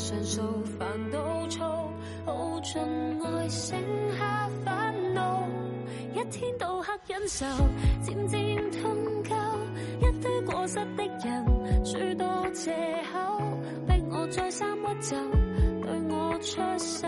上訴、煩到燥，耗盡愛剩下煩惱。一天到黑忍受，漸漸吞夠一堆過失的人，諸多借口，逼我再三屈就，對我出手。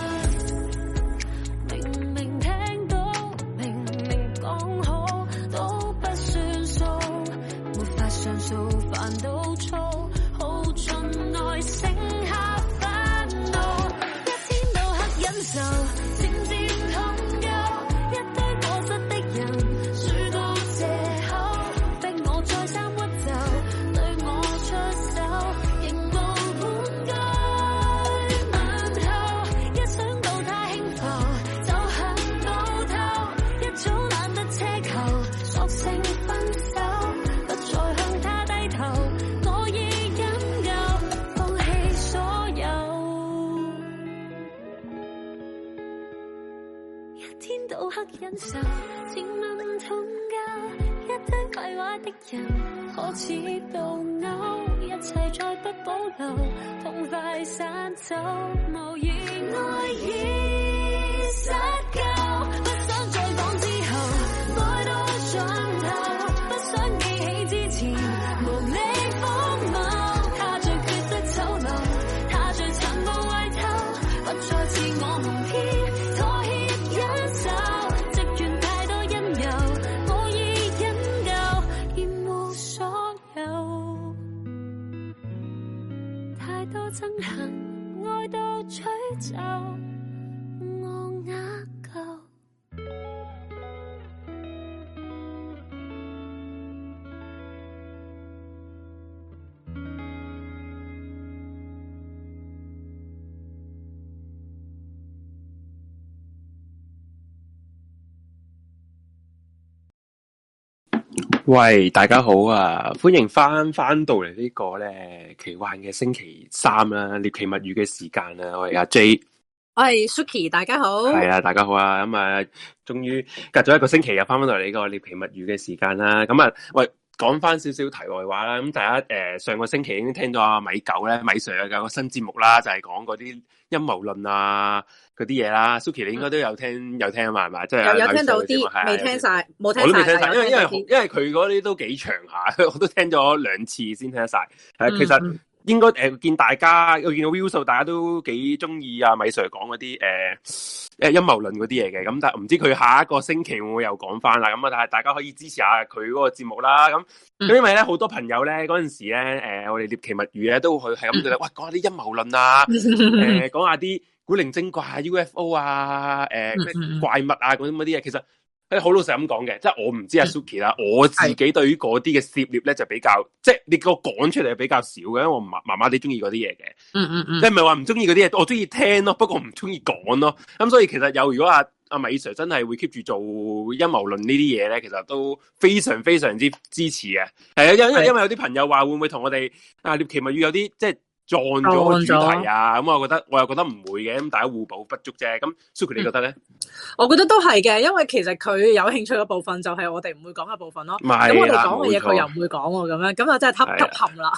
喂，大家好啊，歡迎翻翻到嚟呢個咧奇幻嘅星期三啦、啊，獵奇物語嘅時間啦、啊，我係阿、啊、J，我係 Suki，大家好，係啊，大家好啊，咁、嗯、啊，終於隔咗一個星期又翻翻到嚟呢個獵奇物語嘅時間啦、啊，咁、嗯、啊，喂。講翻少少題外話啦，咁大家誒、呃、上個星期已經聽咗阿米狗咧，米 Sir 有個新節目啦，就係講嗰啲陰謀論啊嗰啲嘢啦。Suki 你應該都有聽、嗯、有聽嘛，係嘛？即係有有聽到啲，未聽晒，冇聽晒。我都未聽晒，就是，因為因為因為佢嗰啲都幾長下，我都聽咗兩次先聽得晒。誒、嗯，其實。應該誒、呃、見大家，我見到 Will 叔大家都幾中意啊米 Sir 講嗰啲誒誒陰謀論嗰啲嘢嘅，咁、呃、但係唔知佢下一個星期會唔會又講翻啦？咁啊，但係大家可以支持下佢嗰個節目啦。咁咁因為咧好多朋友咧嗰陣時咧誒、呃，我哋獵奇物語咧都會去係咁講， 哇講下啲陰謀論啊，誒講下啲古靈精怪啊 UFO 啊，誒、呃、咩怪物啊，嗰啲嘢，其實。誒、欸，好老實咁講嘅，即係我唔知阿 Suki 啦、嗯，我自己對於嗰啲嘅涉獵咧就比較，即係你個講出嚟比較少嘅，因為我麻麻麻地中意嗰啲嘢嘅。嗯嗯嗯，你唔係話唔中意嗰啲嘢，我中意聽咯，不過唔中意講咯。咁、嗯、所以其實有如果阿、啊、阿米 Sir 真係會 keep 住做陰謀論呢啲嘢咧，其實都非常非常之支持嘅。係啊，因為因為有啲朋友話會唔會同我哋啊獵奇物語有啲即係。撞咗個主題啊！咁我覺得，我又覺得唔會嘅，咁大家互補不足啫。咁 Suki 你覺得咧，嗯？我覺得都係嘅，因為其實佢有興趣嘅部分，就係我哋唔會講嘅部分咯。咁、啊、我哋講嘅嘢，佢又唔會講喎。咁樣，咁啊真係吸吸冚啦。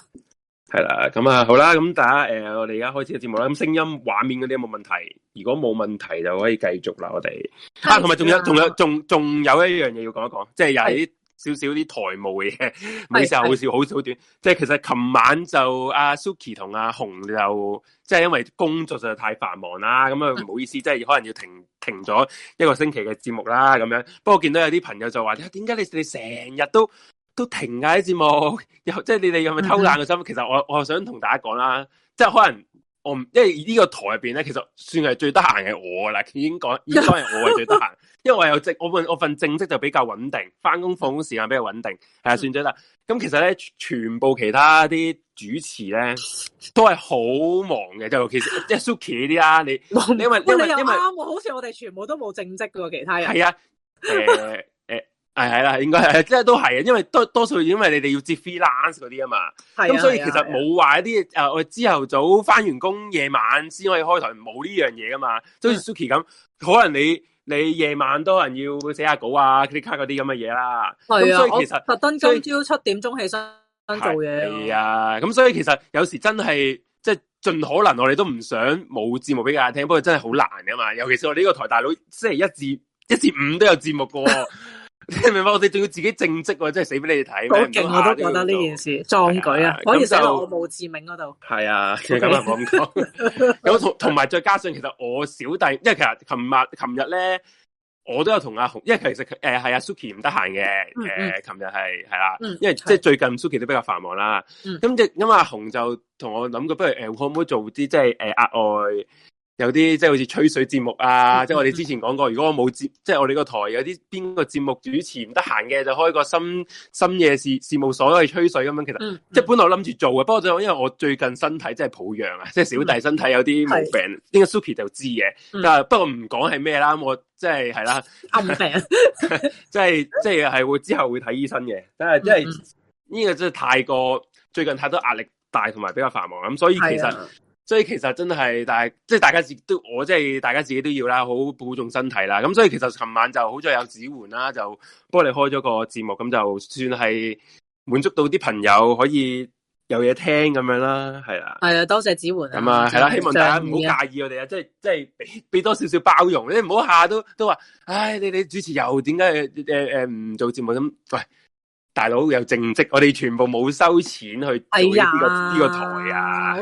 係啦，啊，咁啊好啦，咁大家誒、呃，我哋而家開始嘅節目啦。咁聲音、畫面嗰啲有冇問題？如果冇問題，就可以繼續啦。我哋啊，同埋仲有，仲有，仲仲有，有，有，有一樣嘢要講一講，即係廿一。少少啲台務嘅嘢，美時候好少好少短，是是即係其實琴晚就阿、啊、Suki 同阿紅就，即係因為工作實在太繁忙啦，咁啊唔好意思，即係可能要停停咗一個星期嘅節目啦咁樣。不過我見到有啲朋友就話，點解你成日都都停啊啲節目？又即係你哋係咪偷懶嘅心？ 其實我我想同大家講啦，即係可能。我唔，因為呢個台入邊咧，其實算係最得閒嘅。我啦。已經講，應該係我係最得閒， 因為我有我，我份我份正職就比較穩定，翻工放工時間比較穩定，係、啊、算咗啦。咁、 嗯、其實咧，全部其他啲主持咧都係好忙嘅，尤其是即係 Suki 啲啦、啊。你， 你因為你因為你因為好似我哋全部都冇正職嘅喎，其他人係 啊。呃 誒係啦，應該係，即係都係啊，因為多多數因為你哋要接 freelance 嗰啲啊嘛，咁、嗯、所以其實冇話一啲誒、 啊啊啊啊啊、我哋朝頭早翻完工夜晚先可以開台，冇呢樣嘢噶嘛。即好似、啊、Suki 咁，可能你你夜晚都可能要寫下稿啊、click card 嗰啲咁嘅嘢啦。係、嗯、其實、啊、我特登今朝七點鐘起身做嘢。係啊，咁、嗯所，啊嗯嗯、所以其實有時真係即係盡可能，我哋都唔想冇節目俾大家聽，不過真係好難噶嘛。尤其是我哋呢個台大佬，星期一至一至五都有節目噶。 你明白嗎？我哋仲要自己正職、啊，真係死俾你哋睇。勁，我都覺得呢件事壯舉啊！可以寫到我墓誌銘嗰度。係啊，咁啦，我咁講。咁同同埋再加上，其實我小弟，因為其實琴日、琴日咧，我都有同阿紅，因為其實誒係阿 Suki 唔得閒嘅。誒、嗯，琴日係係啦，因為即係最近 Suki 都比較繁忙啦。咁即係，因為、嗯、阿紅就同我諗過，不如誒可唔可以做啲即係誒額外。有啲即係好似吹水節目啊，嗯、即係我哋之前講過，如果我冇節、嗯，即係我哋個台有啲邊個節目主持唔得閒嘅，就開個深深夜事事務所去吹水咁樣。其實、嗯、即係本來我諗住做嘅，不過就因為我最近身體真係抱恙啊、嗯，即係小弟身體有啲毛病，應該 Suki 就知嘅、嗯。但係不過唔講係咩啦，我即係係啦暗病，即係即係係會之後會睇醫生嘅。但係因為呢個真係太過最近太多壓力大，同埋比較繁忙，咁所以其實。所以其實真係，但係即係大家自都，我即係大家自己都要啦，好保重身體啦。咁所以其實琴晚就好在有指煥啦，就幫你開咗個節目，咁就算係滿足到啲朋友可以有嘢聽咁樣啦，係啦，係啊，多謝子煥。咁啊，係啦、啊，希望大家唔好介意我哋啊，即係即係俾俾多少少包容，你唔好下下都都話，唉，你，你主持又點解誒誒唔做節目咁，喂。大佬有正職，我哋全部冇收錢去做呢、呢個呢、哎呢個台啊！好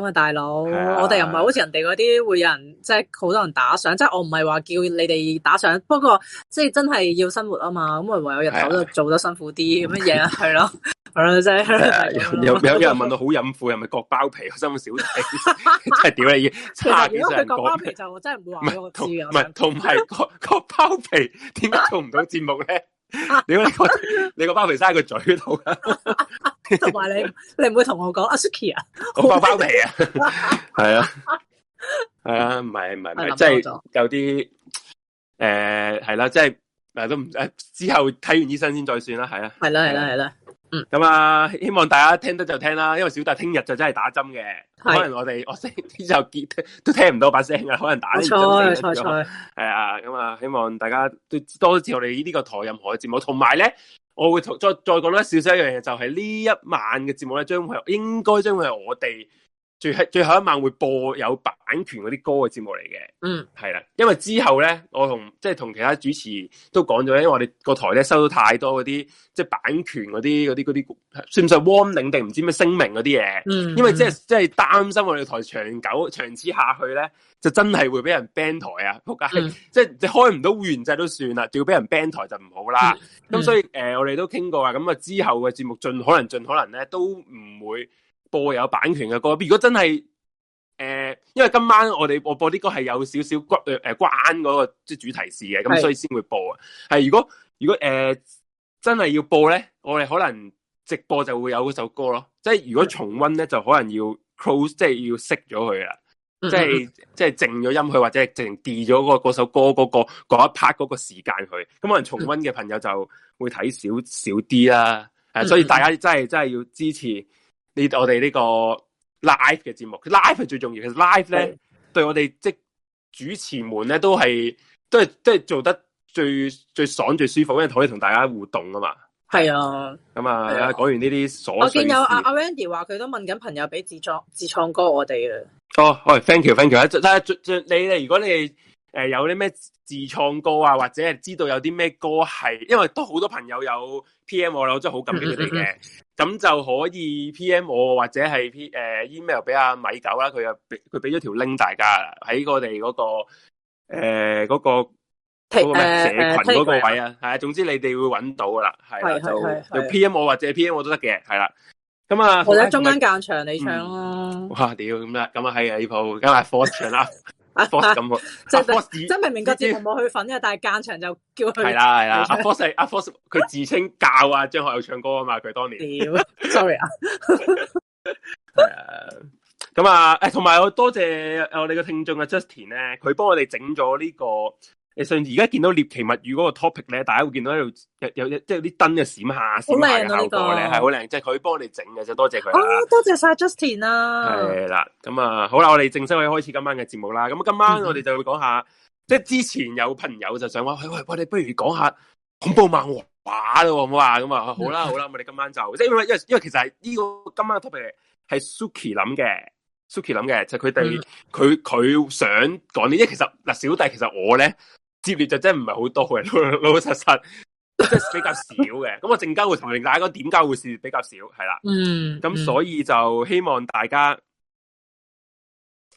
慘啊，大佬，哎、我哋又唔係好似人哋嗰啲會有人即係好多人打賞，即係我唔係話叫你哋打賞，不過即係真係要生活啊嘛，咁咪唯有日頭就做得辛苦啲咁嘅嘢係咯，係咯即係。有有有人問到好隱晦，係 咪割包皮？我小 包皮 我真係少睇，真係屌你，其實如果割包皮就真係唔會話我知唔係同埋割包皮，點解做唔到節目咧？ 點 解你個你個包皮生喺個嘴度？同埋你，你唔會同我講阿 Suki 啊，我包包皮啊 ，係 啊，係啊，唔係唔係唔係，即係、 嗯就是、 有啲誒係啦，即係嗱都唔誒之後睇完醫生先再算啦，係啊，係啦係啦係啦。咁、嗯、啊，希望大家聽得就聽啦，因為小弟聽日就真係打針嘅，可能我哋我聽就結都聽唔到把聲啊，可能打完針。冇錯，冇錯，係啊，咁啊，啊，啊，希望大家都多支持我哋呢個台任何嘅節目。同埋咧，我會再再講多少少一樣嘢，就係、是、呢一晚嘅節目咧，將會應該將會係我哋。最係最後一晚會播有版權嗰啲歌嘅節目嚟嘅，嗯，係啦，因為之後咧，我同即係同其他主持都講咗，因為我哋個台咧收到太多嗰啲即係版權嗰啲嗰啲嗰啲，算唔算 warning 定唔知咩聲明嗰啲嘢，因為即係即係擔心我哋台長久長此下去咧，就真係會俾人 ban 台啊！仆、嗯、街，即係你開唔到會員制都算啦，仲要俾人 ban 台就唔好啦。咁、嗯、所以誒、嗯呃，我哋都傾過啊，咁啊之後嘅節目盡可能盡可能咧都唔會。播有版權嘅歌，如果真係誒、呃，因為今晚我哋我播啲歌係有少少關誒關嗰個即係主題事嘅，咁所以先會播。係，如果如果誒、呃、真係要播咧，我哋可能直播就會有嗰首歌咯。即係如果重温咧，就可能要 close，即係要熄咗佢啊，即係即係靜咗音佢，或者係淨 delete 咗嗰首歌嗰、嗰個嗰一 part 嗰個時間佢。咁可能重温嘅朋友就會睇、嗯、少少啲啦。誒，所以大家真係真係要支持。你我哋呢個 live 嘅節目，live 佢係最重要。其實 live 咧，對我哋即主持們咧，都係都係都係做得最最爽最舒服，因為可以同大家互動啊嘛。係啊，咁啊，講、啊、完呢啲瑣碎。我見有阿、啊、阿、啊、Randy 話佢都問緊朋友俾自作自唱歌我哋啊。哦，喂，thank you，thank you，啦，你哋如果你們。誒、呃，有啲咩自創歌啊，或者係知道有啲咩歌係，因為都好多朋友有 P.M 我啦，我真係好感激佢哋嘅。咁 就可以 P.M 我或者係 P 誒、呃、email 俾阿米九啦、啊，佢又佢俾咗條 link 大家喺我哋嗰、那個誒嗰、呃那個咩、那個呃、社群嗰個位啊，係、呃呃、啊，總之你哋會揾到噶啦，係、啊、 就就 P.M 我或者 P.M 我都得嘅，係、啊啊嗯、啦。咁啊，或者中間間場你唱咯。哇，屌咁啦，咁啊喺啊，呢鋪加埋 four 場啦。 阿 Force 咁即係 Force 即係明明各自冇去粉、啊、但係間場就叫佢係啦係啦，阿 Force 阿 Force 佢自稱教啊張 學友唱歌啊嘛，佢當年 ，sorry 啊，係 啊，咁、嗯、啊，誒，同埋我多謝我哋嘅聽眾啊 Justin 咧，佢幫我哋整咗呢個。你上而家見到獵奇物語嗰個 topic 咧，大家會見到喺度有有即係啲燈嘅閃下閃下嘅效果咧，係好靚，即係佢幫我哋整嘅，就多謝佢啦、哦。多謝晒 Justin 啊！係啦，咁啊，好啦，我哋正式可以開始今晚嘅節目啦。咁今晚我哋就會講下，嗯、即係之前有朋友就想話，喂喂，我哋不如講下恐怖漫畫啦，好唔好咁啊，好啦好啦，我哋今晚就即係、嗯、因為因為，因為其實係呢個今晚嘅 topic 係 Suki 諗嘅、嗯、Suki 諗嘅就佢哋佢佢想講啲，即係其實嗱，小弟其實我咧。接列，就真唔係好多嘅，老老實實即係、就是、比較少嘅。咁 我陣間會同大家講點解會比較少，係啦。嗯，咁所以就希望大家係、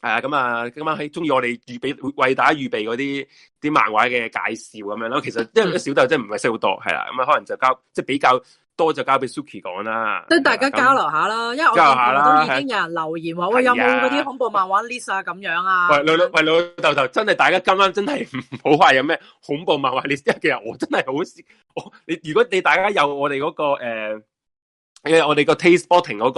嗯、啊。咁啊，今晚喺中意我哋預備為大家預備嗰啲啲漫畫嘅介紹咁樣咯。其實因為小弟真唔係識好多，係啦。咁、嗯、啊，可能就交即係、就是、比較。多就交俾 Suki 講啦，即係大家交流下啦，因為我哋下啦，已經有人留言話，喂，有冇嗰啲恐怖漫畫 list 啊咁樣啊？喂，啊喂，喂，喂老喂老豆豆，真係大家今晚真係唔好話有咩恐怖漫畫 list。其實我真係好，我你如果你大家有我哋嗰、嗰個誒，誒我哋個 Taste Spotting 嗰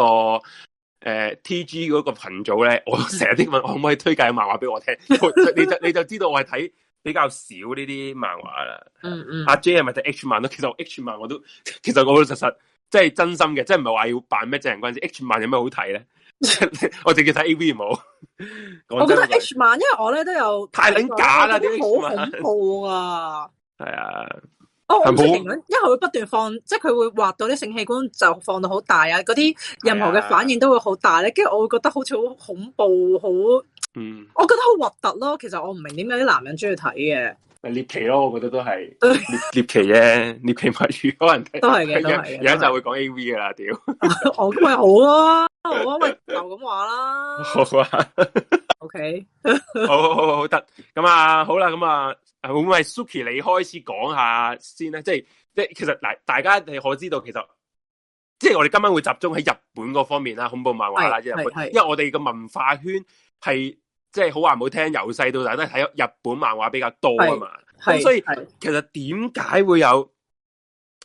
個誒 T G 嗰個群組咧，我成日啲問我可唔可以推介漫畫俾我聽， 你就你就知道我係睇。比較少呢啲漫畫啦、嗯嗯，阿 J 係咪睇 H 漫咯？其實 H 漫我都，其實我老實實即係真，真心嘅，即係唔係話要扮咩正人君子。 H 漫 有咩好睇咧？我淨係睇 A V 冇。我覺得 H 漫，因為我咧都有太撚假啦，啲好恐怖啊！係啊， 啊，哦，即係停卵，因為會不斷放，即係佢會畫到啲性器官就放到好大啊！嗰啲任何嘅反應都會好大咧，跟住、啊、我會覺得好似好恐怖，好。嗯，我覺得好核突咯。其實我唔明點解啲男人中意睇嘅獵奇咯，我覺得都係獵 奇啫，獵奇物語可能都係都係嘅。而家就會講 A V 噶啦，屌 劇情，我咁咪好咯，好啊，咪就咁話啦，好啊、嗯、 不不不好啊，OK， 好，好，好，好好好得，咁啊，好啦、啊，咁啊，啊，啊，啊，啊，會唔會係 Suki 你開始講下先啦。即係即係，其實大大家你可知道，其實即係、就是、我哋今晚會集中喺日本嗰方，方面啦，恐怖漫畫啦，即係因為我哋個文化圈係。即、就、係、是、好話唔好聽，由細到大都睇日本漫畫比較多啊嘛，所以其實點解會有誒、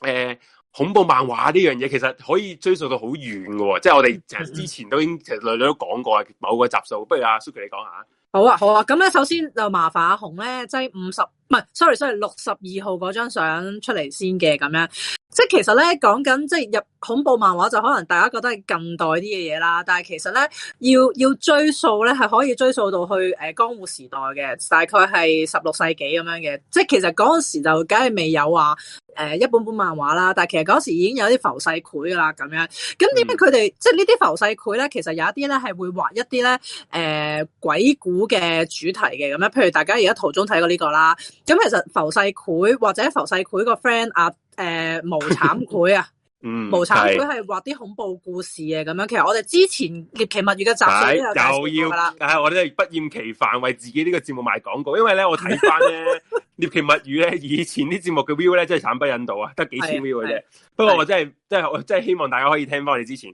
呃、恐怖漫畫呢樣嘢？其實可以追溯到好遠嘅，即、嗯、係、就是、我哋其實之前都已經其實女女都講過啊，某個集數，不如阿 Suki 你講下。好啊，好啊，咁咧首先就麻煩阿紅咧即係五十。唔係，sorry，sorry，六十二號嗰張相出嚟先嘅咁樣，即係其實咧講緊即係入恐怖漫畫就可能大家覺得係近代啲嘅嘢啦，但係其實咧要要追溯咧係可以追溯到去誒、呃、江戶時代嘅，大概係十六世紀咁樣嘅，即係其實嗰時就梗係未有話誒、呃、一本本漫畫啦，但係其實嗰時已經有啲浮世繪㗎啦咁樣，咁點解佢哋即係呢啲浮世繪咧？其實有一啲咧係會畫一啲咧誒鬼故嘅主題嘅咁樣，譬如大家而家圖中睇過呢個啦。咁其實浮世繪或者浮世繪個 friend 啊，誒、呃、無慘繪啊， 嗯、無慘繪係畫啲恐怖故事啊，咁樣。其實我哋之前《獵奇物語》嘅集數都有介紹係、哎哎、我哋不厭其煩為自己呢個節目賣廣告，因為咧我睇翻咧《獵 奇物語》咧以前啲節目嘅 view 咧真係慘不忍睹啊，得幾千 view 嘅啫。不過我真係真係我真係希望大家可以聽翻我哋之前。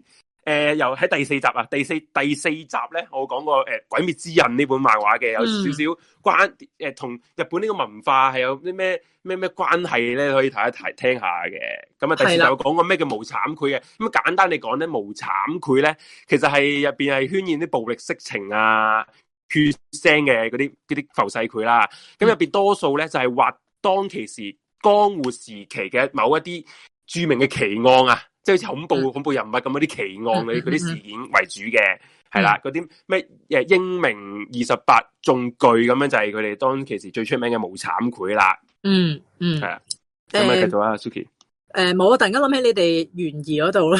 誒、呃，又喺第四集啊！第四第四集咧，我講過誒、呃《鬼滅之刃》呢本漫畫嘅、嗯，有少少關誒、呃、同日本呢個文化係有啲咩咩咩關係咧，可以睇一睇聽下嘅。咁、嗯、啊，第四集又講過咩叫無慘繪嘅？咁、嗯、簡單嚟講咧，無慘繪咧，其實係入邊係渲染啲暴力色情啊、血腥嘅嗰啲啲浮世繪啦。咁入邊多數咧就係、是、畫當其時江戶時期嘅某一啲著名嘅奇案啊。即係恐怖、嗯、恐怖人物咁嗰啲奇案嗰啲啲事件為主嘅，係、嗯、啦，嗰啲咩誒英明二十八重巨咁樣就係佢哋當其時最出名嘅無慚愧啦。嗯嗯，係啊，咁啊繼續啦，Suki。誒、呃呃，我突然間諗起你哋懸疑嗰度啦。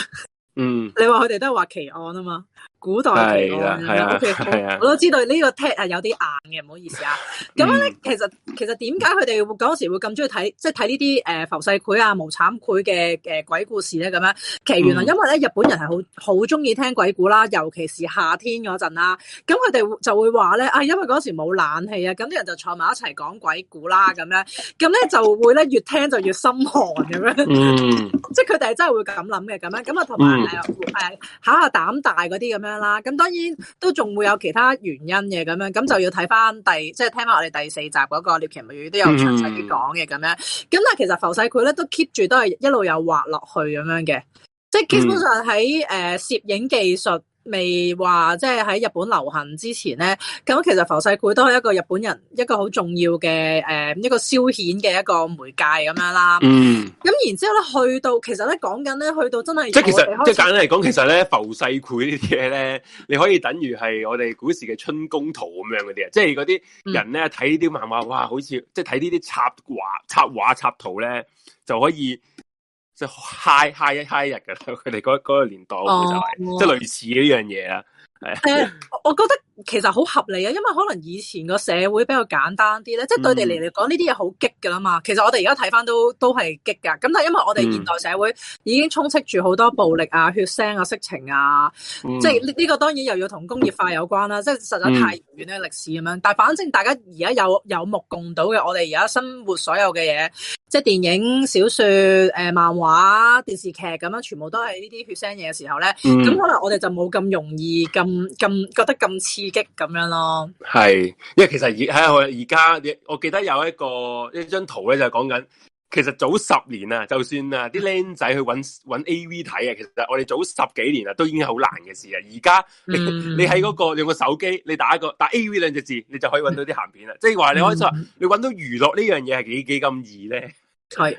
嗯，你話佢哋都係話奇案啊嘛。古代嘅、啊嗯啊 okay，啊、我都知道呢個 tag 係有啲硬嘅，唔好意思啊。咁樣咧，其實其實點解佢哋嗰時會咁中意睇即係睇呢啲誒浮世繪啊、無慘繪嘅誒鬼故事咧？咁樣其實原來因為咧日本人係好好中意聽鬼故啦，尤其是夏天嗰陣啦。咁佢哋就會話咧啊，因為嗰時冇冷氣啊，咁啲人就坐埋一齊講鬼故啦，咁樣咁咧就會咧越聽就越心寒咁、嗯、 樣，即係佢哋係真係會咁諗嘅咁樣。咁啊同埋誒考下膽大嗰啲咁樣。啦，咁當然都仲會有其他原因嘅咁樣，咁就要睇翻第，即係聽翻我哋第四集嗰、那個獵奇物語都有詳細啲講嘅咁樣，咁但係其實浮世繪咧都 keep 住都係一路有滑落去咁樣嘅，即係基本上喺誒、mm-hmm. 呃、攝影技術。未話即係喺日本流行之前咧，咁其實浮世繪都係一個日本人一個好重要嘅誒一個消遣嘅一個媒介咁樣啦。嗯，咁然之後咧去到，其實咧講緊咧去到真係即係其實即係簡單嚟講，其實咧浮世繪呢啲嘢咧，你可以等於係我哋古時嘅春宮圖咁樣嗰啲啊，即係嗰啲人咧睇呢啲漫畫，哇，好似即係睇呢啲插畫、插畫、插圖咧就可以。即係嗨嗨一嗨日噶啦，佢哋嗰嗰個年代、哦、就係、是，即、就、係、是、類似呢樣嘢啦，係、哦、啊。 我覺得。其實好合理啊，因為可能以前個社會比較簡單啲咧，即、嗯、係、就是、對你嚟嚟講呢啲嘢好激㗎啦嘛。其實我哋而家睇翻都都係激㗎。咁但係因為我哋現代社會已經充斥住好多暴力啊、血腥啊、色情啊，嗯、即係呢、呢個當然又要同工業化有關啦、啊。即係實在太遠嘅、嗯、歷史咁樣。但反正大家而家有有目共睹嘅，我哋而家生活所有嘅嘢，即係電影、小說、呃、漫畫、電視劇咁樣，全部都係呢啲血腥嘢嘅時候咧，咁、嗯、可能我哋就冇咁容易咁咁覺得咁似。激咁樣咯，係，因為其實而喺我而家，我記得有一個一張圖咧就係講緊，其實早十年啊，就算啊啲僆仔去搵 A V 睇啊，其實我哋早十幾年啦都已經好難嘅事啊。而家你喺嗰個用個手機，你打一個打 A V 兩隻字，你就可以搵到啲鹹片啦。即係話你可以話，你搵到娛樂呢樣嘢係幾幾咁易咧？係。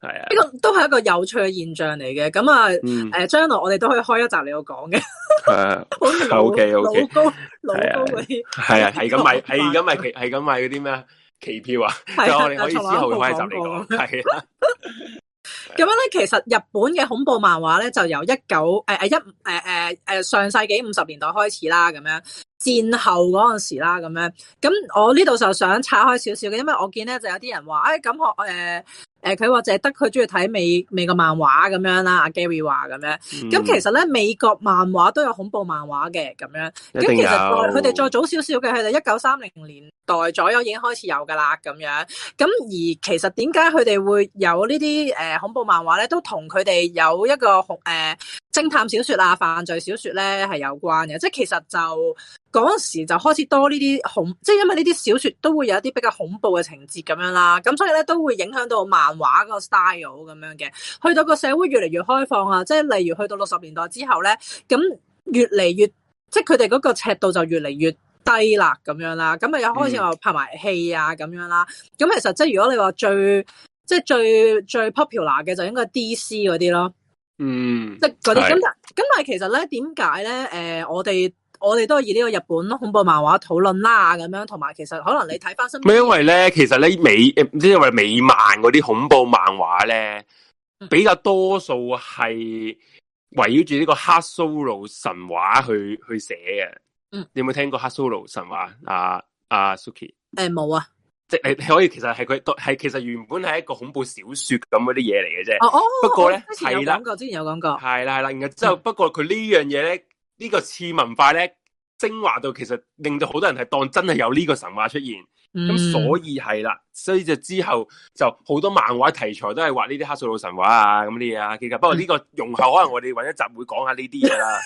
係啊，呢個都係一個有趣嘅現象嚟嘅，咁啊，誒、嗯,將來我哋都可以開一集你度講嘅，好、啊、 老 okay, okay, 老高 okay, 老高嗰啲，係、yeah, yeah, yeah, yeah, 啊，係咁賣，係咁賣期，係咁賣嗰啲咩啊，期票啊，就我哋可以之後開一集嚟講，係、嗯、啦。咁、啊、 樣咧，其實日本嘅恐怖漫畫咧，就由 19,、哎、一九誒誒一誒誒誒上世紀五十年代開始啦，咁樣。戰後嗰陣時啦，咁樣，咁我呢度就想拆開少少嘅，因為我見咧就有啲人話，誒、哎，咁我，誒、呃，誒、呃，佢話淨係得佢中意睇美美國漫畫咁樣啦，阿 Gary 話咁樣，咁其實咧美國漫畫都有恐怖漫畫嘅，咁樣，咁其實佢哋再早少少嘅，佢哋一九三零年代左右已經開始有噶啦，咁樣，咁而其實點解佢哋會有呢啲誒恐怖漫畫咧？都同佢哋有一個誒。呃偵探小說啊，犯罪小說咧係有關嘅，即係其實就嗰陣時就開始多呢啲恐，即係因為呢啲小說都會有一啲比較恐怖嘅情節咁樣啦，咁所以咧都會影響到漫畫嗰個 style 咁樣嘅。去到個社會越嚟越開放啊，即係例如去到六十年代之後咧，咁越嚟越，即係佢哋嗰個尺度就越嚟越低啦，咁樣啦，咁啊又開始話拍埋戲啊咁樣啦，咁其實即係如果你話最，即係最最 popular 嘅就應該係 DC 嗰啲咯。嗯，即係嗰啲咁，咁但係其實咧，點解咧？誒、呃，我哋我哋都以呢個日本恐怖漫畫討論啦，咁樣同埋其實可能你睇翻新，咪因為咧，其實咧美誒，即係話美漫嗰啲恐怖漫畫咧，比較多數係圍繞住呢個克蘇魯神話去去寫嘅。嗯，你有冇聽過克蘇魯神話、嗯、啊？啊，Suki，誒、呃，冇啊。即你可以，其實係佢當係其實原本係一個恐怖小説咁嗰啲嘢嚟嘅啫。哦哦，不過咧係啦，之前有講過，之前有講過係啦係啦。然之後不過佢呢樣嘢咧，呢、這個次文化咧，昇華到其實令到好多人係當真係有呢個神話出現。咁、嗯、所以係啦，所以就之後就好多漫畫題材都係畫呢啲黑蘇魯神話啊咁啲嘢啊。不過呢個融合、嗯、可能我哋揾一集會講下呢啲嘢啦。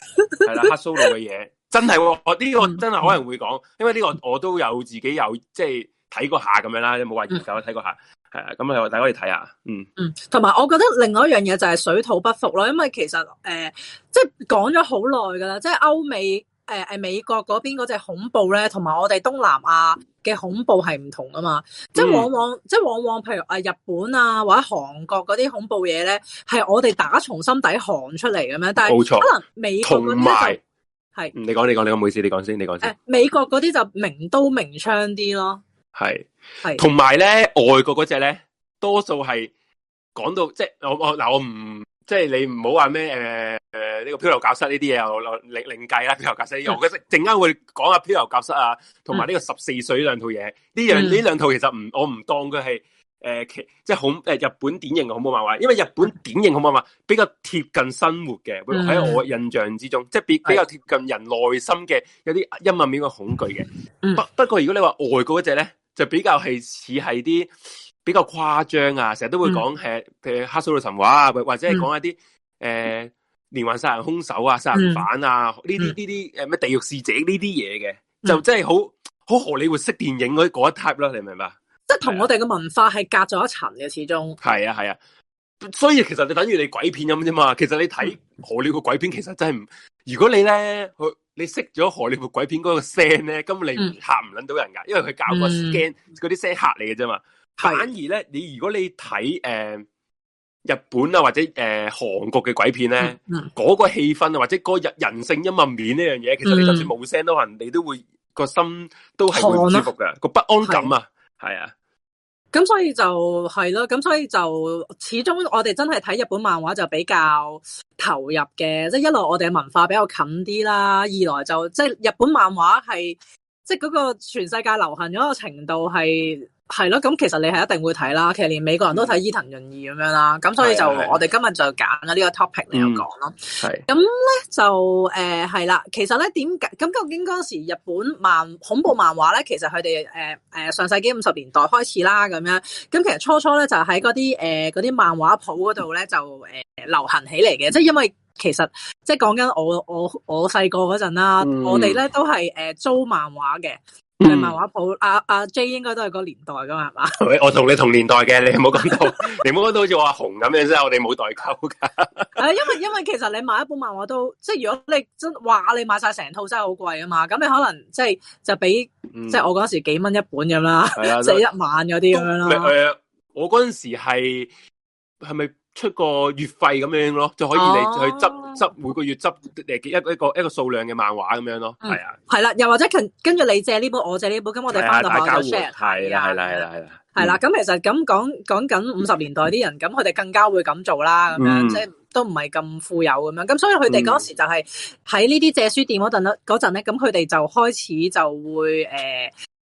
係 啦，黑蘇魯嘅嘢真係我呢個真係可能會講、嗯，因為呢個我都有自己有即係。睇過下咁樣啦，冇話研究睇過下，係、嗯、啊，咁啊，大家可以睇下，嗯嗯，同埋我覺得另外一樣嘢就係水土不服咯，因為其實誒、呃，即係講咗好耐噶啦，即係歐美誒誒、呃、美國嗰邊隻恐怖咧，同埋我哋東南亞嘅恐怖係唔同噶嘛，嗯、即係往往即係往往，往往譬如啊日本啊或者韓國嗰啲恐怖嘢咧，係我哋打從心底寒出嚟咁樣，但係可能美國嗰啲就係你講你講你講冇意思，你講先你講先、呃，美國嗰啲就明刀明槍啲咯。係係，同埋咧外國嗰隻咧，多數係講到即係我我嗱我唔即係你唔好話咩誒誒呢個《漂流教室》呢啲嘢又另另計啦，《漂流教室》呢我我陣間會講下《漂流教室》啊，同埋呢個十四歲呢兩套嘢呢、嗯、樣呢兩套其實唔我唔當佢係誒其即係恐誒日本典型嘅恐怖漫畫，因為日本典型恐怖漫畫比較貼近生活嘅，喺我印象之中，嗯、即係比比較貼近人內心嘅有啲陰暗面嘅恐懼嘅、嗯。不不過如果你話外國嗰隻咧。就比較係似係啲比較誇張啊，成日都會講係、嗯，譬如《克蘇魯神話》，啊，或者係講一啲誒、嗯呃、連環殺人凶手啊、殺人犯啊呢啲呢啲誒咩地獄使者呢啲嘢嘅，就真係好好荷里活式電影嗰一 type 咯，你明唔明啊？即係同我哋嘅文化係隔咗一層嘅，始終係啊係啊，所以其實你等於你鬼片咁啫嘛。其實你睇荷里活鬼片，其實真係唔，如果你咧去。你熄咗荷里活鬼片嗰個聲咧，根本你嚇唔捻到人噶、嗯，因為佢搞個聲嗰啲聲嚇你嘅啫嘛。反而咧，你如果你睇誒、呃、日本啊或者誒韓、呃、國嘅鬼片咧，嗰、嗯那個氣氛啊或者嗰人性陰暗面呢樣嘢，其實你就算冇聲都可能，你、嗯、都會個心都係會不舒服㗎，個、啊、不安感啊，係啊。咁所以就係咯，咁所以就始終我哋真係睇日本漫畫就比較投入嘅，即係一來我哋文化比較近啲啦，二來就即係日本漫畫係即係嗰個全世界流行嗰個程度係。係咯，咁其實你係一定會睇啦。其實連美國人都睇伊藤潤二咁樣啦。咁所以就我哋今日就揀咗呢個 topic 嚟講咯。係咁咧就，誒，係啦。其實咧點解咁，究竟嗰時日本漫，恐怖漫畫咧？其實佢哋，誒，誒，上世紀五十年代開始啦咁樣。咁其實初初咧就喺嗰啲，誒，嗰啲漫畫鋪嗰度咧就，誒、呃、流行起嚟嘅。即係因為其實即係講緊我我我細個嗰陣啦，嗯、我哋咧都係，誒、呃、租漫畫嘅。係漫畫鋪，阿、啊、阿、啊、J 應該都係個年代噶嘛，係嘛？我同你同年代嘅，你唔好講到， 你唔好講到好似我阿雄咁樣，即係我哋冇代溝噶。因為因為其實你買一本漫畫都，即係如果你真話你買晒成套，真係好貴啊嘛。咁你可能即係就俾、嗯、即係我嗰時幾蚊一本咁啦，即係一萬嗰啲咁樣咯。誒、嗯呃，我嗰陣時係係咪？是不是出個月費咁樣咯，就可以嚟去執執每個月執嚟一個一個一個,一個數量嘅漫畫咁樣咯，係、嗯、啊，係啦、啊，又或者跟跟住你借呢本，我借呢本，咁我哋翻到學校 share 係啦係啦係啦係啦，係啦，咁、啊啊啊啊嗯啊、其實咁講講緊五十年代啲人，咁佢哋更加會咁做啦，咁樣即係、嗯就係、都唔係咁富有咁樣，咁所以佢哋嗰時就係喺呢啲借書店嗰陣嗰陣咧，咁佢哋就開始就會誒誒。呃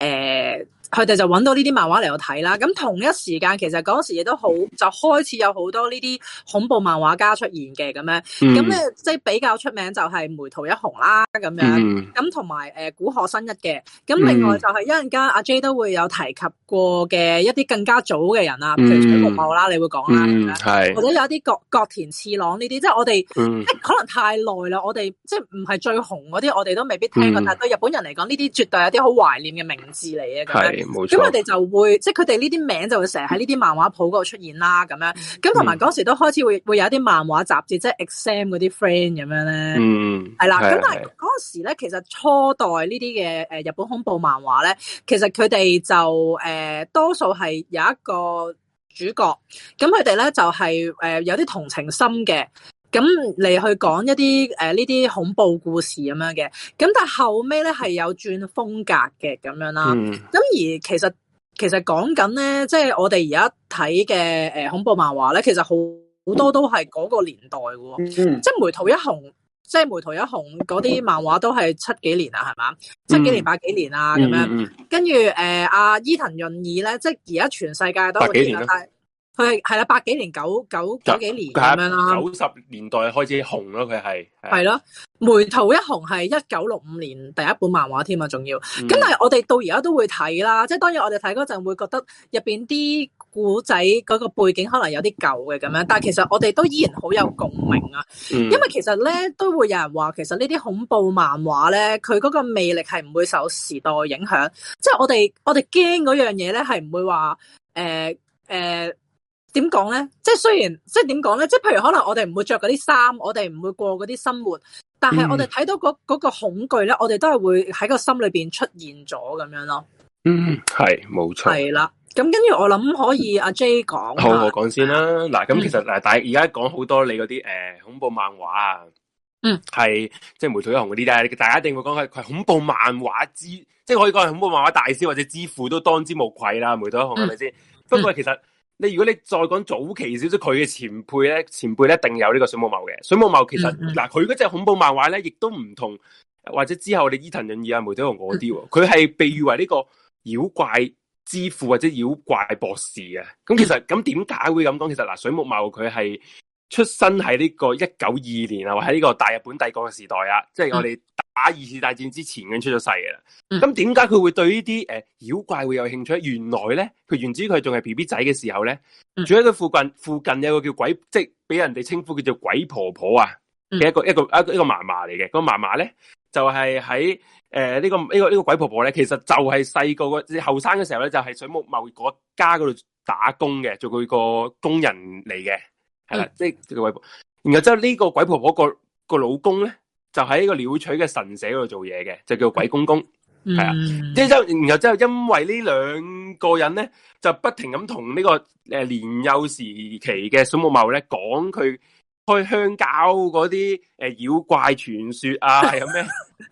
呃佢哋就揾到呢啲漫畫嚟度睇啦，咁同一時間其實嗰時亦都好就開始有好多呢啲恐怖漫畫家出現嘅咁樣，咁咧、嗯、即係比較出名就係楳圖一雄啦咁樣，咁同埋誒古賀新一嘅，咁另外就係一陣間阿、嗯啊、J 都會有提及過嘅一啲更加早嘅人啊、嗯，譬如水木茂啦，你會講啦、嗯，或者有一啲角田次郎呢啲，即係我哋即、嗯欸、可能太耐啦，我哋即係唔係最紅嗰啲，我哋都未必聽過，嗯、但對日本人嚟講，呢啲絕對有啲好懷念嘅名字嚟嘅咁咁佢哋就會，即係佢哋呢啲名就會成日喺呢啲漫畫鋪嗰度出現啦，咁樣。咁同埋嗰時都開始會會有啲漫畫雜誌，嗯、即係《Exam》嗰啲 Friend 咁樣咧。嗯，係啦。咁但係嗰陣時咧，其實初代呢啲嘅誒日本恐怖漫畫咧，其實佢哋就誒、呃、多數係有一個主角。咁佢哋咧就係、是呃、有啲同情心嘅。咁嚟去講一啲誒呢啲恐怖故事咁樣嘅，咁但後尾咧係有轉風格嘅咁樣啦。咁、嗯、而其實其實講緊咧，即、就、係、是、我哋而家睇嘅恐怖漫畫咧，其實好好多都係嗰個年代喎、嗯，即係楳圖一雄、嗯，即係楳圖一雄嗰啲漫畫都係七幾年啊，係嘛、嗯？七幾年八幾年啊咁樣，跟住誒阿伊藤潤二咧，即係而家全世界都佢係係啦，八幾年九九九幾年咁樣啦，九十年代開始紅咯。佢係係咯，楳圖一雄係一九六五年第一本漫畫添啊，仲要。咁但係我哋到而家都會睇啦，即、嗯、係當然我哋睇嗰陣會覺得入邊啲古仔嗰個背景可能有啲舊嘅咁樣，嗯、但係其實我哋都依然好有共鳴啊、嗯。因為其實咧都會有人話，其實呢啲恐怖漫畫咧，佢嗰個魅力係唔會受時代影響，即、就、係、是、我哋我哋驚嗰樣嘢咧係唔會話誒誒。呃呃點講咧？即係雖然，即係點講咧？即係譬如可能我哋唔會着嗰啲衫，我哋唔會過嗰啲生活，但係我哋睇到嗰嗰、嗯嗰個恐懼咧，我哋都係會喺個心裏邊出現咗咁樣咯。嗯，係冇錯。係啦，咁跟住我諗可以阿 J 講。好，我講先啦。嗱，咁其實嗱，大而家講好多你嗰啲誒恐怖漫畫啊，嗯，係即係《楳圖一雄》嗰啲，但大家一定會講佢恐怖漫畫之，即係可以講係恐怖漫畫大師或者之父都當之無愧啦，《楳圖一雄》係咪先？嗯、是不過其實。你如果你再講早期少少佢嘅前輩咧，前輩咧一定有呢個水木茂嘅。水木茂其實嗱，佢、嗯、嗰隻恐怖漫畫咧，亦都唔同或者之後我哋伊藤潤二啊、楳圖啊嗰啲喎。佢係被譽為呢個妖怪之父或者妖怪博士嘅。咁其實咁點解會咁講？其實嗱，水木茂佢係出生喺呢個一九二二年啊，或喺呢個大日本帝國嘅時代啊，即係我哋。嗯打二次大戰之前已經出咗世嘅啦，咁點解佢會對呢啲誒妖怪會有興趣？原來咧，佢源自佢仲係 B B 仔嘅時候咧、嗯，住喺佢附近，附近有個叫鬼，即係俾人哋稱呼叫做鬼婆婆啊嘅一個、嗯、一個一一個嫲嫲嚟嘅。嗰嫲嫲咧就係喺誒呢個呢、這個呢、這個鬼婆婆咧，其實就係細個個後生嘅時候咧，候就係水木茂嗰家嗰度打工嘅，做佢個工人嚟嘅，係、嗯、啦，即係叫鬼婆婆。然後之後呢個鬼婆婆個、那個老公咧。就喺呢個鳥取嘅神社嗰度做嘢嘅，就叫鬼公公，係、嗯、啊。即係然後之後因為呢兩個人咧，就不停咁同呢個誒、呃、年幼時期嘅水木茂咧講佢開香郊嗰啲誒妖怪傳說啊，有咩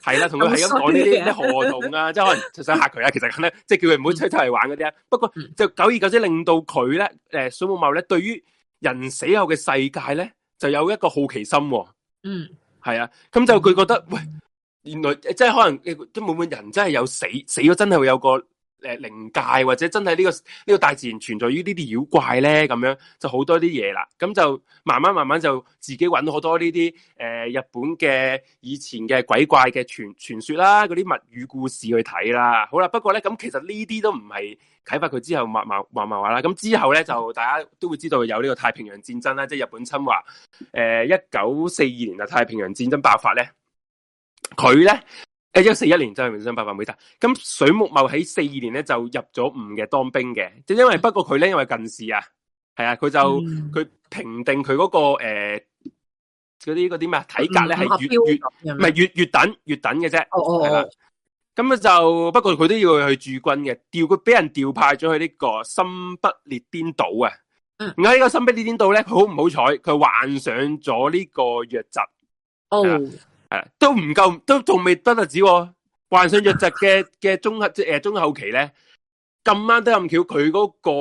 係啦？同佢係咁講呢啲啲河童啊，即係、啊、 可能就想吓佢啊。其實咁咧，即、就、係、是、叫佢唔好出出嚟玩嗰啲啊。不過就久而久之，令到佢咧，誒、呃，水木茂咧，對於人死後嘅世界咧，就有一個好奇心、啊。嗯。係啊，咁就佢覺得，喂，原來即係可能，都冇冇人真係有死，死咗真係會有個。誒、呃，靈界或者真係呢、這個呢、這個大自然存在於呢啲妖怪咧,咁樣就好多啲嘢啦。咁就慢慢慢慢就自己揾好多呢啲誒，日本嘅以前嘅鬼怪嘅傳傳說啦，嗰啲物語故事去睇啦。好啦，不過咧，咁其實呢啲都唔係啟發佢之後畫漫畫漫畫啦。咁、啊、之後咧就大家都會知道有呢個太平洋戰爭啦，即、就、係、是、日本侵華。誒、呃，一九四二年啊，太平洋戰爭爆發咧，佢咧。誒、哎，一九四一年就係明心八百美集，咁水木茂喺四二年咧就入咗伍嘅當兵嘅，即係因為不過佢咧因為近視啊，係啊，佢就佢評、嗯、定佢嗰、那個誒嗰啲嗰啲咩體格咧係越越唔係越越，越，越等越等嘅啫，係、哦、咁、哦啊、就不過佢都要去駐軍嘅，調佢俾人調派咗去呢個新不列顛島啊，嗯，喺呢個新不列顛島咧，佢好唔好彩，佢患上咗呢個瘧疾，哦。係，都唔夠，都仲未得啊子。患上瘧疾嘅嘅中合，即、呃、誒中後期咧。咁啱都咁巧他，佢嗰個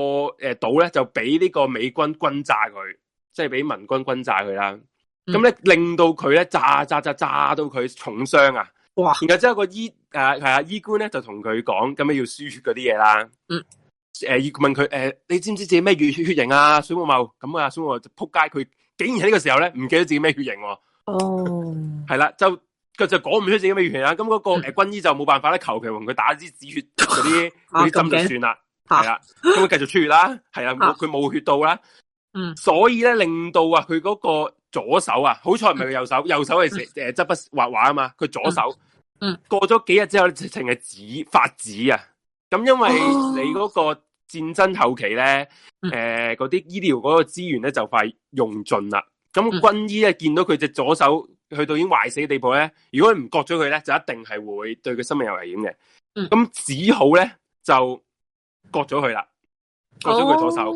誒島咧就俾呢個美軍轟炸佢，即係俾民軍轟炸佢啦。咁、嗯、咧令到佢咧炸，炸炸炸炸到佢重傷啊！哇！然後之後個醫誒係啊醫官咧就同佢講，咁咩要輸血嗰啲嘢啦。誒、嗯呃，問佢誒、呃，你知唔知道自己咩血血型啊？水木茂咁啊，水木茂就撲街，佢竟然喺呢個時候咧唔記得自己咩血型、啊。哦，係 啦， 是啊、就佢就講唔出自己咩原因啦。咁嗰個誒軍醫就冇辦法咧，求其同佢打支止血嗰啲嗰啲針就算啦。係、啊、啦，咁佢繼續出血啦。係啦，佢冇血到啦。嗯，所以咧令到啊，佢嗰個左手啊，好彩唔係佢右手，嗯、右手係食誒執筆畫畫啊嘛。佢左手嗯過咗幾日之後，直情係紫發紫啊。咁、啊、因為你嗰個戰爭後期咧，誒嗰啲醫療嗰個資源咧就快用盡啦。咁軍醫咧見到佢隻左手去到已經壞死嘅地步咧，如果唔割咗佢咧，就一定係會對佢生命有危險嘅。咁、嗯、只好咧就割咗佢啦，割咗佢左手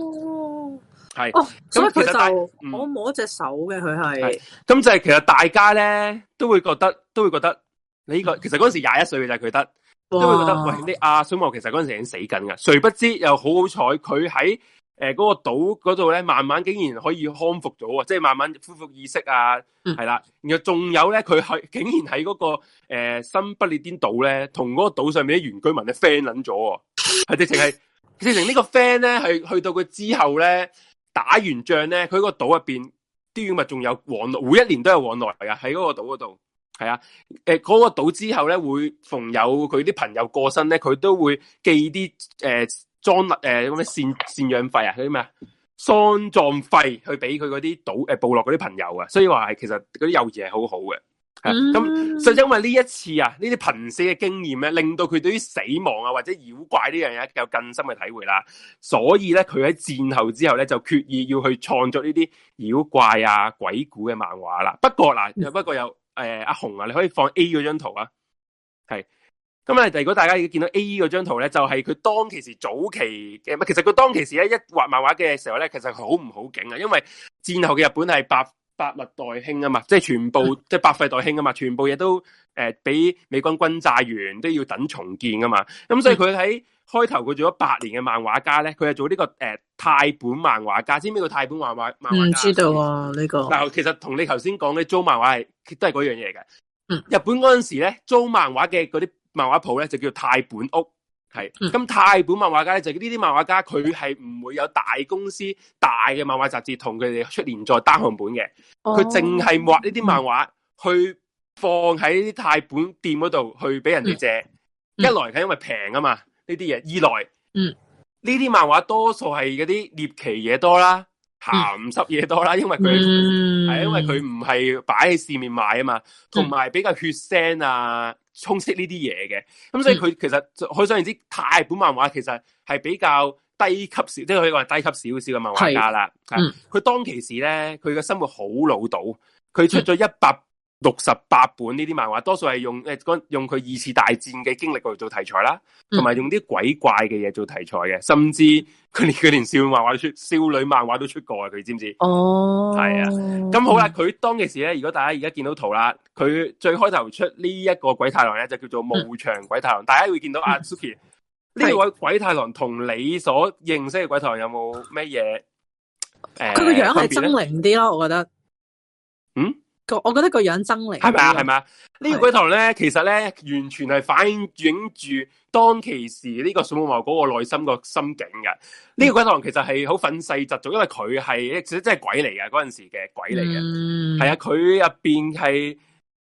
係。哦，咁、哦嗯、其實、就是、我摸隻手嘅佢係。咁就係其實大家咧都會覺得都會覺得你呢個其實嗰陣時廿一歲嘅就係佢得，都會覺得喂，你阿孫某其實嗰陣時、啊、時已經死緊噶，誰不知又好好彩佢喺。誒、呃，嗰、那個島嗰度咧，慢慢竟然可以康復咗啊！即係慢慢恢復意識啊，係、嗯、啦。然後仲有咧，佢係竟然喺嗰、那個誒、呃、新不列顛島咧，同嗰個島上面啲原居民咧 friend 捻咗喎。係、嗯、直情係直情個呢個 friend 咧，係去到佢之後咧，打完仗咧，佢個島入邊啲嘢物仲有往來，每一年都有往來啊，喺嗰個島嗰度。係啊，誒、呃、嗰、那個島之後咧，會逢有佢啲朋友過身咧，佢都會寄啲誒。呃裝誒，咩贍贍養費啊，啲咩喪葬費去俾佢嗰啲島誒部落嗰啲朋友啊，所以話係其實嗰啲友誼係好好嘅。咁、嗯、就、啊嗯、因為呢一次啊，呢啲瀕死嘅經驗咧、啊，令到佢對於死亡啊或者妖怪呢樣嘢有更深嘅體會啦。所以咧，佢喺戰後之後咧，就決意要去創作呢啲妖怪啊鬼故嘅漫畫啦。不過嗱、嗯，不過有誒、呃、阿紅啊，你可以放 A 嗰張圖啊，係。咁啊！如果大家已經見到 A.E. 嗰張圖咧，就係、是、佢當其時早期嘅，其實佢當其時咧一畫漫畫嘅時候咧，其實好唔好景啊？因為戰後嘅日本係百百物代興啊嘛，即係全部即係百廢待興啊嘛，全部嘢都誒俾、呃、美軍轟炸完都要等重建啊嘛。咁、嗯、所以佢喺、嗯、開頭佢做咗八年嘅漫畫家咧，佢係做呢、這個誒、呃、泰本漫畫家，知唔知個泰本漫畫？唔、嗯、知道啊，呢、這個嗱，其實同你頭先講嘅租漫畫係都係嗰樣嘢嘅、嗯。日本嗰陣時咧，租漫畫嘅嗰啲。漫畫鋪咧就叫泰本屋，係。咁、嗯、泰本漫畫家咧就呢啲漫畫家，佢係唔會有大公司大嘅漫畫雜誌同佢哋出連載單行本嘅，佢淨係畫呢啲漫畫、嗯、去放喺啲泰本店嗰度去俾人哋借、嗯嗯。一來係因為平啊嘛，呢啲嘢，二來，嗯，呢啲漫畫多數係嗰啲獵奇嘢多啦。鹹濕嘢多啦，因為佢係、嗯、因為佢唔係擺喺市面賣啊嘛，同、嗯、埋比較血腥啊、充斥呢啲嘢嘅，咁所以佢其實可、嗯、想而知，太本漫畫其實係比較低級少，即係可以話低級少少嘅漫畫家啦。嗯，佢當其時咧，佢嘅生活好老到，佢出咗一百六十八本呢啲漫畫，多數係用誒用佢二次大戰嘅經歷嚟做題材啦，同、嗯、埋用啲鬼怪嘅嘢做題材嘅，甚至佢連佢連少女漫畫都出少女漫畫都出過啊！佢知唔知？哦，係啊。咁好啦，佢、嗯、當其時咧，如果大家而家見到圖啦，佢最開頭出呢一個鬼太郎咧，就叫做墓場鬼太郎、嗯。大家會見到阿 Suki 呢位鬼太郎同你所認識嘅鬼太郎有冇咩嘢？佢、呃、個樣係猙獰啲咯，我覺得。嗯？我我覺得個樣猙獰，係咪啊？係咪啊？呢、這個鬼堂咧，其實咧完全係反映住當其時呢個水木茂嗰個內心個心境嘅。呢、這個這個鬼堂其實係好憤世嫉俗，因為佢係即係鬼嚟嘅，嗰陣時嘅鬼嚟嘅。係、嗯、啊，佢入邊係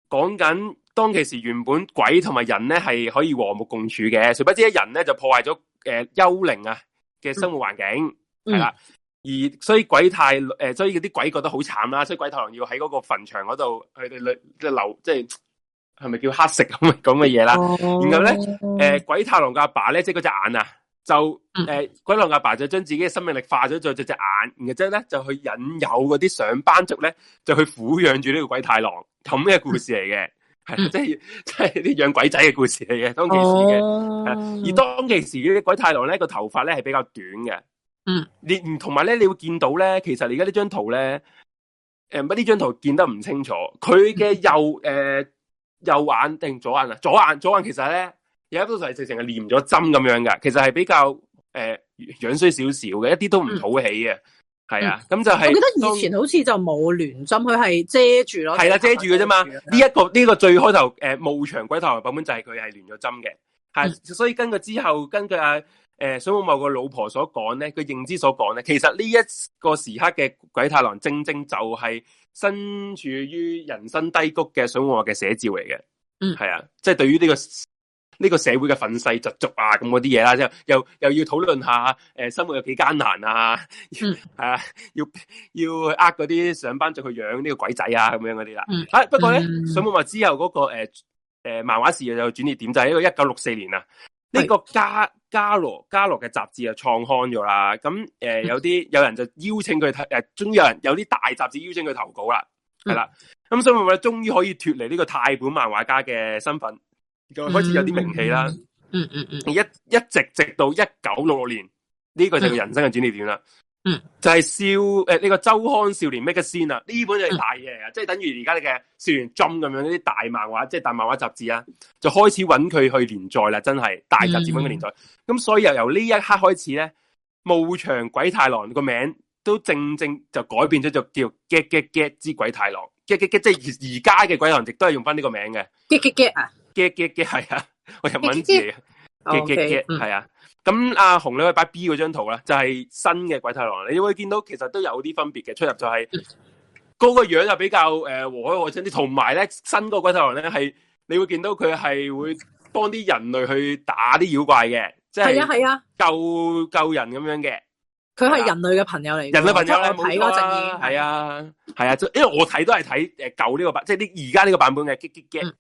講緊當其時原本鬼同埋人咧係可以和睦共處嘅，殊不知人咧就破壞咗誒幽靈啊嘅生活環境，係、嗯、啦。而所以鬼太誒、呃，所以嗰啲鬼覺得好慘啦，所以鬼太郎要喺嗰個墳場嗰度，佢哋即係留，即係係咪叫黑色咁咁嘅嘢啦？然後咧，誒、呃，鬼太郎嘅阿爸咧，即係嗰隻眼啊，就誒、是呃，鬼狼阿爸,爸就將自己嘅生命力化咗咗隻隻眼，然後之後咧就去引誘嗰啲上班族咧，就去撫養住呢個鬼太郎，咁嘅故事嚟嘅，係即係即係啲養鬼仔嘅故事嚟嘅，當其時嘅。 而當其時嘅鬼太郎咧，個頭髮咧係比較短嘅。嗯，連同埋咧，你會見到咧，其實你而家呢張圖咧，誒、呃，呢張圖見得唔清楚，佢嘅右誒、呃、右眼定左眼啊？左眼左眼，眼其實咧，有一度就係直情係連咗針咁樣㗎，其實係比較誒樣、呃、衰少少嘅，一啲都唔討起嘅，係、嗯、啊，咁就係、是。我記得以前好似就冇連針，佢係遮住咯。係啦、啊，遮住嘅啫嘛。呢一、這個呢、這個最開頭誒墓場鬼頭嘅版本，本就係佢係連咗針嘅，係、啊嗯，所以根據之後根據誒，水木茂個老婆所講咧，佢認知所講咧，其實呢一個時刻嘅鬼太郎，正正就係身處於人生低谷嘅水木茂嘅寫照嚟嘅。嗯，係啊，即、就、係、是、對於呢、這個呢、這個社會嘅憤世嫉俗啊，咁嗰啲嘢啦，即係又又要討論下誒、呃，生活有幾艱難啊，係、嗯、啊，要要呃嗰啲上班族去養呢個鬼仔啊，咁樣嗰啲啦。嗯，啊、不過咧、嗯，水木茂之後嗰、那個誒誒、呃呃、漫畫事業又轉捩點就喺個一九六四年啊。呢、這個加加羅加羅嘅雜誌就創刊咗啦，咁誒、呃、有啲有人就邀請佢睇，誒、嗯、終於有人有啲大雜誌邀請佢投稿啦，係啦，咁所以咪終於可以脫離呢個泰本漫畫家嘅身份，就開始有啲名氣啦。嗯嗯嗯，嗯，嗯，一一直直到一九六六年，呢、這個就係人生嘅轉捩點啦。嗯嗯嗯嗯就是，就係少誒呢個周刊少年 Magazine 啊，呢本就係大嘢嚟噶，即、嗯、係等於而家嘅少年針咁樣啲大漫畫，即、就、係、是、大漫畫雜誌啊，就開始揾佢去連載啦，真係大雜誌揾佢連載。咁、嗯、所以又由呢一刻開始咧，墓場鬼太郎個名字都正正就改變咗，就叫 get get get 之鬼太郎，get get get 即係而而家嘅鬼太郎，直都係用翻呢個名嘅。get get get 啊，get get 係、yeah, 嗯、啊，我日文字嘅、嗯、，get g 係、okay, 嗯、啊。咁阿紅你可擺擺 B 嗰張圖啦，就係、是、新嘅鬼太郎。你會見到其實都有啲分別嘅出入，就係個個樣就比較誒、呃、和藹可親啲。同埋咧，新個鬼太郎咧係你會見到佢係會幫啲人類去打啲妖怪嘅，即、就、係、是、救、啊啊、救人咁樣嘅。佢係、啊、人類嘅朋友嚟。人類朋友啦，冇錯係啊，係、就是、啊，啊，啊，因為我睇都係睇誒舊呢個版，即係啲而家呢個版本嘅《激、嗯、激、啊、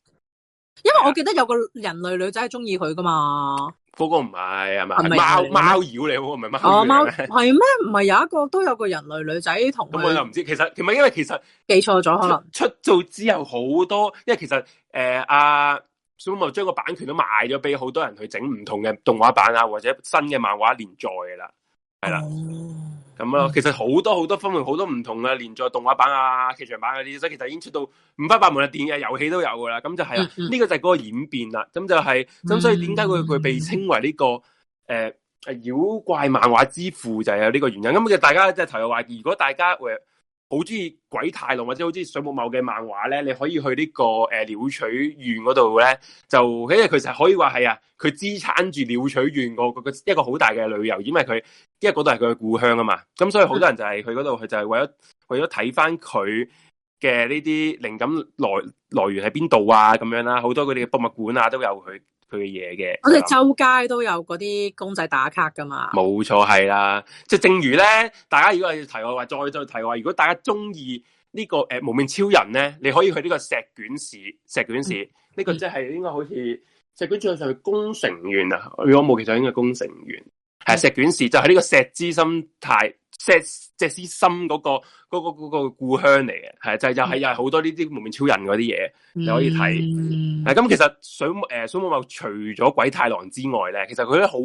因為我記得有個人類女仔係中意佢噶嘛。嗰、那個唔係係咪貓貓妖嚟？我唔係貓妖。哦，貓係咩？唔係有一個都有個人類女仔同。咁我又唔知，其實其實因為其實記錯咗可能出做之後好多，因為其實誒阿小木將個版權都賣咗俾好多人去整唔同嘅動畫版啊，或者新嘅漫畫連載噶啦，係啦。哦咁咯，其實好多好多方面好多唔同嘅連載動畫版啊、劇場版嗰、啊、啲，所以其實已經出到五花八門嘅電影、啊、遊戲都有噶啦，咁就係、是、啦。呢 個就係嗰個演變啦。咁就係、是，咁所以點解佢佢被稱為呢、這個誒誒、呃、妖怪漫畫之父，就係、是、有呢個原因。咁、嗯、就、嗯嗯嗯、大家即係頭又話，如果大家誒。好中意鬼太郎或者好中意水木茂嘅漫畫咧，你可以去呢、這個誒、呃、鳥取縣嗰度咧，就因為其實可以話係啊，佢支撐住鳥取縣個一個好大嘅旅遊，因為佢因為嗰度係佢嘅故鄉啊嘛。咁所以好多人就係去嗰度，佢就係為咗為咗睇翻佢嘅呢啲靈感來來源喺邊度啊咁樣啦，好多佢哋嘅博物館啊都有佢。佢嘅嘢嘅，我哋周街都有嗰啲公仔打卡噶嘛，冇錯係啦。即係正如咧，大家如果要提我話，再再提我話，如果大家中意呢個誒、呃、幪面超人咧，你可以去呢個石卷市。石卷市呢、嗯這個即係應該好似石卷最上去工程員啊，如果冇其他應該工程員，係、嗯、石卷市就喺呢個石之心態。石石斯心嗰，那個嗰嗰，那個那個那個、故鄉嚟嘅，就就係又好多呢啲蒙面超人嗰啲嘢，你可以睇。咁、嗯，其實水木、呃、水木茂除咗鬼太郎之外咧，其實佢咧好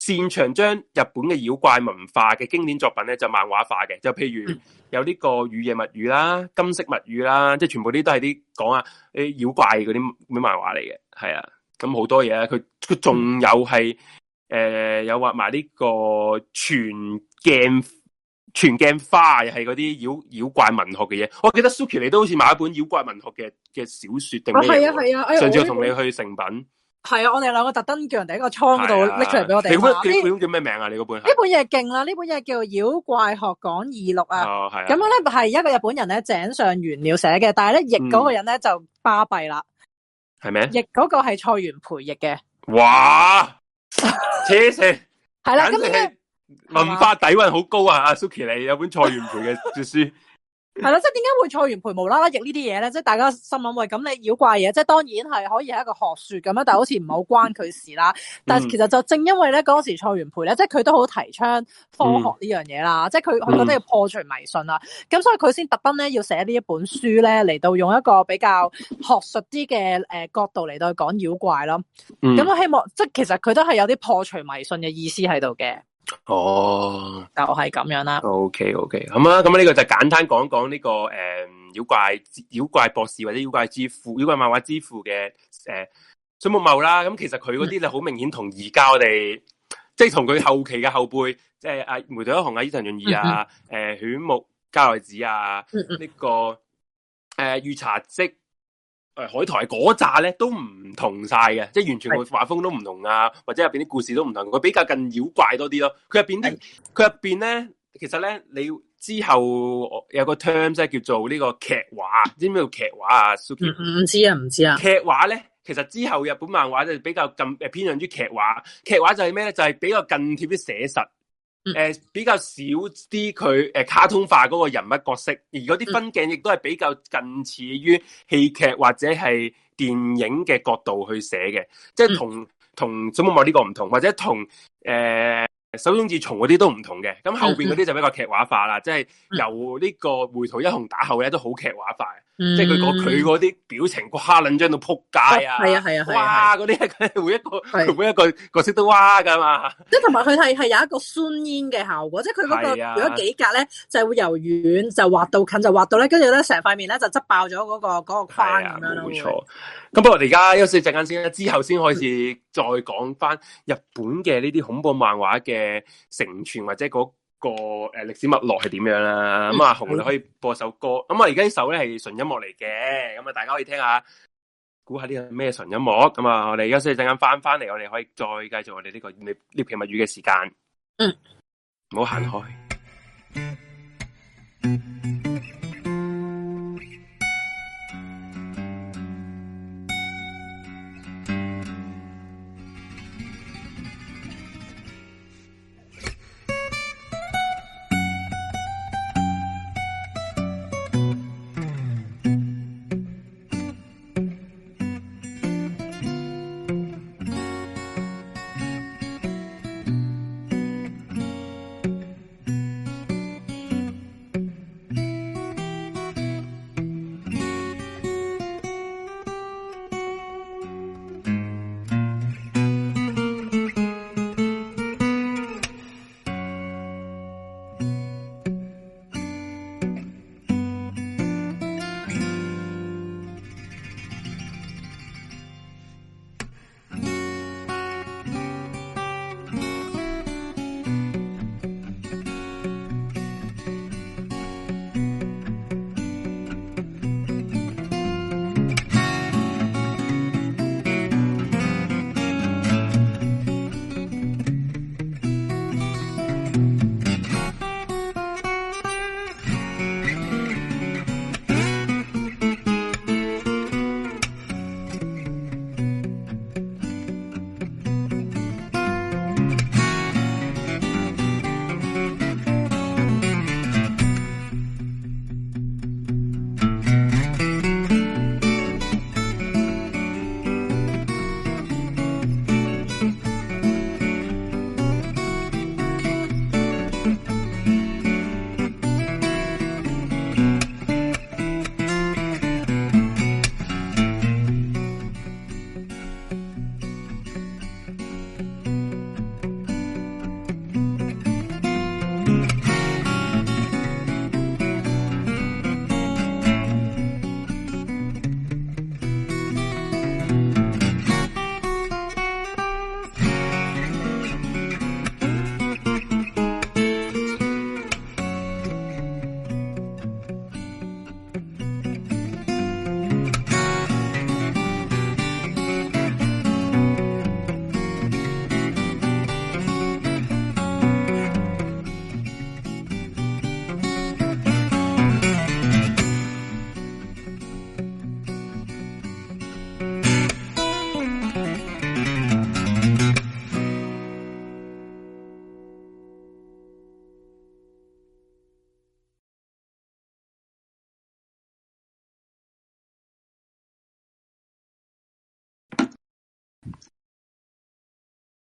擅長將日本嘅妖怪文化嘅經典作品咧，就漫畫化嘅，就譬如有呢個雨夜物語啦、金色物語啦，即係全部啲都係啲講啊啲妖怪嗰啲漫畫嚟嘅，係啊，咁好多嘢佢佢仲有係。嗯誒、呃，有畫埋呢個泉鏡泉鏡花又係嗰啲妖妖怪文學嘅嘢。我記得 Suki 你都好似買一本妖怪文學嘅嘅小說，定係、哦、啊係啊、哎。上次我同你去誠品，係啊，我哋兩個特登叫人喺一個倉度拎出嚟俾我哋、啊。你本叫咩名啊？你嗰本呢本嘢勁啦，呢本嘢叫《妖怪學講義錄》啊。哦、係、啊。咁樣咧係一個日本人咧井上圓了寫嘅，但係咧譯嗰個人咧、嗯、就巴閉啦。係咩？譯嗰個係蔡元培譯嘅。哇！扯死，係啦，咁你文化底蘊好高啊！阿 Suki 你有本蔡元培嘅書。係啦，即係點解會蔡元培無啦啦譯呢啲嘢咧？即係大家心諗喂，咁你妖怪嘢，即係當然係可以係一個學說咁樣，但係好似唔好關佢事啦。但係其實就正因為咧嗰時蔡元培咧，即係佢都好提倡科學呢樣嘢啦，即係佢佢覺得要破除迷信啦，咁、嗯嗯、所以佢先特登咧要寫呢一本書咧嚟到用一個比較學術啲嘅誒角度嚟到講妖怪咯。咁我希望即係其實佢都係有啲破除迷信嘅意思喺度嘅。哦，但我係咁樣啦。OK，OK、okay, okay. 好啊。咁呢個就簡單講講呢個誒、嗯，妖怪、妖怪博士或者妖怪之父、妖怪漫畫之父嘅誒、呃、水木茂啦。咁、嗯嗯、其實佢嗰啲咧好明顯同而家我哋即係同佢後期嘅後輩，即係阿楳圖一雄、阿伊藤潤二啊，誒犬木加奈子啊，呢、嗯這個誒御茶積。呃誒，海苔嗰扎咧都唔同晒嘅，即係完全個畫風都唔同啊，或者入邊啲故事都唔同。佢比較近妖怪多啲咯，佢入邊啲，佢入邊咧，其實咧，你之後有個 term 即係叫做呢個劇畫，知唔知叫劇畫啊？Suki 唔知啊，唔知啊。劇畫咧，其實之後日本漫畫就比較近誒偏向於劇畫，劇畫就係咩咧？就係、是、比較近貼啲寫實。誒、嗯呃、比較少啲佢、呃、卡通化嗰個人物角色，而嗰啲分鏡亦都係比較近似於戲劇或者係電影嘅角度去寫嘅，即係同同總木我呢個唔同，或者同誒、呃手中之蟲嗰啲都唔同嘅，咁後邊嗰啲就比較劇畫化啦，嗯嗯即係由呢個楳圖一雄打後咧都好劇畫化的，嗯嗯即係佢個佢嗰啲表情瓜撚張到仆街啊，係啊係啊，啊，啊，啊，啊，哇嗰啲每一個、啊、每一句、啊、角色都哇噶嘛，即係同埋佢係係有一個酸煙嘅效果，即係佢嗰個如果幾格咧就是、會由遠就畫到近就畫到咧，跟住咧成塊面咧就執爆咗嗰個個框啦。冇錯、啊，咁不過我哋而家休息一陣間先之後先開始再講翻日本嘅呢啲恐怖漫畫嘅。嘅成全或者嗰個誒歷史脈絡係點樣啦？咁阿雄你可以播首歌，咁我而家呢首咧係純音樂嚟嘅，咁啊大家可以聽下，估下呢個咩純音樂。咁啊，我哋而家先一陣間翻翻嚟，我哋可以再繼續我哋呢、這個獵奇物語嘅時間。嗯，唔好行開。嗯嗯嗯嗯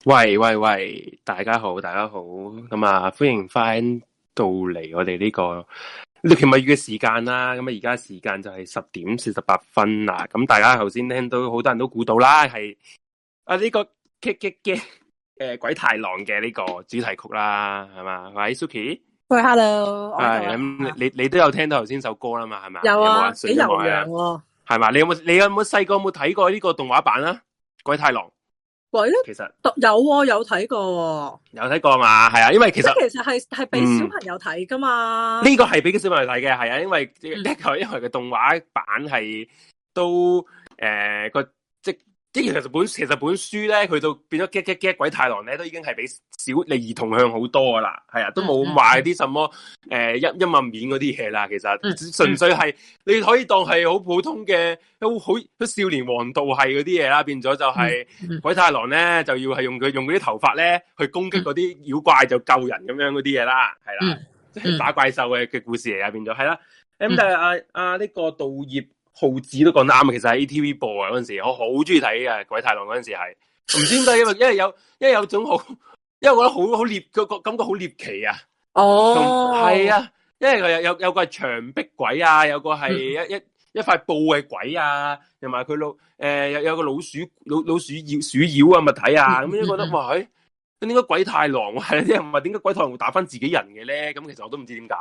喂喂喂，大家好，大家好，咁啊，歡迎翻到嚟我哋呢、這個獵奇物語嘅時間啦。咁啊，而家時間就係十點四十八分啦。咁大家頭先聽到好多人都估到啦，係啊呢、這個《激激嘅《誒、呃《鬼太郎》嘅呢個主題曲啦，係嘛？喂，Suki，喂，Hello，係、哎、咁，你你都有聽到頭先首歌啦嘛，係咪？有啊，水有樣咯、啊，係嘛、啊？你有冇你有冇細個有冇睇過呢個動畫版啊？《鬼太郎。鬼，其實有有睇過，有睇過嘛？係啊，因為其實其實係係俾小朋友睇噶嘛。呢個係俾啲小朋友睇嘅，係啊，因為呢個因為個動畫版係都誒個。即其實本其實本書咧，佢就變咗《激激激鬼太郎》咧,都已經係比小你兒童向好多噶啦，係啊，都冇賣啲什麼誒、呃、陰陰暗面啲嘢啦。其實純粹係你可以當係好普通嘅都好少年王道係嗰啲嘢啦。變咗就係、是、鬼太郎咧，就要係用佢用嗰啲頭髮咧去攻擊嗰啲妖怪就救人咁樣嗰啲嘢啦，係啦，即、就、係、是、打怪獸嘅嘅故事嚟、嗯、啊。變咗係啦。咁但係阿阿呢個道業。號子都講啱，其實喺 ATV 播啊，嗰陣時我好中意睇嘅《鬼太郎》嗰陣時係，唔知點解因為因為有因為有一種好，因為我覺得好好獵個感覺好獵奇啊！哦、oh.，係啊，因為有有有一個係牆壁鬼啊，有個係一、mm. 一一塊布嘅鬼啊，又埋佢老誒有、呃、有，有個老鼠老老鼠妖鼠妖物體啊，咪睇啊！咁樣覺得哇，哎咁點解鬼太郎係即係唔係點解鬼太郎會打翻自己人嘅咧？咁其實我都唔知點解。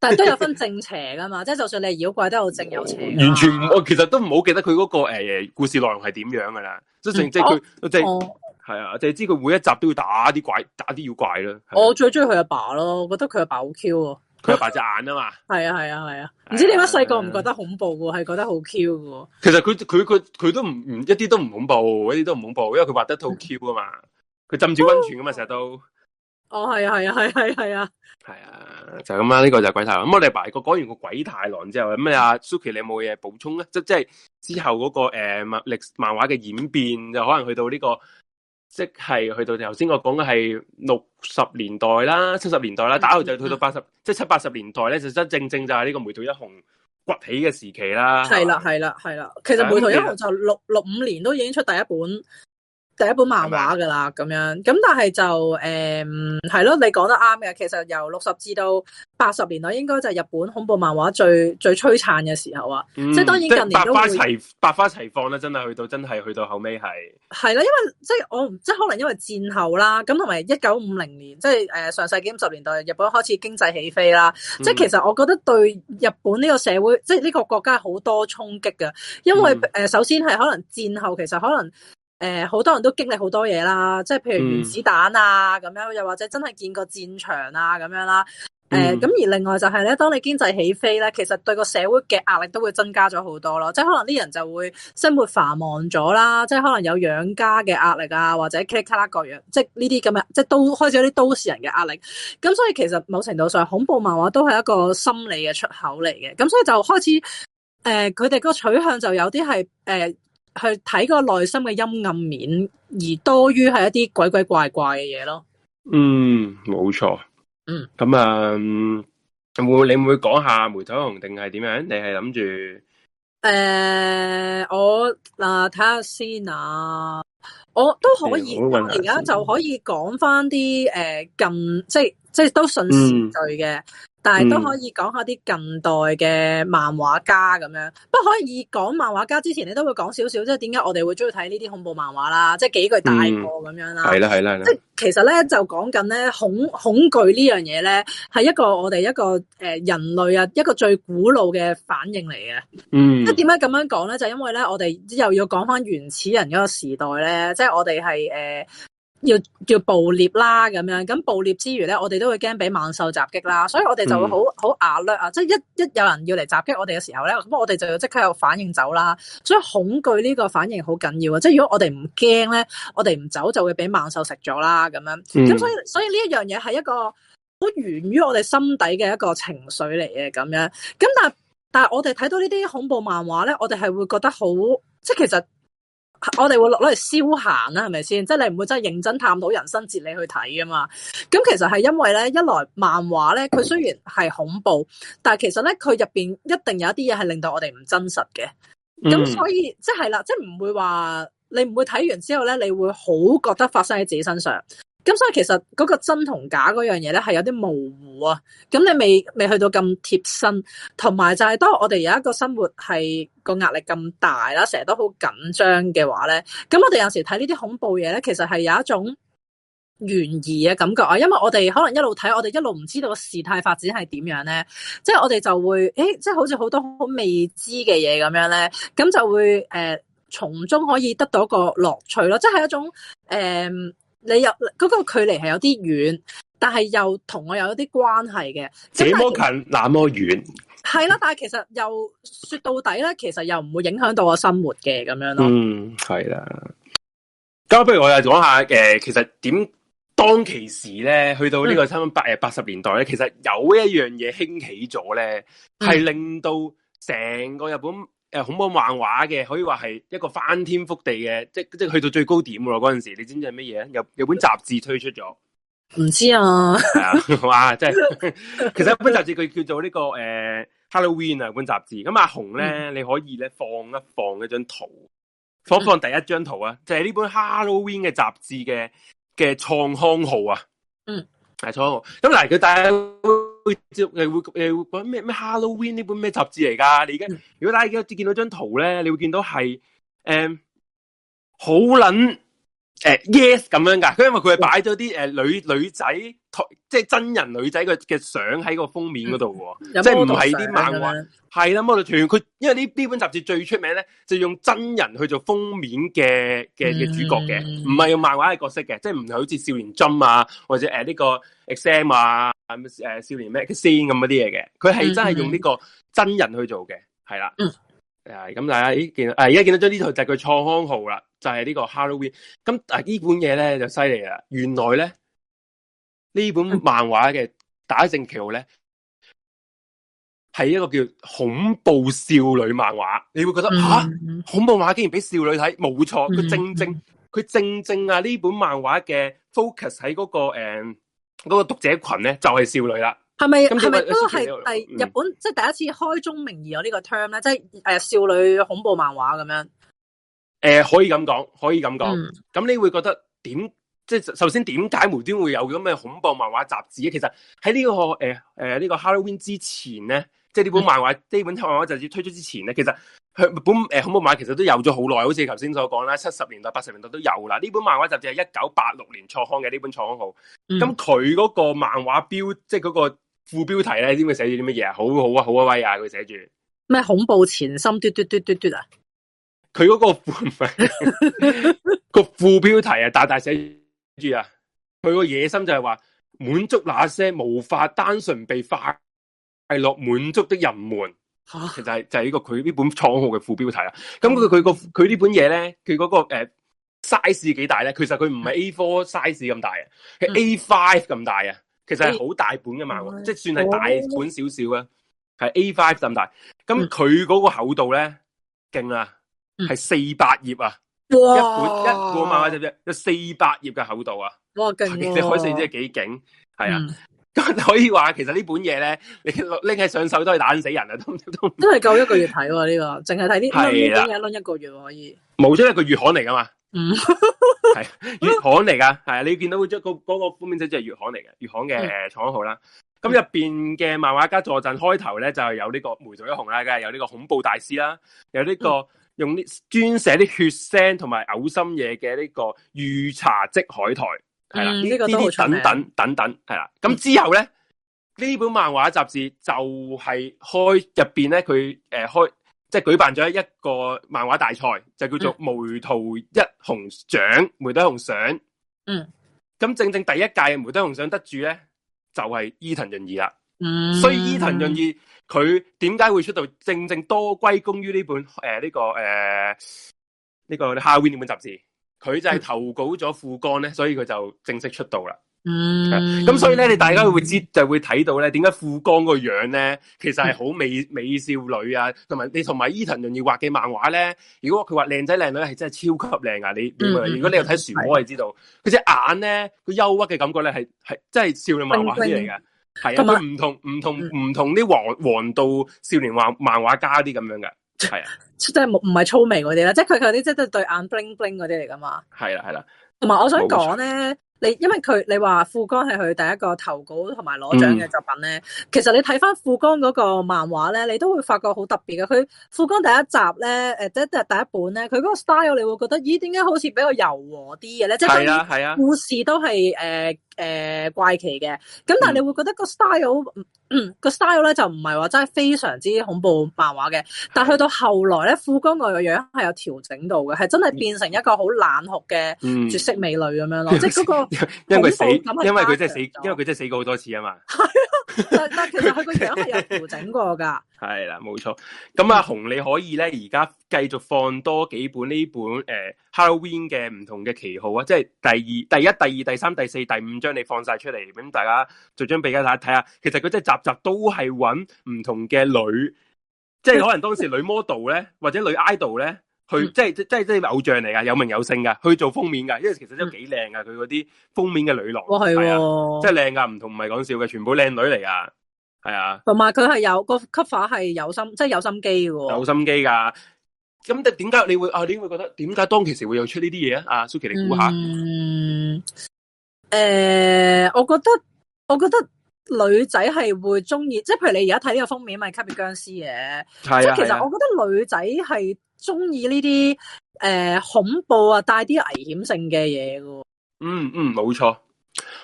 但係都有分正邪噶嘛，即 係就算你妖怪都有正有邪。完全我其實都唔好記得佢嗰、嗰個誒、呃、故事內容係點樣噶啦、嗯，即係即係佢即係係啊，淨係知佢每一集都要打啲怪，打啲妖怪咯、啊。我最中意佢阿爸咯，我覺得佢阿爸好 Q 啊。佢阿爸隻眼啊嘛。係啊係啊係啊，唔、啊、知點解細個唔覺得恐怖，係覺得好 Q 嘅。其實佢佢佢佢都唔唔一啲都唔恐怖，一啲都唔恐怖，因為佢畫得都好 Q 啊嘛。嗯佢浸住溫泉㗎嘛，成日都。哦，係啊，係啊，系系係啊。係啊，啊，就咁啦，呢、這個就鬼太郎咁。我哋排個講完個鬼太郎之後，咁你阿、啊、Suki，你有冇嘢補充啊？即即係之後嗰、那個誒、呃、漫歷漫畫嘅演變，就可能去到呢、這個，即、就、係、是、去到頭先我講嘅係六十年代啦、七十年代啦，打到就去到八十、嗯嗯，即係七八十年代咧，就真正正就係呢個楳圖一雄崛起嘅時期啦。係啦、啊，係啦、啊，係啦、啊啊。其實楳圖一雄就六六五年都已經出第一本。第一本漫畫噶啦，咁樣咁，但係就誒、係、嗯、咯，你講得啱嘅。其實由六十至到八十年代，應該就係日本恐怖漫畫最最璀璨嘅時候啊、嗯！即係當然近年都百花齊百花齊放啦，真係去到真係去到後尾係係啦，因為即係我即係可能因為戰後啦，咁同埋一九五零年，即係誒、呃、上世紀五十年代，日本開始經濟起飛啦、嗯。即係其實我覺得對日本呢個社會，即係呢個國家好多衝擊嘅，因為誒、嗯呃、首先係可能戰後其實可能。誒、呃，好多人都經歷好多嘢啦，即係譬如原子彈啊咁樣，又、嗯、或者真係見過戰場啊咁樣啦。誒、呃，咁、嗯、而另外就係咧，當你經濟起飛咧，其實對個社會嘅壓力都會增加咗好多咯。即係可能啲人就會生活繁忙咗啦，即係可能有養家嘅壓力啊，或者卡啦各樣，即係呢啲咁嘅，即係都開始有啲都市人嘅壓力。咁所以其實某程度上，恐怖漫畫都係一個心理嘅出口嚟嘅。咁所以就開始，誒、呃，佢哋個取向就有啲係，誒、呃。去睇個內心嘅陰暗面，而多於係一啲鬼鬼怪怪嘅嘢咯。嗯，冇錯。嗯，咁啊，嗯、你唔會你會唔會講下楳圖一雄定係點樣？你係諗住？誒、呃，我嗱睇下先啊，我都可以，嗯、我而家就可以講翻啲誒近，即係即係都順時序嘅。嗯但係都可以講下啲近代嘅漫畫家咁樣，嗯，不可以講漫畫家之前，你都會講少少，即係點解我哋會中意睇呢啲恐怖漫畫啦？即係幾句大話咁樣啦。係啦係啦係啦。即係其實咧就講緊咧恐恐懼呢樣嘢咧係一個我哋一個誒、呃、人類啊一個最古老嘅反應嚟嘅。嗯。即點解咁樣講咧？就因為咧我哋又要講翻原始人嗰個時代咧，即係我哋係誒。呃要要捕獵啦咁樣，咁捕獵之餘咧，我哋都會驚俾猛獸襲擊啦，所以我哋就會好好壓略啊，即係一一有人要嚟襲擊我哋嘅時候咧，咁我哋就要即刻有反應走啦。所以恐懼呢個反應好緊要啊，即係如果我哋唔驚咧，我哋唔走就會俾猛獸食咗啦，咁樣。咁、嗯、所以所以呢一樣嘢係一個好源於我哋心底嘅一個情緒嚟嘅咁樣。咁但係但係我哋睇到呢啲恐怖漫畫咧，我哋係會覺得好，即係其實。我哋會落攞嚟消閒啦，係咪先？即係你唔會真係認真探討人生哲理去睇噶嘛？咁其實係因為咧，一來漫畫咧，佢雖然係恐怖，但係其實咧，佢入邊一定有一啲嘢係令到我哋唔真實嘅。咁所以即係啦，即係唔會話你唔會睇完之後咧，你會好覺得發生喺自己身上。咁所以其實嗰個真同假嗰樣嘢咧係有啲模糊啊，咁你未未去到咁貼身，同埋就係當我哋有一個生活係個壓力咁大啦，成日都好緊張嘅話咧，咁我哋有時睇呢啲恐怖嘢咧，其實係有一種懸疑嘅感覺啊，因為我哋可能一路睇，我哋一路唔知道個事態發展係點樣咧，即係我哋就會，誒，即係好似好多好未知嘅嘢咁樣咧，咁就會誒從中可以得到一個樂趣咯，即係一種誒。呃你又嗰、那個距離係有啲遠，但係又同我有一啲關係嘅。這麼近那麼遠，係啦，但係其實又說到底咧，其實又唔會影響到我生活嘅咁樣咯。嗯，係啦。咁不如我又講下誒，其實點當其時咧，去到呢個差唔多八誒八十年代咧、嗯，其實有一樣嘢興起咗咧，係令到成個日本。誒，恐怖漫畫嘅，可以話係一個翻天覆地嘅，即即去到最高點咯，嗰陣時你知唔知係乜嘢啊？有有本雜誌推出咗，唔知啊， 哇，即係，其實本雜誌佢叫做呢、這個誒、欸，Halloween 啊本雜誌，咁阿紅咧、嗯，你可以咧放一放一張圖，放放第一張圖啊、嗯，就係、是、呢本 Halloween 嘅雜誌嘅嘅創刊號啊，嗯。係錯，咁嗱，佢大家會接，誒，會，誒會講咩咩 Halloween 呢本咩雜誌嚟㗎？你而家如果大家而家見到張圖呢，你會見到係，誒、嗯，好捻。誒、呃、yes 咁樣噶，因為佢係擺咗啲誒女女仔，即係真人女仔嘅嘅相喺個封面嗰度喎，即係唔係啲漫畫。係、嗯、啦，魔女團佢因為呢呢本雜誌最出名咧，就用真人去做封面嘅嘅嘅主角嘅，唔係用漫畫嘅角色嘅，即係唔係好似少年針啊，或者誒呢個 exam 啊，誒少年 maxin 咁嗰啲嘢嘅，佢係真係用呢個真人去做嘅，係、嗯、啦。係咁，大家咦見，啊到啊而家見到將呢套就係佢創刊號啦，就係、是、呢個 Halloween。咁啊，本呢本嘢咧就犀利啦。原來咧呢這本漫畫嘅打正旗號咧，係一個叫恐怖少女漫畫。你會覺得吓、嗯嗯啊，恐怖漫畫竟然俾少女睇？冇錯，佢、嗯嗯、正正，佢正正啊！呢本漫畫嘅 focus 喺、那個誒，嗯那個讀者群咧就係、是、少女啦。係咪係咪都係係日本，日本即係第一次開宗明義有呢個 term 咧，即係誒少女恐怖漫畫咁樣。誒、呃，可以咁講，可以咁講。咁、嗯、你會覺得點？即係首先點解無端端會有咁嘅恐怖漫畫雜誌？其實喺呢、這個誒誒呢個 Halloween 之前咧，即係呢本漫畫呢、嗯、本漫畫雜誌推出之前咧，其實本誒、呃、恐怖漫畫其實都有咗好耐，好似頭先所講啦，七十年代八十年代都有啦。呢本漫畫雜誌係一九八六年創刊嘅呢本創刊號。咁佢嗰個漫畫標即係嗰個。嗯副標題咧，點會寫住啲乜嘢啊？好好啊，好威啊！佢寫住咩恐怖潛心，嘟嘟嘟嘟嘟，嘟啊！佢嗰個副個 副標題啊，大大寫住啊！佢個野心就係話滿足那些無法單純被快樂滿足的人們。其實係就係呢個佢呢本創號嘅副標題啊。咁佢佢個佢、呃、呢本嘢咧，佢嗰個誒 size 幾大咧？其實佢唔係 A four size 咁大、嗯、大啊，係 A five 咁大啊。其實係好大本嘅嘛，A? 即係算係大本少少啊，係 A five 咁大。咁佢嗰個厚度咧，勁、mm. 啊，係四百頁啊！一本一個漫畫就有四百頁嘅厚度啊！哇，勁、啊啊 mm.！你開四只幾勁？係啊，可以話其實呢本嘢咧，你拎起上手都係打死人啊！都都都係夠一個月睇喎、啊，呢、這個淨係睇啲，係啦，攞一攞一個月可以。冇，咗一個月刊嚟噶嘛。嗯， 係月刊嚟噶，係啊，你見到佢、那個嗰個封面就係月刊嚟嘅，月刊嘅廠號啦。咁入邊嘅漫畫家坐陣開頭咧，就係有呢個楳圖一雄啦，梗係有呢個恐怖大師啦，有呢個用啲專寫啲血腥同埋嘔心嘢嘅呢個御茶漬海苔，係啦，呢、嗯、啲等等等等，係、嗯、啦。咁之後咧呢、嗯、這本漫畫雜誌就係開入邊咧，佢誒、呃、開。即係舉辦咗一個漫畫大賽，就叫做《楳圖一雄獎》《楳圖一雄獎》。嗯，咁、嗯、正正第一屆《楳圖一雄獎》得主咧，就係伊藤潤二啦。所以伊藤潤二佢點解會出道？正正多歸功於呢本誒呢個誒呢個《Halloween 呢本雜誌，佢就係投稿咗富江咧，所以佢就正式出道啦。嗯，咁、嗯嗯、所以咧，你大家會知就會睇到咧，點解富江個樣咧，其實係好美美少女啊，同埋你同埋伊藤潤二畫嘅漫畫咧，如果佢畫靚仔靚女係真係超級靚啊！你如果你有睇《漩、嗯、渦》，係知道佢隻眼咧，佢憂鬱嘅感覺咧係係真係少女漫畫啲嚟嘅，係啊，唔同唔、嗯、同唔同啲黃黃道少年漫畫家啲咁樣嘅，係啊、嗯，即係唔係粗眉嗰啲啦，即係佢佢啲即係對眼 bling bling 嗰啲嚟噶嘛，係啦係啦，同埋我想講咧。你因為佢，你話富江係佢第一個投稿同埋攞獎嘅作品咧、嗯，其實你睇翻富江嗰個漫畫咧，你都會發覺好特別嘅。佢富江第一集咧，誒第一本咧，佢嗰個 style 你會覺得，咦點解好似比較柔和啲嘅咧？即係、啊啊、故事都係誒誒怪奇嘅，咁但係你會覺得個 style。嗯嗯，個 style 咧就唔係話真係非常之恐怖漫畫嘅，但係去到後來咧，富江個樣係有調整到嘅，係、嗯、真係變成一個好冷酷嘅絕色美女咁樣咯。即係嗰個，因為佢死，即因佢真係死，因為佢真係死過好多次啊嘛。係 啊，但其實佢個樣有調整過㗎。係 啦，冇錯。咁、嗯嗯、啊，紅你可以咧而家繼續放多幾本呢本、呃、Halloween 嘅唔同嘅旗號啊，即係第二、第一、第二、第三、第四、第五張你放曬出嚟，咁大家就張比較睇下看看，其實佢真係集。就都係揾唔同嘅女，即係可能當時女 model 咧， 或者女 idol 咧，去即係即係即係偶像嚟噶，有名有姓噶，去做封面噶，因為其實都幾靚噶，佢嗰啲封面嘅女郎，係、哦、啊，真係靚噶，唔同唔係講笑嘅，全部靚女嚟啊，係啊，同埋佢係有，有、嗰個 cover 係有心，即係有心機噶，有心機噶，咁點解你會啊？你會覺得點解當其時會有出呢啲嘢啊？啊，Suki，你估下。嗯，誒、呃，我覺得，我覺得。女仔係會中意，即係譬如你而家睇呢個封面咪吸血僵屍嘅、啊，即係其實我覺得女仔係中意呢啲誒恐怖啊，帶啲危險性嘅嘢噶。嗯嗯，冇錯。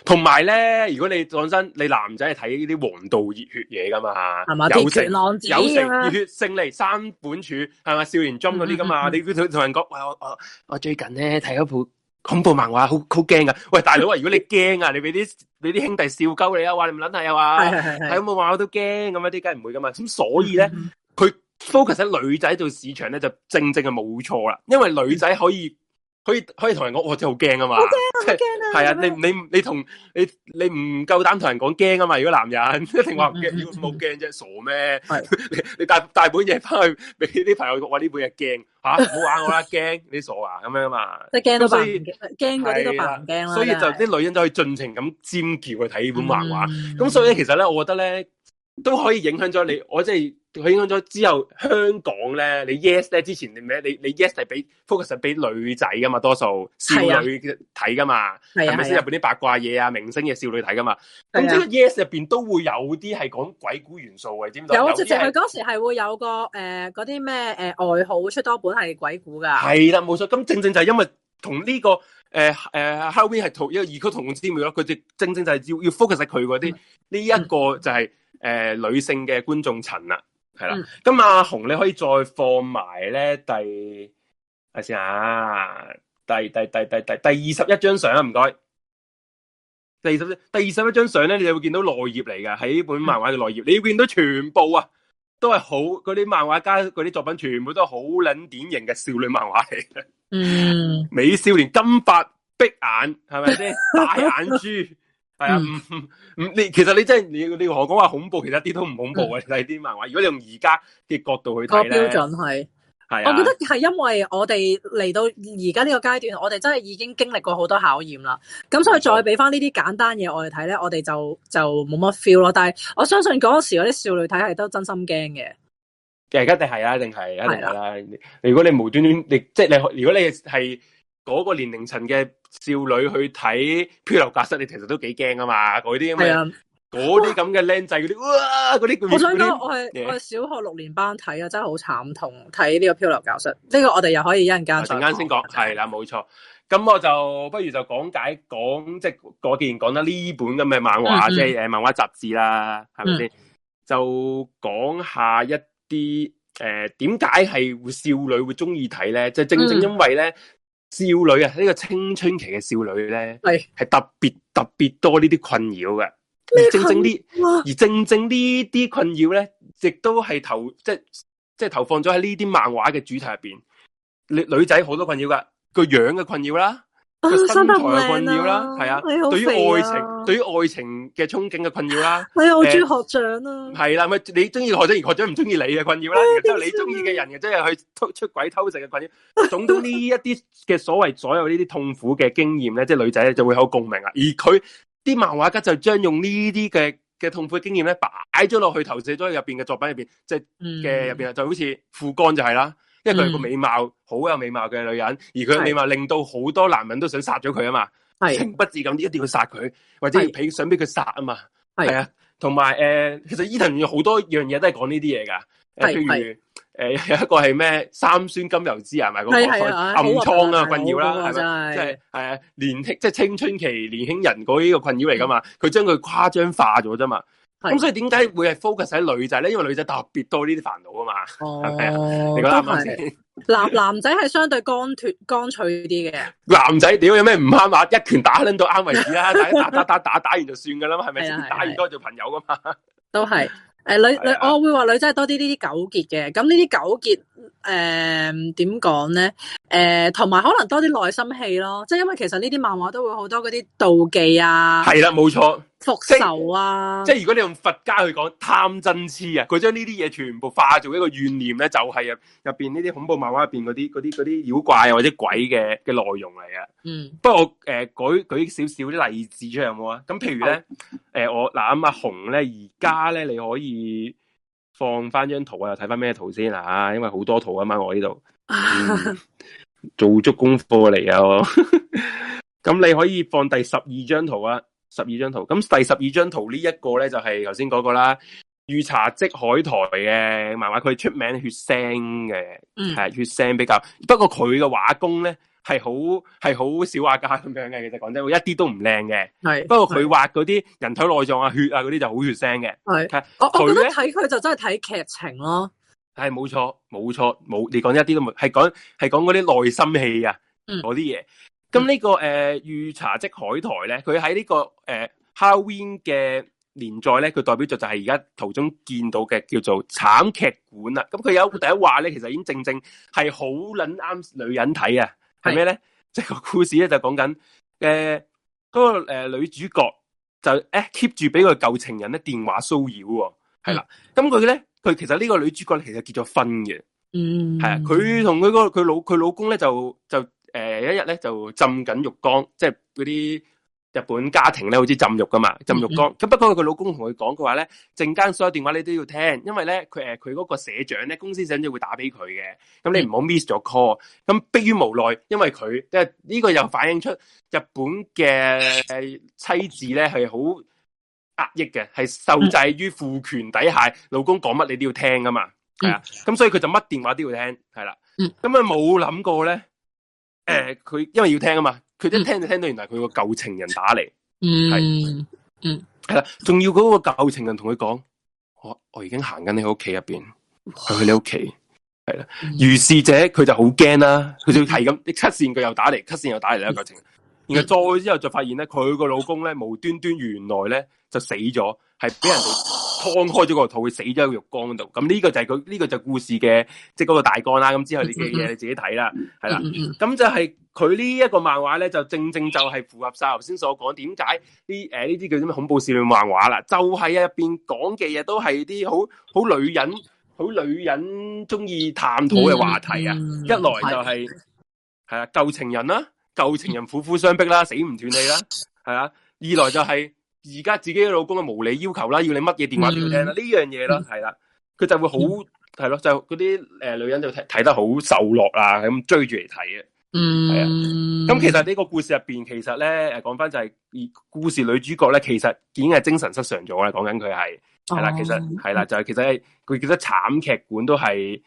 同埋咧，如果你講真，你男仔係睇呢啲黃道熱血嘢噶嘛？係嘛？有成、啊、有成熱血勝利三本柱係咪？少年 Jump 嗰啲噶嘛？ 你同人講，喂我我我最近咧睇咗部。恐怖漫畫好好驚噶，喂大佬啊，如果你驚啊， 你俾啲俾啲兄弟笑鳩你啊，話你唔捻係呀？話睇恐怖漫畫我都驚咁啊，啲梗係唔會噶嘛，咁所以咧，佢 focus 喺女仔做市場咧，就正正係冇錯啦，因為女仔可以。可以可以同人講，我就好驚啊嘛，即係驚啊，係啊，你你你同你你唔夠膽同人講驚啊嘛，如果男人一定話唔驚冇驚啫，傻咩？你你帶大本嘢翻去俾啲朋友話呢本嘢驚，吓，唔好玩我啦，驚你傻啊咁樣啊嘛，所以驚嗰啲就扮驚啦，所以就啲女人就可以盡情咁尖叫去睇呢本漫畫，咁所以咧，其實咧，我覺得咧都可以影響咗你，我即係。佢影響咗之後香港咧，你 Yes 咧之前咩？你你 Yes 係俾 focus 實俾女仔噶嘛？多數少女睇噶嘛？係咪先入邊啲八卦嘢啊、明星嘅少女睇噶嘛？咁出、啊、Yes 入邊都會有啲係講鬼故元素嘅，知唔知？有啊，就係嗰時係會有個誒嗰啲咩誒外號出多本係鬼故噶。係啦、啊，冇錯。咁正正就係因為同呢、這個誒誒，Halloween 係同一個異曲同工之妙咯？佢正正就係要要 focus 實佢嗰啲呢一個就係、是、誒、嗯呃、女性嘅觀眾層啦。係啦，咁阿紅你可以再放埋咧第，啊先啊，第第第第第第二十一張相啊，唔該，第二十、第二十一張相咧，你就會見到內頁嚟噶，喺本漫畫嘅內頁、嗯，你會見到全部啊，都係好嗰啲漫畫家嗰啲作品，全部都係好撚典型嘅少女漫畫嚟嘅，嗯，美少年金髮碧眼，係咪先？大眼珠？ 係啊，唔、嗯、唔，你、嗯、其實你真係你你何講話恐怖，其實一啲都唔恐怖啊！睇、嗯、啲漫畫，如果你用而家嘅角度去睇、嗰個，標準係係啊，我覺得係因為我哋嚟到而家呢個階段，我哋真係已經經歷過好多考驗啦。咁所以再俾翻呢啲簡單嘢我哋睇咧，我哋就就冇乜 feel 咯。但係我相信嗰時嗰啲少女睇係都真心驚嘅。其實誒，一定係啊，一定係，一定係啦。如果你無端端，你即係你，如果你係嗰個年齡層嘅。少女去睇漂流教室，你其實都幾驚㗎嘛？嗰啲咁嘅，嗰啲咁嘅僆仔嗰啲，哇！嗰啲我想講，我係我係小學六年班睇嘅，真係好慘痛。睇呢個漂流教室，呢、呢個我哋又可以一陣間一陣間先講，係啦，冇、啊、錯。咁我就不如就講解講，即係既然講得呢本咁嘅漫畫，即係誒漫畫雜誌啦，係咪先？就講一下一啲誒點解係少女會中意睇咧？就是、正正因為咧。嗯少女啊，呢、這個青春期嘅少女咧，係係特別特別多呢啲困擾嘅，而正正呢， 而正正呢啲困擾咧，亦都係投即係即係投放咗喺呢啲漫畫嘅主題入邊。女女仔好多困擾噶，個樣嘅困擾啦。個身材嘅困擾啦，係啊，啊，啊，對於愛情， 對於愛情嘅憧憬嘅困擾啦，我 好中意學長啊，係、呃、啦，咪、啊、你中意學長而學長唔中意你嘅困擾啦、哎，然之後你中意嘅人嘅即係去出出軌偷食嘅困擾，總之呢一啲嘅所謂 所有呢啲痛苦嘅經驗咧，即係女仔就會好共鳴啊。而佢啲漫畫家就將用呢啲嘅嘅痛苦嘅經驗咧擺咗落去，投射咗入邊嘅作品入邊，即係嘅入邊啊，就好似富江就係啦。因為佢係個美貌，好有美貌嘅女人，而佢嘅美貌令到好多男人都想殺咗佢啊嘛，情不自禁一定要殺佢，或者想俾佢殺啊嘛，係啊，同埋誒，其實伊藤有好多樣嘢都係講呢啲嘢噶，譬、呃、如誒、呃、有一個係咩三酸甘油酯係咪？嗰、那個係暗瘡啊困擾啦，係咪？即係係啊，年輕即係青春期年輕人嗰啲個困擾嚟噶嘛，佢將佢誇張化咗啫嘛。咁所以點解會係 focus 喺女仔咧？因為女仔特別多呢啲煩惱啊嘛，係咪啊？你覺得啱唔啱先？男男仔係相對乾脫乾脆啲嘅。男仔屌有咩唔啱啊？一拳打甩到啱為止啦， 打打打打打完就算噶啦，係咪先？打完多做朋友噶嘛。都係誒、呃，女女、啊、我會話女仔係多啲、呃、呢啲糾結嘅。咁呢啲糾結誒點講咧？誒，同埋可能多啲內心戲咯，即、就、係、是、因為其實呢啲漫畫都會好多嗰啲妒忌啊。係啦、啊，冇錯。復仇啊！即係如果你用佛家去講貪嗔痴啊，佢將呢啲嘢全部化做一個怨念咧，就係入入邊呢啲恐怖漫畫入邊嗰啲嗰啲嗰啲妖怪或者鬼嘅嘅內容嚟呀。嗯，不過我誒、呃、舉舉少少啲例子出嚟有冇啊？咁譬如咧，誒我嗱阿紅咧而家咧，你可以放翻張圖啊，睇翻咩圖先啊？因為好多圖啊，嘛，我呢度做足功課嚟啊！咁 你可以放第十二張圖啊！十二張圖，咁第十二張圖這呢一、就是、個咧就係頭先嗰個啦，御茶即海苔嘅，漫畫佢出名血腥嘅，係、嗯、血腥比較，不過佢嘅畫工咧係好係好小畫家咁樣嘅，其實講真，一啲都唔靚嘅，係，不過佢畫嗰啲人體內臟啊、血啊嗰啲就好血腥嘅，係，我我睇佢就真係睇劇情咯，係冇錯冇錯冇，你講一啲都冇，係講係講嗰啲內心戲啊，嗰啲嘢。咁、嗯這個呃、呢、這個誒預查即海苔咧，佢、呃、喺呢個誒 Halloween 嘅連載咧，佢代表作就係而家圖中見到嘅叫做慘劇館啦。咁佢、嗯嗯、有一第一話咧，其實已經正正係好撚啱女人睇啊！係咩咧？即係個故事咧，就講緊誒嗰個、呃、女主角就誒 keep 住俾個舊情人咧電話騷擾喎、哦。係啦，咁佢咧佢其實呢個女主角其實結咗婚嘅，嗯，係啊，佢同佢個佢老佢老公咧就就。就誒、呃，一日咧就浸緊浴缸，即係嗰啲日本家庭咧，好似浸浴噶嘛，浸浴缸。咁、嗯、不過佢老公同佢講嘅話咧，陣間所有電話你都要聽，因為咧佢誒佢嗰個社長咧，公司社長就會打俾佢嘅。咁你唔好 miss 咗 call，嗯。咁逼於無奈，因為佢即係呢個又反映出日本嘅妻子咧係好壓抑嘅，係受制於父權底下，老公講乜你都要聽噶嘛，係啊。咁、嗯、所以佢就乜電話都要聽，係啦。咁佢冇諗過咧。誒、呃，佢因為要聽啊嘛，佢一聽就聽到原來佢、嗯嗯、個舊情人打嚟，係，嗯，係啦，仲要嗰個舊情人同佢講，我我已經行緊你屋企入邊，去你屋企，係啦，如是者佢就好驚啦，佢就係咁，你 cut 綫佢又打嚟，cut 綫又打嚟啦舊情，然後再之後就發現咧，佢個老公咧無端端原來咧就死咗，係俾人哋。劏開咗個肚，佢死咗喺浴缸度。咁呢個就係佢呢個就故事嘅，即係嗰個大綱啦。咁之後你嘅嘢你自己睇啦，係啦。咁就係佢呢一個漫畫咧，就正正就係符合晒頭先所講。點解啲誒呢啲叫做咩恐怖少女漫畫啦？就係入邊講嘅嘢都係啲好好女人，好女人中意探討嘅話題啊。嗯嗯、一來就係係啊舊情人啦、啊，舊情人苦苦相逼啦、啊，死唔斷氣啦，係啊。二來就係、是。而家自己老公嘅無理要求啦，要你乜嘢電話都要聽啦，呢、嗯、樣嘢咯，係、嗯、啦，佢就會好，係、嗯、咯，就嗰啲誒女人就睇睇得好受落啦，咁追住嚟睇嘅。嗯，咁其，其實呢個故事入邊，其實咧誒講返就係、是，故事女主角咧其實已經係精神失常咗啦，講緊佢係，係啦、嗯，其實係啦，就係、是、其實係佢叫得慘劇館都係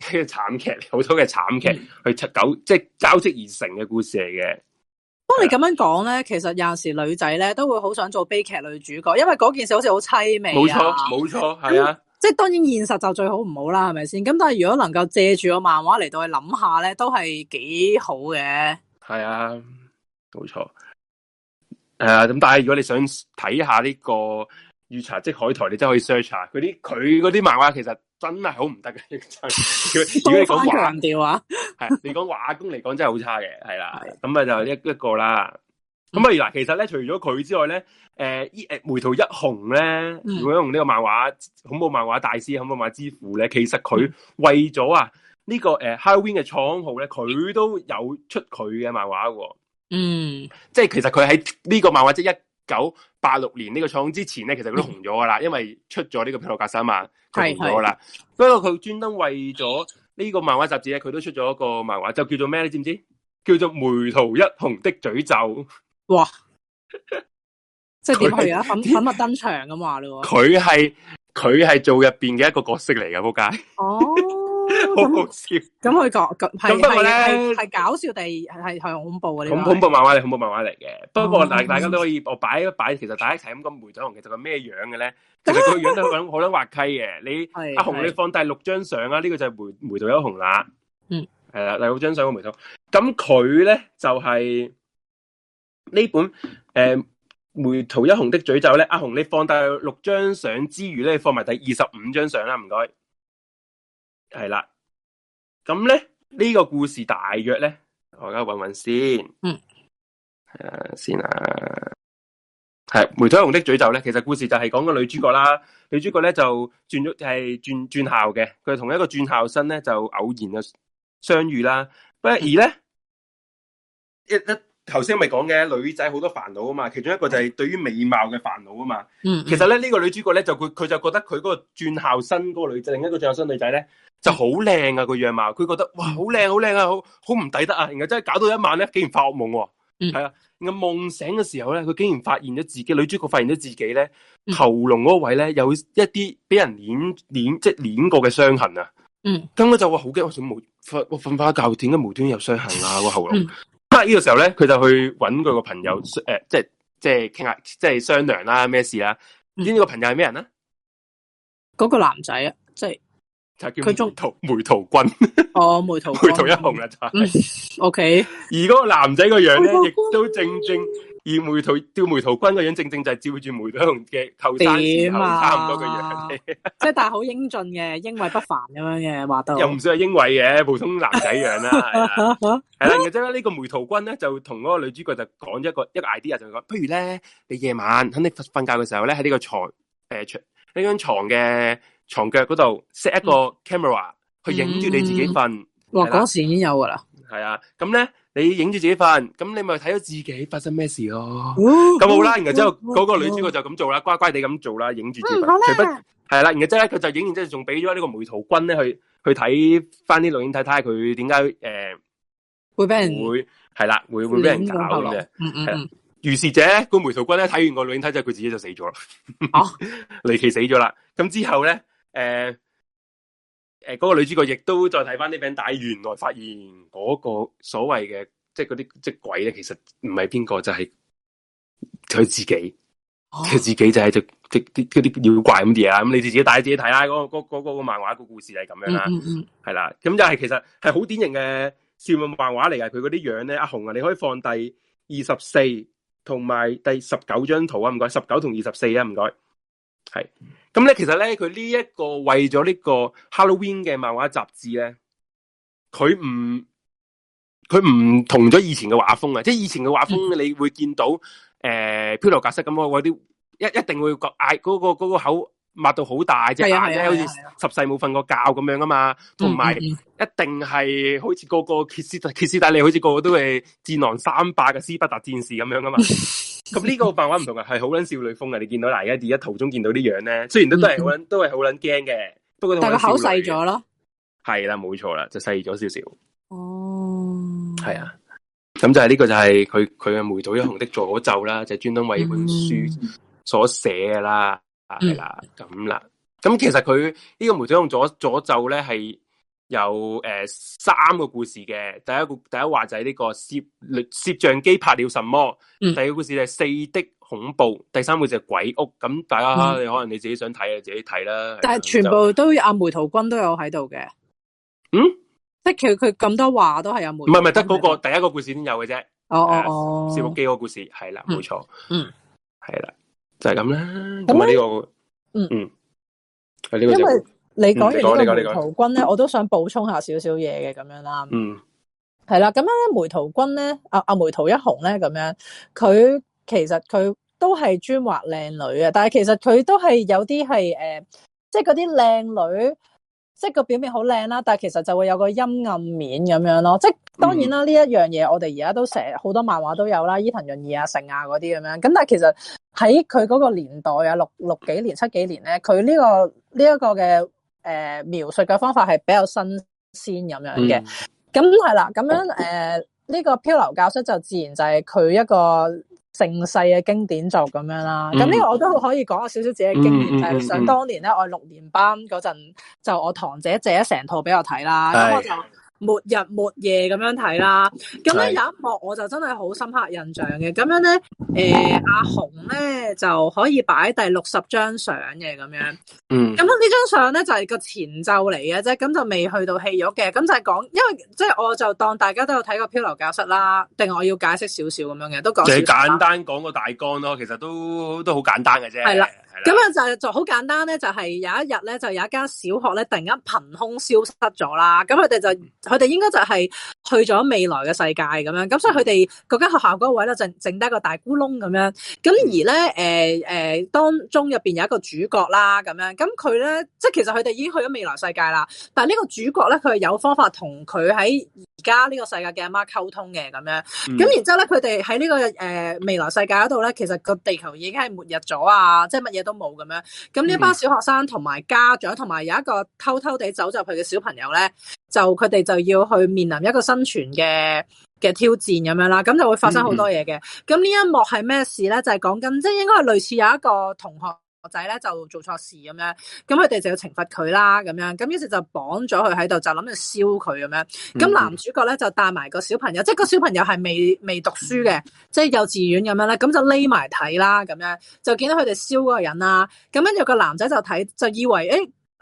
慘劇，好、嗯、多嘅慘劇、嗯、去構即係交織而成嘅故事嚟嘅。當你咁樣講咧，其實有陣時女仔咧都會好想做悲劇女主角，因為嗰件事好似好凄美啊。冇錯，冇錯，係啊。錯錯是啊即係當然現實就最好唔好啦，係咪先？咁但係如果能夠借住個漫畫嚟到去諗下咧，都係幾好嘅。係啊，冇錯。誒、呃，咁但係如果你想睇下呢個《御茶漬海苔》，你真係可以 search 下嗰啲佢嗰啲漫畫，其實。真係好唔得嘅。真。佢如果講畫，係 你講畫工嚟講真係好差嘅，係啦。咁 啊就一一個啦。咁啊嗱，其實咧除咗佢之外咧，誒，誒，楳圖一雄咧，如果用呢個漫畫、恐怖漫畫大師、恐怖漫畫之父咧，其實佢為咗啊呢個誒 Halloween 嘅創號咧，佢都有出佢嘅漫畫。嗯，即係其實佢喺呢個漫畫即係一九八六年呢個廠之前咧，其實佢都紅咗噶啦， 因為出咗呢個《匹諾格三嘛，就紅咗了啦。 不過佢專登為咗呢個漫畫雜誌咧，佢都出咗一個漫畫，就叫做咩？你知唔知？叫做《楳圖一雄的詛咒》。哇！即係點去啊？粉粉墨登場噉話咯，佢係佢係做入邊嘅一個角色嚟嘅，仆街。哦。 好好笑！咁佢講咁，係咪係搞笑定係係恐怖嘅呢恐怖漫畫，係恐怖漫畫嚟嘅。不過大大家都可以，我擺一擺，其實大家一齊咁講楳圖一雄，其實佢咩樣嘅咧？ 其實個樣都好多滑稽嘅。你阿熊，你放第六張相啦，呢個就係楳楳圖一雄啦。嗯，係啦，第六張相個楳圖。咁佢咧就係呢本誒楳圖一雄的詛咒咧。阿熊，你放大六張相之餘咧，放埋第二十五張相啦，唔該。係啦，咁咧呢，呢個故事大約咧，我而家搵搵先。嗯，誒，先啊，係《梅腿熊的詛咒》咧，其實故事就係講個女主角啦，女主角咧就轉咗係轉轉校嘅，佢同一個轉校生咧就偶然就相遇啦，不過而咧一一。嗯頭先咪講嘅，女仔好多煩惱啊嘛，其中一個就係對於美貌嘅煩惱啊嘛。嗯，其實咧呢、嗯這個女主角咧就佢佢就覺得佢嗰個轉校生嗰個女仔，另一個轉校生女仔咧就好靚啊個樣貌，佢、嗯、覺得哇好靚好靚啊，好好唔抵得啊。然後真係搞到一晚咧，竟然發噩夢。係啊，咁、嗯啊、夢醒嘅時候咧，佢竟然發現咗自己女主角發現咗自己咧喉嚨嗰位咧有一啲俾人碾碾即係碾過嘅傷痕啊。嗯，咁我就話好驚，我想無瞓我瞓花覺，點解無端端有傷痕啊個喉嚨。呢個時候咧，佢就去揾佢個朋友，誒、呃，即係即係傾下，即係商量啦，咩事啦？唔知呢個朋友係咩人咧？嗰、那個男仔啊，即、就、係、是、就叫佢中陶楳圖君哦，楳圖楳圖一雄啦，就係 O K。嗯、okay，而嗰個男仔個樣咧，亦都正正。而楳圖，楳圖君個樣正正就係照住楳圖同嘅頭生差唔多個樣，樣、啊，即 係但係好英俊嘅，英偉不凡咁樣嘅話都。又唔算係英偉嘅，普通男仔樣啦，係 啦是的，係 啦，咁、就、呢、是、個楳圖君咧，就同嗰個女主角就講咗一個一個 idea，就講，不如咧，你夜晚喺你瞓覺嘅時候咧，喺呢個床誒呢張床嘅床腳嗰度 set 一個 camera、嗯、去影住你自己瞓、嗯嗯。哇，嗰時已經有噶啦。係啊，咁咧。你影住自己瞓，咁你咪睇到自己發生咩事咯，啊。咁，哦，好啦，然之後嗰個女主角就咁做啦，哦，乖乖地咁做啦，影住自己，除非係啦。然之後咧，佢就影完之後，仲俾咗呢個梅圖君咧去去睇翻啲錄影睇，睇下佢點解誒會俾人，係啦會會俾人搞嘅。嗯嗯，如是者，個梅圖君咧睇完個錄影睇，之後佢自己就死咗啦。哦，離 奇死咗啦。咁之後咧，誒、呃。誒、呃，嗰、那個女主角亦都再睇翻呢餅，但原來發現嗰個所謂嘅，即係嗰啲即係鬼咧，其實唔係邊個，就係、是、佢自己，佢、哦、自己就係即即啲啲妖怪咁啲嘢啦。咁、嗯、你自己帶自己睇啦，嗰、那個、那個那個漫畫個故事就係咁樣啦，係、嗯、啦、嗯。咁就係其實係好典型嘅少女漫畫嚟噶。佢嗰啲樣咧，阿紅啊，你可以放第二十四同埋第十九張圖啊，唔該，十九同二十四啊，唔該，係。咁咧，其實咧，佢呢一個為咗呢個 Halloween 嘅漫畫雜誌咧，佢唔佢唔同咗以前嘅畫風啊！即係以前嘅畫風、嗯，你會見到誒，飄、呃、流教室咁啊，啲一一定會、嗰個嗌嗰、嗰個啊啊啊啊、個個口擘到好大啫，好似十世冇瞓過覺咁樣啊嘛，同埋一定係好似個個杰斯杰斯達利，好似個個都係戰狼三霸嘅斯巴達戰士咁樣噶嘛。嗯咁 呢個辦法唔同啊，係好捻少女風啊！你見到嗱，而家而家途中見到啲樣咧，雖然都都係好捻都係好捻驚嘅，不過都但係個口細咗咯，係啦，冇錯啦，就細咗少少。哦、嗯，係啊，咁就係呢個就係佢佢嘅楳圖一雄的詛咒啦、嗯，就係專登為本書所寫嘅啦，係、嗯、啦，咁啦，咁其實佢呢、這個楳圖一雄詛詛咒咧係。呢有誒、呃、三個故事嘅，第一個第一話就係呢、這個攝攝像機拍了什麼，第二個故事就係四的恐怖，第三個就係鬼屋。咁大家、嗯、可能你自己想睇就自己睇啦。但係全部都阿、啊、楳圖君都有喺度嘅。嗯，即係佢佢咁多話都係阿楳圖君。唔係唔係，得嗰、那個、嗯那個、第一個故事先有嘅啫。哦哦哦，攝像機嗰個故事係啦，冇錯。嗯，係啦，就係咁啦。咁啊呢個，嗯嗯，係呢個你講完呢個楳圖君咧，我都想補充下少少嘢嘅咁樣啦。嗯，係啦，咁樣咧，楳圖君咧，阿、啊、阿楳圖一雄咧，咁樣佢其實佢都係專畫靚女嘅，但係其實佢都係有啲係誒，即係嗰啲靚女，即係個表面好靚啦，但係其實就會有個陰暗面咁樣咯。即係當然啦，呢、嗯、一樣嘢我哋而家都成日好多漫畫都有啦，伊藤潤二啊、成啊嗰啲咁樣。咁但係其實喺佢嗰個年代啊，六六幾年、七幾年咧，佢呢個呢一個嘅。誒、呃，描述嘅方法係比較新鮮咁、嗯、樣嘅，咁係啦，咁樣誒，呢、這個漂流教室就自然就係佢一個盛世嘅經典就咁樣啦。咁、嗯、呢個我都可以講下少少自己嘅經驗，就、嗯、係、嗯嗯嗯、想當年咧，我六年班嗰陣就我堂姐借咗成套俾我睇啦，咁我就。末日末夜咁樣睇啦，咁咧有一幕我就真係好深刻印象嘅，咁樣咧，誒、欸、阿紅咧就可以擺第六十張相嘅咁樣，嗯，咁呢張相咧就係、是、個前奏嚟嘅啫，咁就未去到戲肉嘅，咁就係講，因為即係我就當大家都有睇過《漂流教室》啦，定係我要解釋少少咁樣嘅，都講少少啦，就簡單講個大綱咯，其實都都好簡單嘅啫。係啦。咁樣就就好簡單咧，就係有一日咧，就有一間小學咧，突然間憑空消失咗啦。咁佢哋就佢哋應該就係去咗未來嘅世界咁樣。咁所以佢哋嗰間學校嗰位咧，剩剩低個大咕窿咁樣。咁而咧誒、誒當中入面有一個主角啦咁樣。咁佢咧即係其實佢哋已經去咗未來世界啦。但係呢個主角咧，佢係有方法同佢喺而家呢個世界嘅阿媽溝通嘅咁樣。咁然之後咧，佢哋喺呢個、呃、未來世界嗰度咧，其實個地球已經係末日咗啊！即係乜嘢？都冇咁樣，咁呢班小學生同埋家長，同埋有一個偷偷地走入去嘅小朋友咧，就佢哋就要去面臨一個生存嘅嘅挑戰咁樣啦，咁就會發生好多嘢嘅。嗯、嗯、咁呢一幕係咩事咧？就係講緊，即係應該係類似有一個同學。仔咧就做錯事咁樣，咁佢哋就要懲罰佢啦，咁樣咁於是就綁咗佢喺度，就諗住燒佢咁樣。咁、嗯、男主角咧就帶埋個小朋友，即、就、係、是、個小朋友係未未讀書嘅，即、就、係、是、幼稚園咁樣咧，咁就匿埋睇啦，咁樣就見到佢哋燒嗰個人啦。咁跟住個男仔就睇，就以為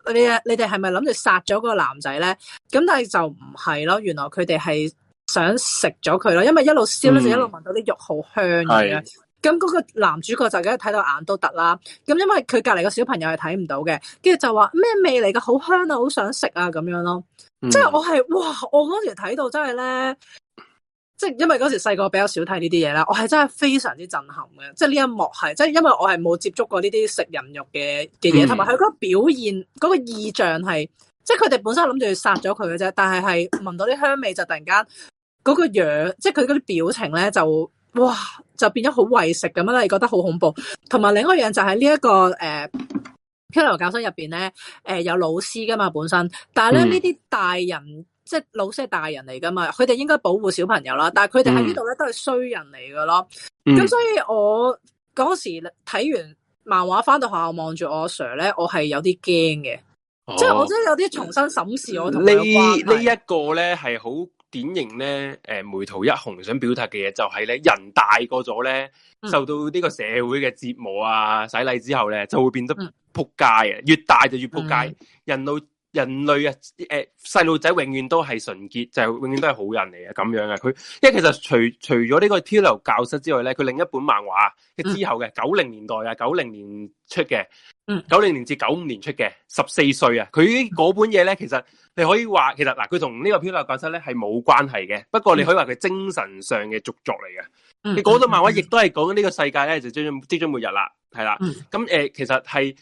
誒你啊，你哋係咪諗住殺咗個男仔咧？咁但係就唔係咯，原來佢哋係想食咗佢咯，因為一路燒咧就一路聞到啲肉好香。咁嗰個男主角就梗係睇到眼都突啦，咁因為佢隔籬個小朋友係睇唔到嘅，跟住就話咩味嚟噶？好香啊，好想食啊咁樣咯、嗯。即係我係哇，我嗰時睇到真係咧，即係因為嗰時細個比較少睇呢啲嘢啦，我係真係非常之震撼嘅。即係呢一幕係，即係因為我係冇接觸過呢啲食人肉嘅嘅嘢，同埋佢嗰個表現嗰個意象係，即係佢哋本身諗住殺咗佢嘅啫，但係係聞到啲香味就突然間嗰個樣，即係佢嗰啲表情咧就。哇！就變咗好喂食咁啦，你覺得好恐怖。同埋另外一樣就係呢一個誒、呃、漂流教室入邊咧，誒、呃、有老師噶嘛本身，但係咧呢啲、嗯、大人即係老師係大人嚟噶嘛，佢哋應該保護小朋友啦。但係佢哋喺呢度咧、嗯、都係衰人嚟噶咯。咁、嗯、所以我嗰時睇完漫畫翻到學校望住我阿 Sir 咧，我係有啲驚嘅，即係我真係有啲重新審視我同佢嘅關係。呢呢一個咧係好典型咧，誒、呃、楳圖一雄想表達嘅嘢就係咧，人大個咗咧，受到呢個社會嘅折磨啊、洗禮之後咧，就會變得撲街啊！越大就越撲街、嗯。人類人類啊，誒細路仔永遠都係純潔，就係、永遠都係好人嚟嘅咁樣嘅。佢因為其實除除咗呢個《漂流教室》之外咧，佢另一本漫畫之後嘅九零年代啊，九零年出嘅。嗯、九零年至九五年出嘅，十四歲啊，佢嗰本嘢咧，其實你可以話，其實嗱，佢同呢個《漂流教室》咧係冇關係嘅，不過你可以話佢精神上嘅續作嚟嘅。你講到漫畫，亦都係講緊呢個世界咧，就即將即將末日啦，係啦。咁、嗯、誒、呃，其實係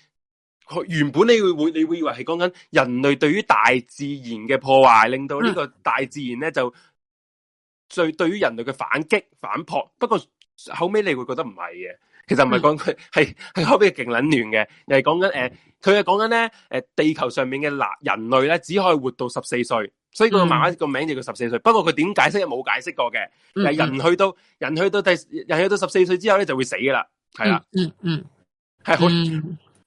原本你會你會以為係講緊人類對於大自然嘅破壞，令到呢個大自然咧就最對於人類嘅反擊反撲。不過後尾你會覺得唔係嘅。其實唔係講佢，係係後邊勁冷暖嘅，又係講緊誒，佢係講緊咧，誒、呃呃、地球上面嘅人人類咧，只可以活到十四歲，所以個漫畫個名就叫十四歲。不過佢點解釋又冇解釋過嘅、嗯，人去到人去到第人去到十四歲之後咧，就會死噶啦，係啦、啊，嗯嗯，係好、啊，係、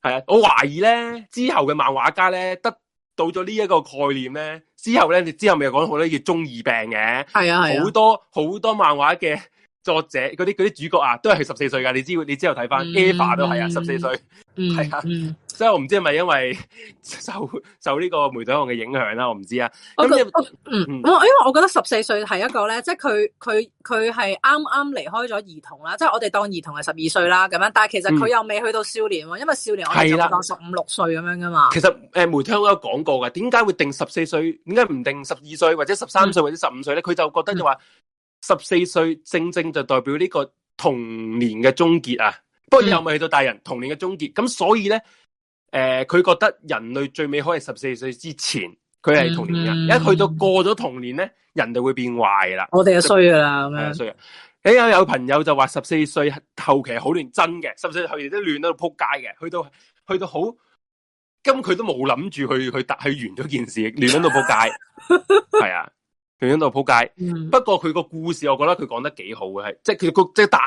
嗯、啊，我懷疑咧之後嘅漫畫家咧，得到咗呢一個概念咧，之後咧，之後咪又講好多叫中二病嘅，係啊，好多好、啊、多、多漫畫嘅。作者嗰啲啲主角啊，都係十四歲噶，你知你之後睇翻 EVA 都係啊，十四歲，係、嗯、啊、嗯，所以我唔知係咪因為受受呢個楳圖嘅影響啦、啊，我唔知啊。咁、嗯，因為我覺得十四歲係一個咧，即係佢佢佢係啱啱離開咗兒童啦，即、就、係、是、我哋當兒童係十二歲啦咁樣，但係其實佢又未去到少年喎、嗯，因為少年我哋就當十五六歲咁樣噶嘛。其實誒，楳圖都有講過噶，點解會定十四歲？點解唔定十二歲或者十三歲或者十五歲咧？佢就覺得就話。嗯十四歲正正就代表呢個童年嘅終結啊！不過又未去到大人，嗯、童年嘅終結。咁所以咧，誒、呃，佢覺得人類最美好係十四歲之前，佢係童年人、嗯嗯嗯。一去到過咗童年咧，人就會變壞啦。我哋係衰噶啦，咁樣衰啊！誒，有有朋友就話十四歲後期好亂，真嘅，十四歲後期都亂到撲街嘅。去到去到好，咁佢都冇諗住去去去，去完咗件事，亂到撲街，係 啊。佢喺度扑街，不過佢個故事，我覺得佢講得幾好嘅，係即係佢個即係大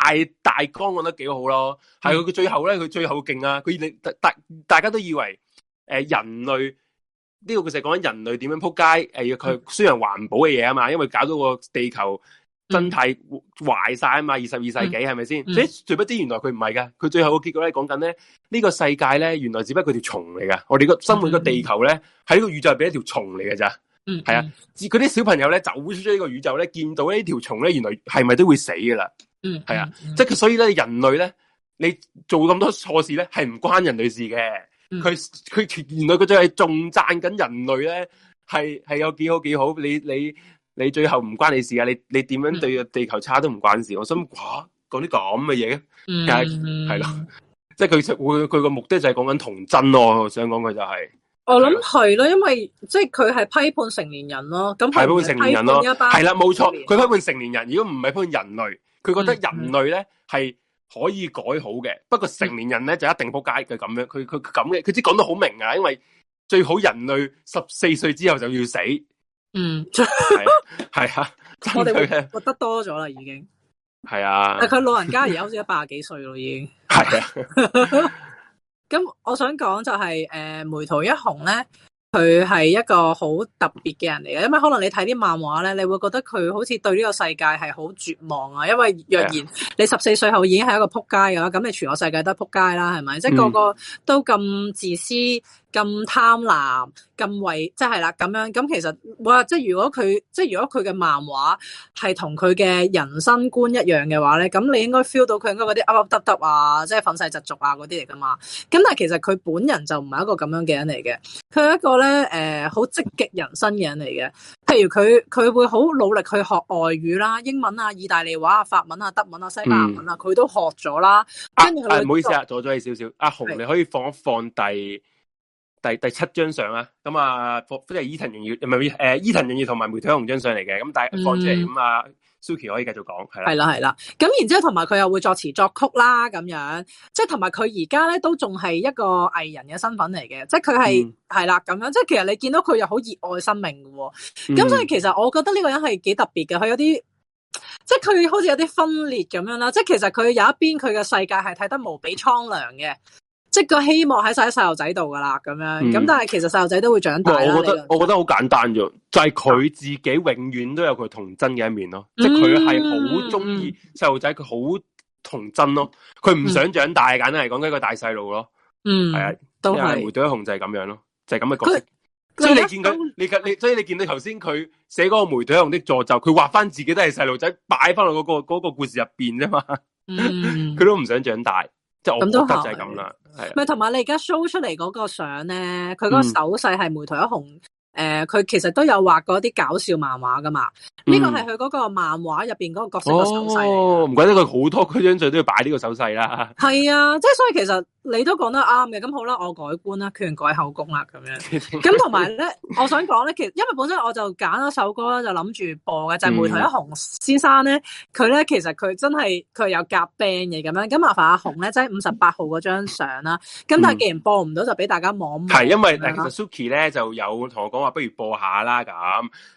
大綱講得幾好咯。係佢最後咧，佢最後勁啊。佢大大家都以為誒、呃、人類呢、這個其實講緊人類點樣扑街。誒、呃，佢雖然環保嘅嘢啊嘛，因為搞到個地球真態壞晒啊嘛，二十二世紀係咪先？誒，殊不知原來佢唔係噶，佢最後個結果咧講緊咧呢、這個世界咧，原來只不過條蟲嚟噶。我哋個生活個地球咧，喺、嗯、呢、嗯、個宇宙係俾一條蟲嚟噶咋。嗯，係啊，自嗰啲小朋友咧走出咗呢個宇宙咧，見到呢條蟲咧，原來係咪都會死噶啦？嗯，係啊，即係佢所以咧，人類咧，你做咁多錯事咧，係唔關人類事嘅。佢、嗯、佢原來佢就係仲讚緊人類咧，係係有幾好幾好。你你你最後唔關你事啊，你你點樣對個地球差都唔關事。我想哇，講啲咁嘅嘢啊，係啦，即係佢佢佢個目的就係講緊童真咯，哦，我想講佢就係，是。我諗係咯，因為即係佢係批判成年人咯。咁批判成年人咯，係啦冇，錯，佢批判成年人，如果唔係批判人類，佢覺得人類咧係可以改好嘅，嗯。不過成年人咧就一定撲街嘅咁樣，佢佢咁嘅，佢只講得好明啊。因為最好人類十四歲之後就要死。嗯，係啊， 我哋會覺得多咗啦，已經係啊。但佢老人家而家好似一百幾歲咯，已經係啊。 是的 咁我想講就係、是、誒、呃、楳圖一雄咧，佢係一個好特別嘅人嚟嘅，因為可能你睇啲漫畫咧，你會覺得佢好似對呢個世界係好絕望啊，因為若然你十四歲後已經係一個撲街嘅話，咁你全個世界都係撲街啦，係咪，嗯？即係個個都咁自私。咁貪婪咁為即係啦，咁樣咁其實哇即係、就是、如果佢即係如果佢嘅漫畫係同佢嘅人生觀一樣嘅話咧，咁你應該 feel 到佢應該嗰啲凹凹凸凸啊，即係憤世嫉俗啊，嗰啲嚟噶嘛，咁但係其實佢本人就唔係一個咁樣嘅人嚟嘅，佢係一個咧，誒好積極人生嘅人嚟嘅。譬如，佢佢會好努力去學外語啦，英文啊、意大利話啊、法文啊、德文啊、西班牙文啊，佢都學咗啦，跟住佢，唔好意思啊，阻咗你少少，阿紅、啊、你可以放一放低。第第七張相啊，咁啊，即係伊藤潤二，唔係，誒、啊，伊藤潤二同埋楳圖紅張相嚟嘅，咁但係放出嚟，咁、嗯、啊，Suki 可以繼續講，係啦，係啦，係啦，咁然之後同埋佢又會作詞作曲啦，咁樣，即係同埋佢而家咧都仲係一個藝人嘅身份嚟嘅，即係佢係係啦，咁、嗯、樣，即係其實你見到佢又好熱愛生命嘅，咁所以其實我覺得呢個人係幾特別嘅，佢有啲，即係佢好似有啲分裂咁樣啦，即係其實佢有一邊佢嘅世界係睇得無比蒼涼嘅。即個希望喺晒細路仔度噶啦，咁樣咁、嗯，但係其實細路仔都會長大，我覺得是是我覺得好簡單啫，就係、是、佢自己永遠都有佢童真嘅一面咯。即佢係好中意細路仔，佢、就、好、是嗯、童真咯。佢唔想長大，嗯、簡單嚟講，即係一個大細路咯。嗯，係啊，都係楳圖一雄就係咁樣咯，就係咁嘅角色。所以你見到，你你所以你見到頭先佢寫嗰個楳圖一雄的座就，佢畫翻自己都係細路仔，擺翻落嗰個、那個故事入邊啫嘛。佢、 嗯、 都唔想長大。咁都係，咪同埋你而家 show 出嚟嗰個相咧，佢、嗯、個手勢係楳圖一雄誒，佢、呃、其實都有畫過啲搞笑漫畫噶嘛？呢個係佢嗰個漫畫入邊嗰個角色嘅手勢嚟，唔、哦、怪得佢好多嗰張相都要擺呢個手勢啦。係啊，即係所以其實。你都講得啱嘅，咁好啦，我改觀啦，決定改口供啦，咁樣。咁同埋咧，我想講咧，其實因為本身我就揀咗首歌啦，就諗住播嘅，就係、楳圖一雄先生咧，佢咧其實佢真係佢有夾 band 嘅咁樣。咁麻煩阿雄咧，即係五十八號嗰張相啦。咁 但係既然播唔到，就俾大家望。係因為其實 Suki 咧就有同我講話，不如播下啦咁。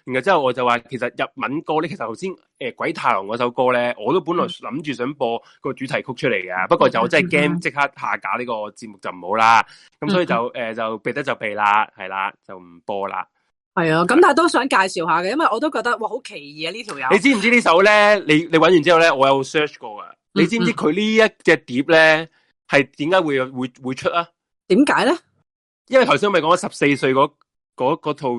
然後之後我就話，其實日文歌咧，其實頭先。誒、呃，鬼太郎嗰首歌咧，我都本來諗住想播個主題曲出嚟嘅，嗯，不過就真係驚即刻下架呢個節目就唔好啦，咁，嗯，所以就誒就避得就避啦，係啦，就唔播啦。係啊，咁但係都想介紹下嘅，因為我都覺得哇好奇異啊呢條友。你知唔知呢首咧？你你揾完之後咧，我有 search 過噶、嗯。你知唔知佢呢一隻碟咧係點解會會會出啊？點解咧？因為頭先咪講咗十四歲嗰。嗰嗰套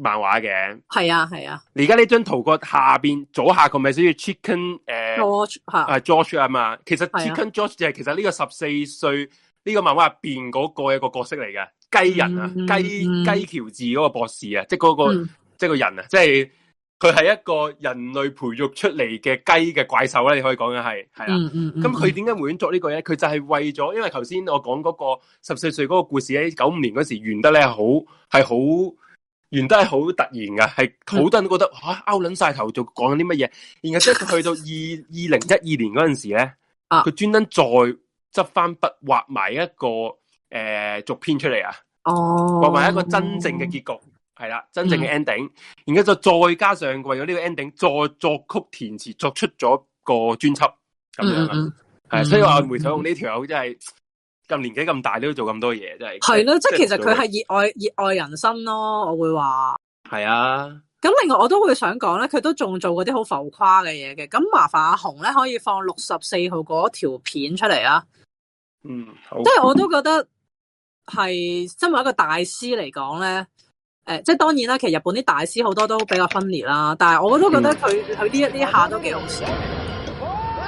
漫畫嘅，係啊，係啊，而家呢張圖個下邊左下個咪寫住 Chicken 誒、呃、George 吓、啊啊、George 啊嘛。其實 Chicken George 就係其實呢個十四歲呢個漫畫入邊嗰個一個角色嚟嘅，雞人啊，雞雞喬治嗰個博士啊，即係嗰個即係、嗯就是、個人啊，即係。佢係一個人類培育出嚟嘅雞嘅怪獸咧，你可以講嘅係，係啦。咁佢點解會咁作呢個嘢？佢就係為咗，因為頭先我講嗰個十四歲嗰個故事喺九五年嗰時完得咧，好係好完得係好突然噶，係好多人覺得吓勾捻晒頭，做講緊啲乜嘢。然後即係去到二二零一二年嗰陣時咧，佢專登再執翻筆畫埋一個誒、呃、續篇出嚟啊，畫埋一個真正嘅結局。嗯係啦，真正嘅 ending，嗯、然後就再加上為咗呢個 ending，再作，作曲填詞，作出咗個專輯咁樣係、嗯嗯，所以話楳圖一雄呢條友真係咁年紀咁大都要做咁多嘢，真係。係、就、咯、是、即、就、係、是、其實佢係熱愛熱愛人生咯，我會話。係啊。咁另外我都會想講咧，佢都仲做嗰啲好浮誇嘅嘢嘅。咁麻煩阿紅咧，可以放六十四號嗰條片出嚟啊。嗯。即係我都覺得係身為一個大師嚟講咧。誒、呃，即係當然啦，其實日本啲大師好多都比較分裂啦，但係我都覺得佢佢呢一呢下都幾好笑。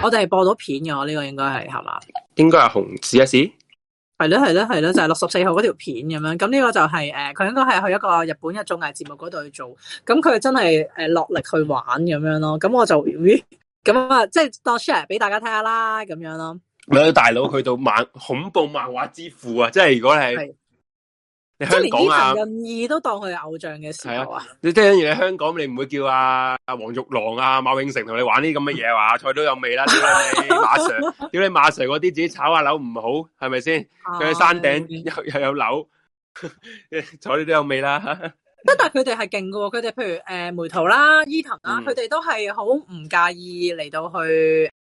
我哋係播到片嘅，呢、這個應該係係嘛？應該係紅試一試。係咯係咯係咯，就係六十四號嗰條片咁樣。咁呢個就係、是、誒，佢、呃、應該係去一個日本嘅綜藝節目嗰度去做。咁佢真係誒落力去玩咁樣咯。咁我就咁啊，即係當 share 俾大家睇下啦，咁樣咯。你 大佬去到漫恐怖漫畫之父啊，即係如果你係。你香港、啊、伊藤潤二都當佢係偶像嘅時候啊！啊你即係喺你香港，你唔會叫阿阿黃玉郎啊、馬榮成同你玩啲咁嘅嘢啊？菜 都有味啦，叫你，你馬 Sir，叫 你馬 Sir 嗰啲自己炒下樓唔好，係咪先？佢、哎、喺山頂又又有樓，坐你都有味啦。咁 但係佢哋係勁嘅，佢哋譬如誒楳圖啦、伊藤啦，佢、嗯、哋都係好唔介意嚟到去，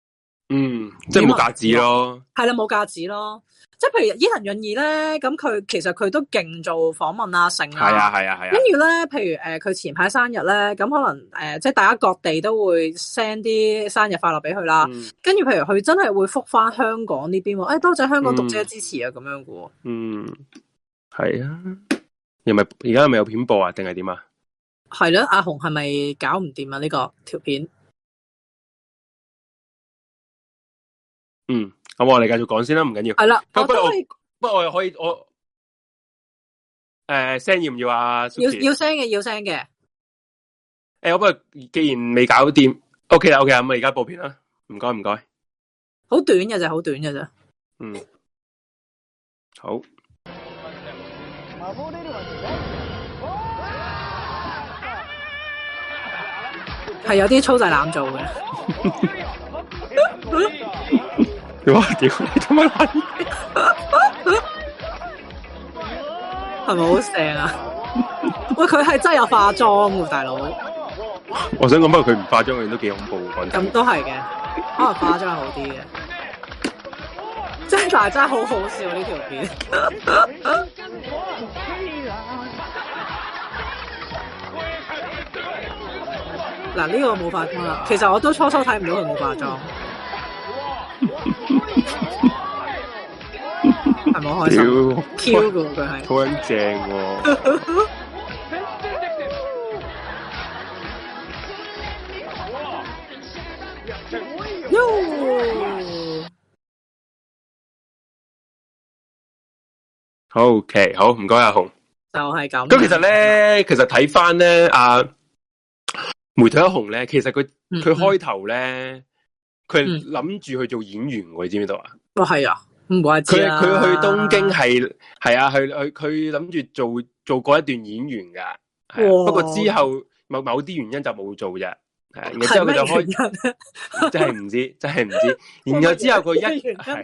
嗯，即係冇架子咯，係啦，冇架子咯。即係譬如依仁潤意咧，咁佢其實佢都勁做訪問啊、剩啊，係啊係啊係啊。跟住咧，譬如佢、呃、前排生日咧，咁可能、呃、即係大家各地都會 send 啲生日快樂俾佢啦。跟、嗯、住譬如佢真係會復翻香港呢邊喎，多謝香港讀者支持啊咁樣嘅喎。嗯，係、嗯、啊。又咪而家係咪有片播啊？定係點啊？係咯、啊，阿紅係咪搞唔掂啊？呢、這個條片。嗯。咁我哋繼續講先啦，唔緊要。係啦，我都不過我又可以我，誒，聲、呃、要唔要啊？要要聲嘅，要聲嘅。誒、欸，我不過，既然未搞掂，OK 啦，OK 啦，咁啊，而家播片啦，唔該唔該。好短嘅咋，好短嘅咋。嗯。好。係 有啲粗製濫造嘅。 啊 哇！屌，你做乜捻？係咪好正啊？ 喂，佢係真係有化妝喎，大佬。 我想講，不過佢唔化妝嘅人都幾恐怖。咁都係嘅， 可能化妝好啲嘅。 真係真係好好笑呢條片。嗱，呢個冇化妝啦。其實我都初初睇唔到佢冇化妝。係 咪 開心？Q 噶佢係， 的 okay，好正喎。OK 好唔該阿紅。就係、是、咁。咁其實咧，其實睇翻咧啊，楳圖一雄咧，其實佢佢開頭咧。佢諗住去做演員喎，你知唔知道啊？哦，係啊，唔怪之。佢佢去東京係係啊，去去佢諗住做做過一段演員噶、啊哦，不過之後某某啲原因就冇做啫。係，然之後佢就開，真係唔知，真係唔知。然後之後佢 一、 啊、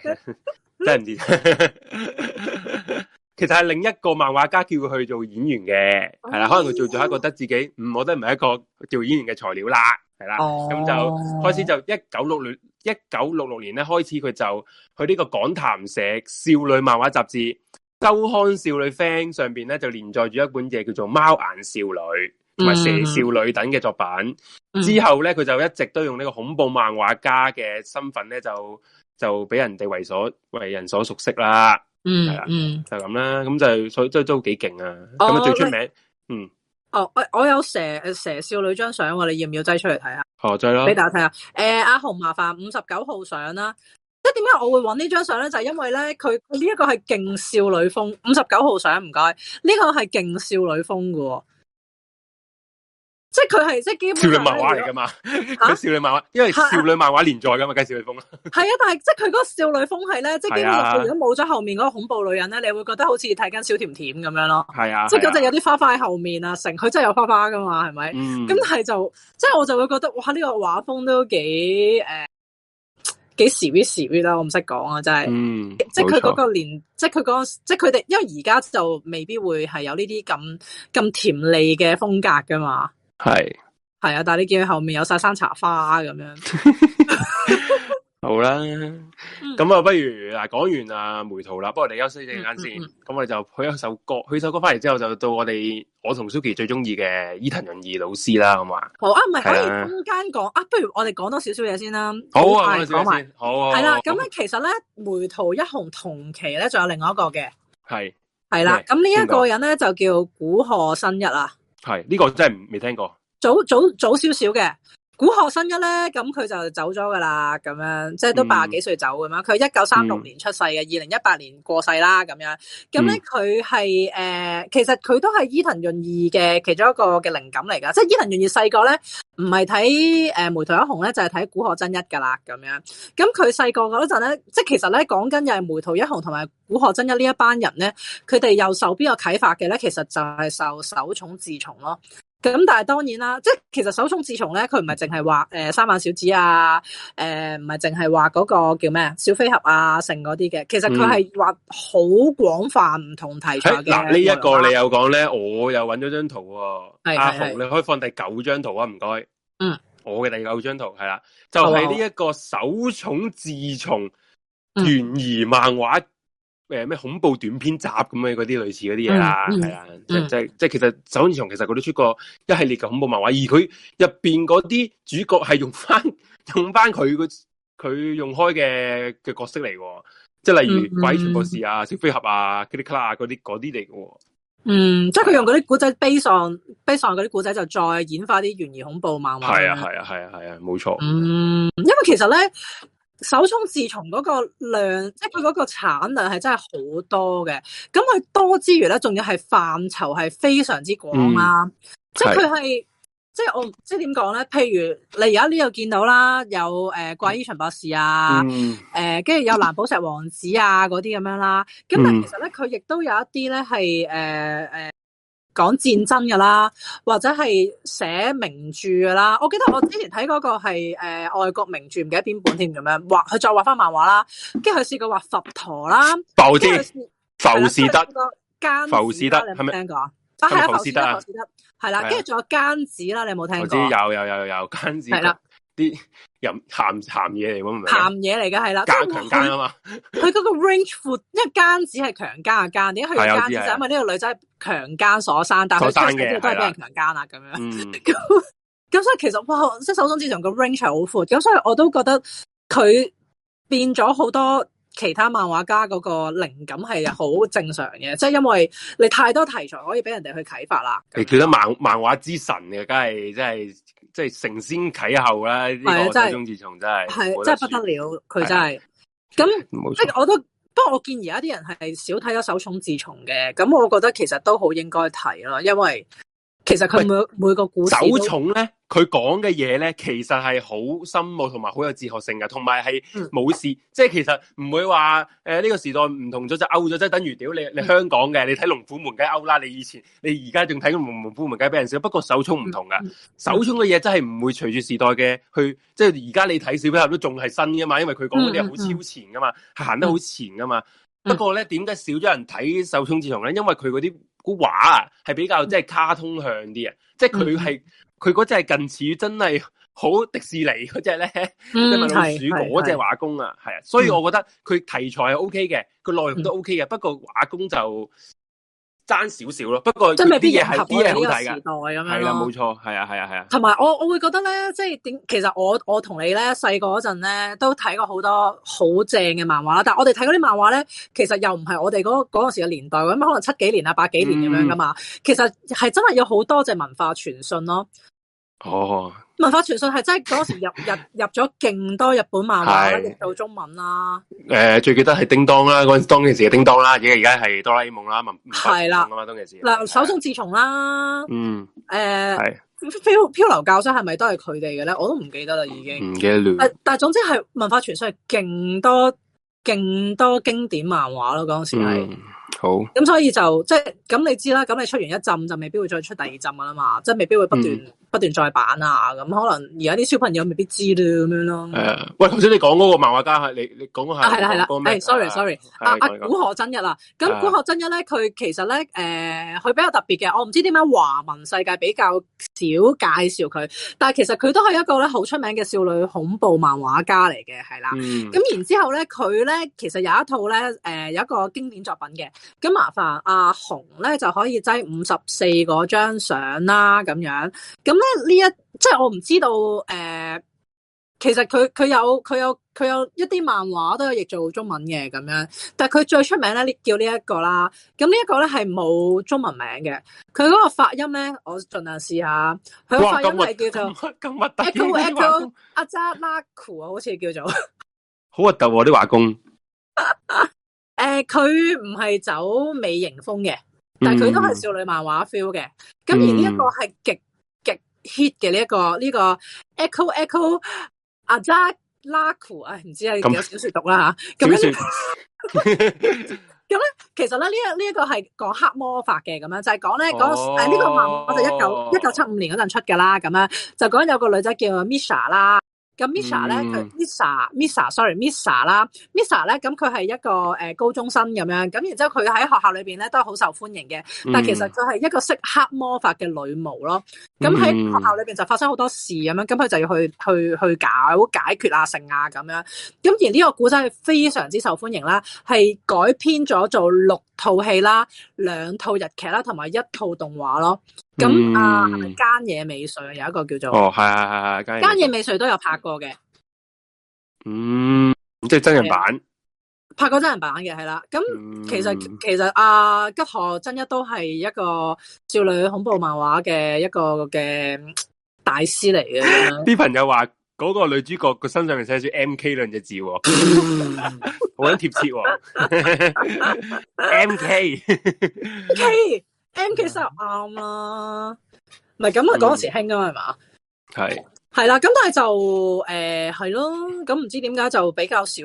真唔知道。 其實係另一個漫畫家叫佢去做演員嘅，係啦，可能佢做咗一個覺得自己唔、嗯嗯，我都唔係一個做演員嘅材料啦，係啦，咁、嗯、就開始就一九六六一九六六年咧，開始佢就去呢個講談社少女漫畫雜誌周刊少女 Friend 上邊咧，就連載住一本嘢，叫做貓眼少女同埋蛇少女等嘅作品。嗯、之後咧，佢就一直都用呢個恐怖漫畫家嘅身份咧，就就俾人哋為所為人所熟悉啦。嗯，係啊，嗯，就咁啦，咁就所以都都幾勁啊，咁、哦、最出名，嗯，哦，我我有蛇蛇少女張相，你要唔要擠出嚟睇下？哦，擠啦，俾大家睇下。誒、呃，阿紅麻煩五十九號相啦，即係點解我會搵呢張相咧？就係、因為咧，佢呢一個係勁少女風，五十九號相唔該，呢、呢個係勁少女風噶、哦。即係佢係即係基本少女漫畫嚟噶嘛？吓少女漫畫，因為少女漫畫連載噶嘛，梗係少女風啦，啊。係 啊，但係即係佢嗰個少女風係咧，啊，即係基本上如果冇咗後面嗰個恐怖女人咧，你會覺得好似睇緊小甜甜咁樣咯。係啊，即係嗰陣有啲花花喺後面啊，成佢真係有花花噶嘛，係咪？嗯但就，咁係就即係我就會覺得哇，呢，這個畫風都幾誒、呃、幾 sweet 幾 sweet 啦，我唔識講啊，真係。嗯，即係佢嗰個年，即係佢嗰，即係佢哋，因為而家就未必會係有呢啲咁咁甜膩嘅風格噶嘛。係，係啊！但係你見佢後面有晒山茶花咁樣 好，好、嗯、啦。咁啊，不如嗱，講完啊梅圖啦，不過你休息陣間先。咁、嗯嗯嗯、我哋就配一首歌，配一首歌翻嚟之後就到我哋我同 Suki 最中意嘅伊藤潤二老師啦。咁好啊，唔係可以中間講啊，不如我哋講多少少嘢先啦。好啊，講埋、啊啊，好啊。係啦、啊，咁咧其實咧楳圖一雄同期咧，仲有另外一個嘅，係係啦。咁呢一個人咧就叫古賀新一啊。係呢個真係未聽過，早早早少少嘅。古賀新一咧，咁佢就走咗噶啦，咁樣即係都八十幾歲走咁樣。佢一九三六年出世嘅，二零一八年過世啦，咁樣。咁咧佢係誒，其實佢都係伊藤潤二嘅其中一個嘅靈感嚟噶。即係伊藤潤二細個咧，唔係睇誒楳圖一雄咧，就係、是、睇古賀真一噶啦，咁樣。咁佢細個嗰陣咧，即係其實咧講緊又係楳圖一雄同埋古賀真一,一呢一班人咧，佢哋又受邊個啟發嘅咧？其實就係受手塚治虫咯。咁、嗯、但係當然啦，即係其實手沖自從咧，佢唔係淨係畫誒三眼小子啊，誒唔係淨係畫嗰個叫咩小飛俠啊，剩嗰啲嘅，其實佢係畫好廣泛唔同題材嘅、嗯。嗱呢、欸、一個你有講咧，我又揾咗張圖喎、啊，阿紅、啊、你可以放第九張圖啊，唔該。嗯，我嘅第九張圖係啦，就係呢一個手塚治虫懸疑漫畫。嗯誒，咩恐怖短篇集咁樣嗰啲類似嗰啲嘢啦，係、嗯、啊、嗯嗯，即係即係，即係其實手塚其實佢都出過一系列嘅恐怖漫畫，而佢入邊嗰啲主角係用翻用翻佢佢用開嘅嘅角色嚟喎，即係例如鬼吹博、嗯嗯、士啊、小飛俠啊、啲力卡啊嗰啲嗰啲嚟喎。嗯，即係佢用嗰啲古仔悲悲嗰啲古仔就再演化啲懸疑恐怖漫畫。係啊係啊係啊係啊，冇錯。嗯，因為其實咧。手塚治虫嗰個量，即係佢嗰個產量係真係好多嘅。咁佢多之餘咧，仲要係範疇係非常之廣啦、啊嗯，即係佢係，即係我唔知點講咧，譬如你而家呢度見到啦，有誒怪醫秦博士啊，誒跟住有藍寶石王子啊嗰啲咁樣啦，咁但其實咧佢亦都有一啲咧係誒講戰爭噶啦，或者係寫名著噶啦。我記得我之前睇嗰個係誒、呃、外國名著、唔記得邊本添咁樣畫，佢再畫翻漫畫啦。跟住佢試過畫佛陀啦，浮士、浮士德，啊、浮士德你係咪聽過啊？係、啊、浮士德，係啦。跟住仲有奸子啦、啊，你有冇聽過？啊啊有啊聽過啊我知？有有有有奸子係啦。啲咸咸嘢嚟，冇唔係咸嘢嚟嘅係啦，強奸啊嘛，佢嗰 個 range 闊，因為奸字係強奸啊奸，點解佢奸字？因為呢 個女仔係強奸所生，但係佢出嚟都係俾人強奸啦，咁、嗯、樣。咁、 嗯、 所以其實哇，即係手中之前個 range 好闊，咁所以我都覺得佢變咗好多其他漫畫家嗰個靈感係好正常嘅，即 係因為你太多題材可以俾人哋去啟發啦。你叫得漫漫畫之神嘅，梗係真係。即係承先啟後啦，呢、啊這個手塚治虫真係，係、啊啊、真係不得了，佢真係咁，即係、啊、我都，不過我見而家啲人係少睇咗手塚治虫嘅，咁我覺得其實都好應該睇咯，因為。其實佢每每個故事，手塚咧，佢講嘅嘢咧，其實係好深奧同埋好有哲學性嘅，同埋係冇事，嗯、即係其實唔會話誒呢個時代唔同咗就 out 咗，即係等於屌你你香港嘅，你睇龍虎門梗係 out 啦，你以前你而家仲睇龍虎門梗係畀人笑，不過手塚唔同噶，手塚嘅嘢真係唔會隨住時代嘅去，即係而家你睇小飛俠都仲係新噶嘛，因為佢講嗰啲係好超前噶嘛、嗯嗯，行得好前噶嘛、嗯。不過咧，點解少咗人睇手塚治虫咧？因為佢嗰啲。個畫啊，係比較即係、就是、卡通向啲啊、嗯，即係佢係佢嗰隻近似於真係好迪士尼嗰隻咧，即、嗯、係 老鼠嗰隻畫工啊，係、嗯、啊，所以我覺得佢題材係 O K 嘅，個、嗯、內容都 O K 嘅，不過畫工就。爭少少咯，不過啲嘢係啲嘢好睇㗎，時代咁樣咯，冇錯，係啊，係啊，係啊。同埋我我會覺得咧，即係點？其實我我同你咧細個嗰陣咧都睇過好多好正嘅漫畫啦。但係我哋睇嗰啲漫畫咧，其實又唔係我哋嗰嗰陣時嘅年代咁，可能七幾年啊、八幾年咁樣噶嘛、嗯。其實係真係有好多嘅文化傳信咯。哦。文化傳信係真係嗰時入入入咗勁多日本漫畫啦，譯 到中文啦。誒、呃，最記得係叮當啦，嗰陣時當其時嘅叮當啦，而家而家係哆啦 A 夢啦，文係啦，嗰嘛當嗱，手塚治虫啦，嗯，誒、呃，係《漂漂流教室》係咪都係佢哋嘅咧？我都唔記得啦，已經唔記得，但係總之係文化傳信係勁多勁多經典漫畫咯，嗰陣時係、嗯、好。咁所以就即係咁，你知啦，咁你出完一陣就未必會再出第二陣噶啦嘛，即係未必會不斷、嗯。不斷再版啊，咁可能而家啲小朋友未必知啦咁樣咯。喂，頭先你講嗰個漫畫家係你，你講個係係啦係啦，誒、啊哎、，sorry sorry，、啊、阿、啊啊啊啊、古賀真一啦、啊。咁、啊、古賀真一咧，佢其實咧，誒、呃，佢比較特別嘅，我唔知點解華文世界比較少介紹佢，但係其實佢都係一個咧好出名嘅少女恐怖漫畫家嚟嘅，係啦。咁、嗯、然之後咧，佢咧其實有一套咧，誒、呃，有一個經典作品嘅。咁麻煩阿紅咧就可以擠五十四張相啦，咁樣咁。呢一即係我唔知道，誒、呃，其實佢佢有佢有佢有一啲漫畫都有譯做中文嘅咁樣，但係佢最出名咧、這個、呢叫呢一個啦。咁呢一個咧係冇中文名嘅，佢嗰個發音咧，我盡量試下。佢個發音係叫做阿扎拉庫啊，好似叫做好核突啲畫工。誒、 呃，佢唔係走美型風嘅，但係佢都係少女漫畫 feel 嘅。咁、嗯、而呢一個係極 hit 嘅呢一個呢，這個 echo echo 阿扎拉庫，唉唔知啊有小說讀啦吓，咁樣咁咧 其實咧呢一呢一個係講黑魔法嘅，咁，就是那個哦，樣就係講咧講誒呢個漫畫就一九一九七五年嗰陣出嘅啦，咁樣就講有個女仔叫 Misha 啦。咁 Misha 咧，佢、嗯、Misha，Misha，sorry，Misha 啦，Misha 咧，咁佢係一個誒、呃、高中生咁樣，咁然之後佢喺學校裏邊咧都係好受歡迎嘅、嗯，但其實佢係一個識黑魔法嘅女巫咯，咁喺學校裏邊就發生好多事咁樣，咁佢就要去去去搞，解決啊成啊咁樣，咁而呢個故仔係非常之受歡迎啦，係改編咗做六。套戲啦，兩套日劇啦，同埋一套動畫咯。咁、嗯、啊，係咪菅野美穗有一個叫做？哦，係啊，係係、啊、菅野美穗都有拍過嘅。嗯，即係真人版、啊。拍過真人版嘅係啦。咁、啊嗯、其實其實阿、啊、吉賀真一都係一個少女恐怖漫畫嘅一個嘅大師嚟嘅。啲 朋友話。嗰、那個女主角個身上面寫住 M K 兩隻字、哦，好 貼 切、哦。M K，K M K，其實啱啊唔係咁啊，嗰時興噶嘛，係嘛？係、嗯。係啦、啊，咁但係就誒係咯，咁、欸、唔、啊、知點解就比較少，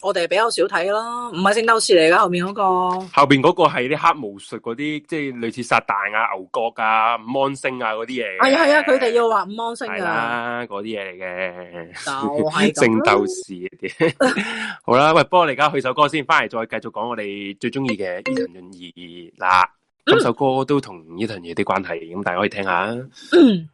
我哋比較少睇啦，唔係聖鬥士嚟噶，後面嗰、那個後邊嗰個係啲黑巫術嗰啲，即係類似撒旦啊、牛角啊、五芒星啊嗰啲嘢。係啊係啊，佢哋、啊、要話五芒星呀嗰啲嘢嚟嘅，聖鬥、啊就是啊、士嘅。 好啦，喂，幫我哋而家去首歌先，翻嚟再繼續講我哋最中意嘅《伊藤》、《潤、嗯、二》嗱，首歌都同伊藤潤二啲關係，咁大家可以聽下。嗯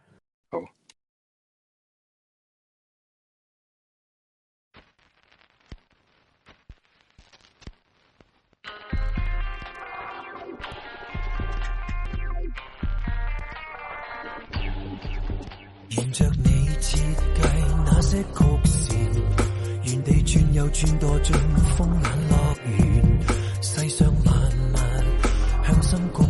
些曲線，原地轉又轉，墮進風眼樂園。世上漫漫向心共。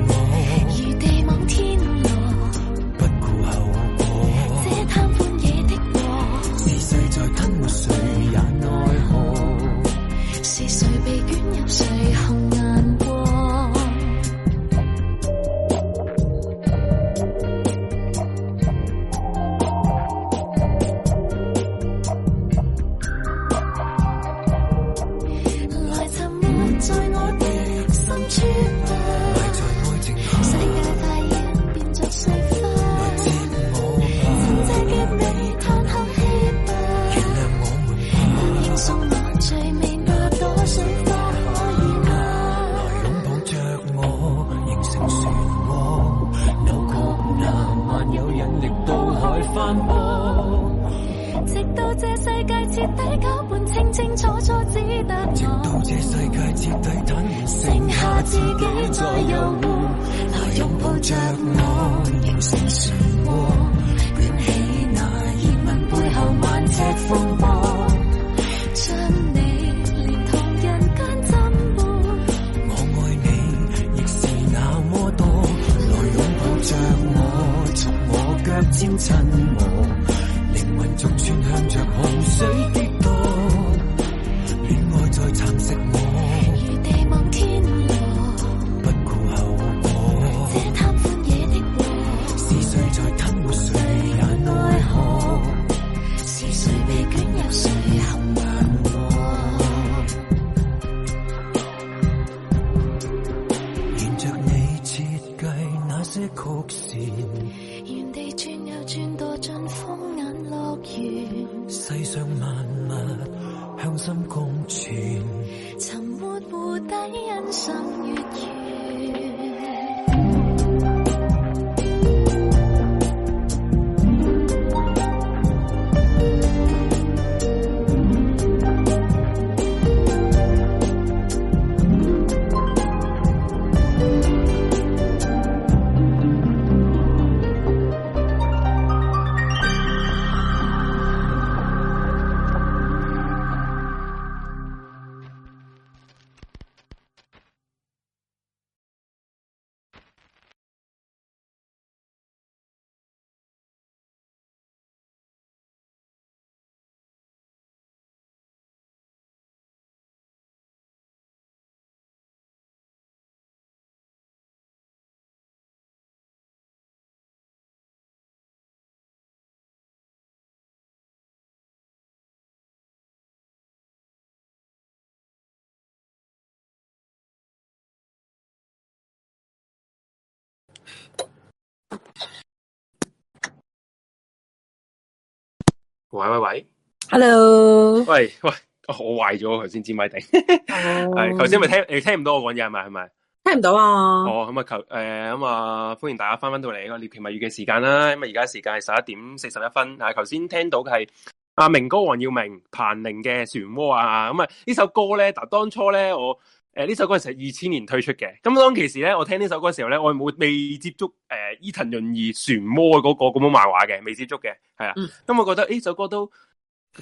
喂喂喂，Hello！喂喂，我壞咗，頭先知咪定？係頭先咪聽，你聽唔到我講嘢係咪？係咪？聽唔到啊！哦，咁啊，求誒，咁啊，歡迎大家翻返到嚟呢個獵奇物語嘅時間啦。咁啊，而家時間係十一點四十一分。啊，頭先聽到嘅係阿明哥黃耀明彭羚嘅漩渦啊。咁啊，呢首歌咧，嗱，當初咧我。誒，呢首歌係二千年推出嘅。咁當其時咧，我聽呢首歌嘅時候咧，我冇未接觸誒，伊藤潤二漩渦嗰個咁樣漫畫嘅，未接觸嘅，係啊。咁、mm. 我覺得呢首歌都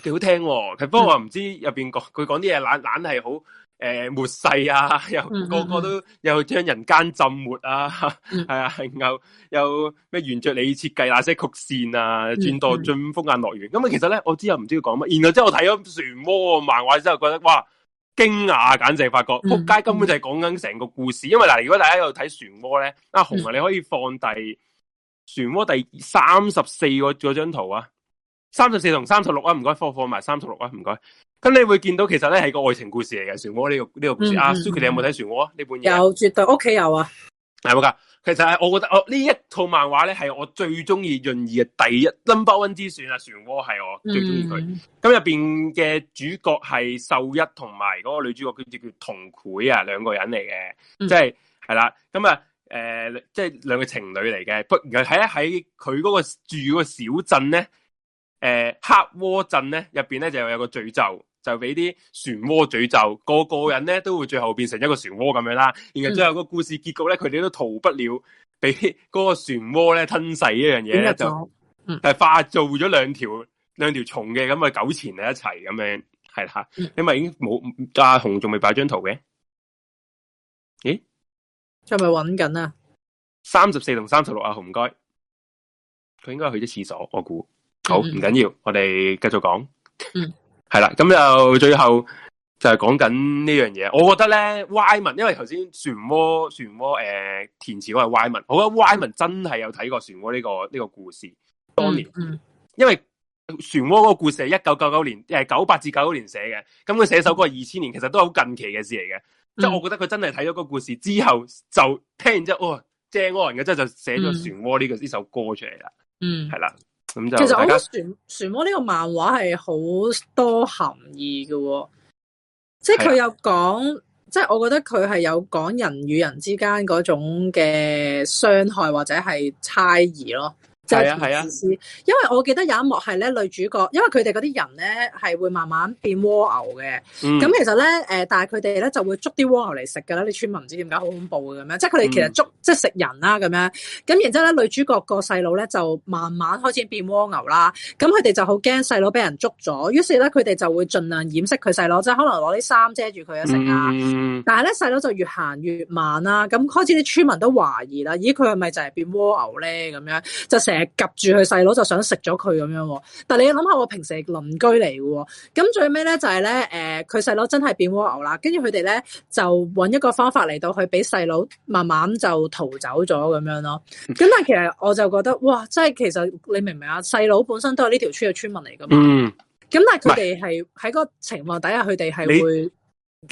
幾好聽、哦。佢、mm. 不過我唔知入邊講，佢講啲嘢懶懶係好誒末世啊，değil, 又個個都又將人間浸沒啊，係 啊，mm. 然後又咩沿着你設計那些曲線啊，轉到進風眼樂園。咁啊，其實咧我知又唔知佢講乜。然後之後我睇咗漩渦漫畫之後，覺得哇～驚訝，簡直發覺撲街、嗯、根本就係講緊成個故事。嗯、因為嗱，如果大家有睇漩渦咧，阿紅啊，啊、嗯，你可以放第漩渦第三十四個嗰張圖啊，三十四同三十六啊，唔該放放埋三十六啊，唔該。咁你會見到其實咧係個愛情故事嚟嘅，漩渦呢個呢、這個故事。阿 Suki 你有冇睇漩渦啊呢本嘢？有，絕對屋企有啊。係冇噶，其實係我覺得哦，呢一套漫畫咧係我最中意潤二嘅第一 number one 之選啊，漩渦係我最中意佢。咁入邊嘅主角係秀一，同埋嗰個女主角叫做叫桐繪啊，兩個人嚟嘅，即係係啦。咁、就、啊、是，誒，即係兩個情侶嚟嘅。突然間喺喺佢嗰個住嗰個小鎮咧，誒、呃、黑窩鎮咧，入邊咧就有個詛咒。就俾啲漩渦詛咒，個個人咧都會最後變成一個漩渦咁樣啦。然後最後個故事結局咧，佢、嗯、哋都逃不了俾嗰個漩渦咧吞噬一樣嘢咧，就就化做咗兩條兩條蟲嘅咁啊糾纏喺一齊咁樣係啦、嗯。因為已經冇阿紅仲未擺張圖嘅，咦？仲係咪搵緊啊？三十四同三十六啊，紅唔該，佢、啊啊、應該去咗廁所，我估好唔、嗯、緊要，我哋繼續講。嗯係啦，咁就最後就係講緊呢樣嘢。我覺得咧，Wyman 因為頭先漩渦漩渦誒填詞嗰個 Wyman 我覺得 Wyman 真係有睇過漩渦呢個呢、這個故事當年。嗯嗯、因為漩渦嗰個故事係一九九九年誒九八至九九年寫嘅，咁佢寫首歌係二千年，其實都係好近期嘅事嚟嘅。即、嗯、係、就是、我覺得佢真係睇咗個故事之後，就聽完之後，哦，正啊！然之後就寫咗漩渦呢個呢、嗯、首歌出嚟啦。嗯，係啦。就其實我覺得旋《漩渦魔》呢個漫畫係好多含義嘅、哦，即係佢有講，即係我覺得佢係有講人與人之間嗰種嘅傷害或者係猜疑咯。係啊係啊，啊，因為我記得有一幕係咧、嗯呃嗯就是啊，女主角因為佢哋嗰啲人咧係會慢慢變蝸牛嘅，咁其實咧誒，但係佢哋咧就會捉啲蝸牛嚟食㗎啦，啲村民唔知點解好恐怖嘅咁樣，即係佢哋其實捉即係食人啦咁樣，咁然之後咧，女主角個細佬咧就慢慢開始變蝸牛啦，咁佢哋就好驚細佬俾人捉咗，於是咧佢哋就會盡量掩飾佢細佬，即係可能攞啲衫遮住佢啊食啊，嗯、但係咧細佬就越行越慢啦，咁開始啲村民都懷疑啦，咦佢係咪就係變蝸牛咧咁樣，就成。夾住佢細佬就想食咗佢咁樣，但係你要諗下，我平時係鄰居嚟嘅，咁最尾咧就係、是、咧，誒佢細佬真係變蝸牛啦，跟住佢哋咧就揾一個方法嚟到去俾細佬慢慢就逃走咗咁樣咯。咁但係其實我就覺得，哇，即係其實你明唔明啊？細佬本身都係呢條村嘅村民嚟噶嘛，咁、嗯、但係佢哋係喺個情況底下，佢哋係會，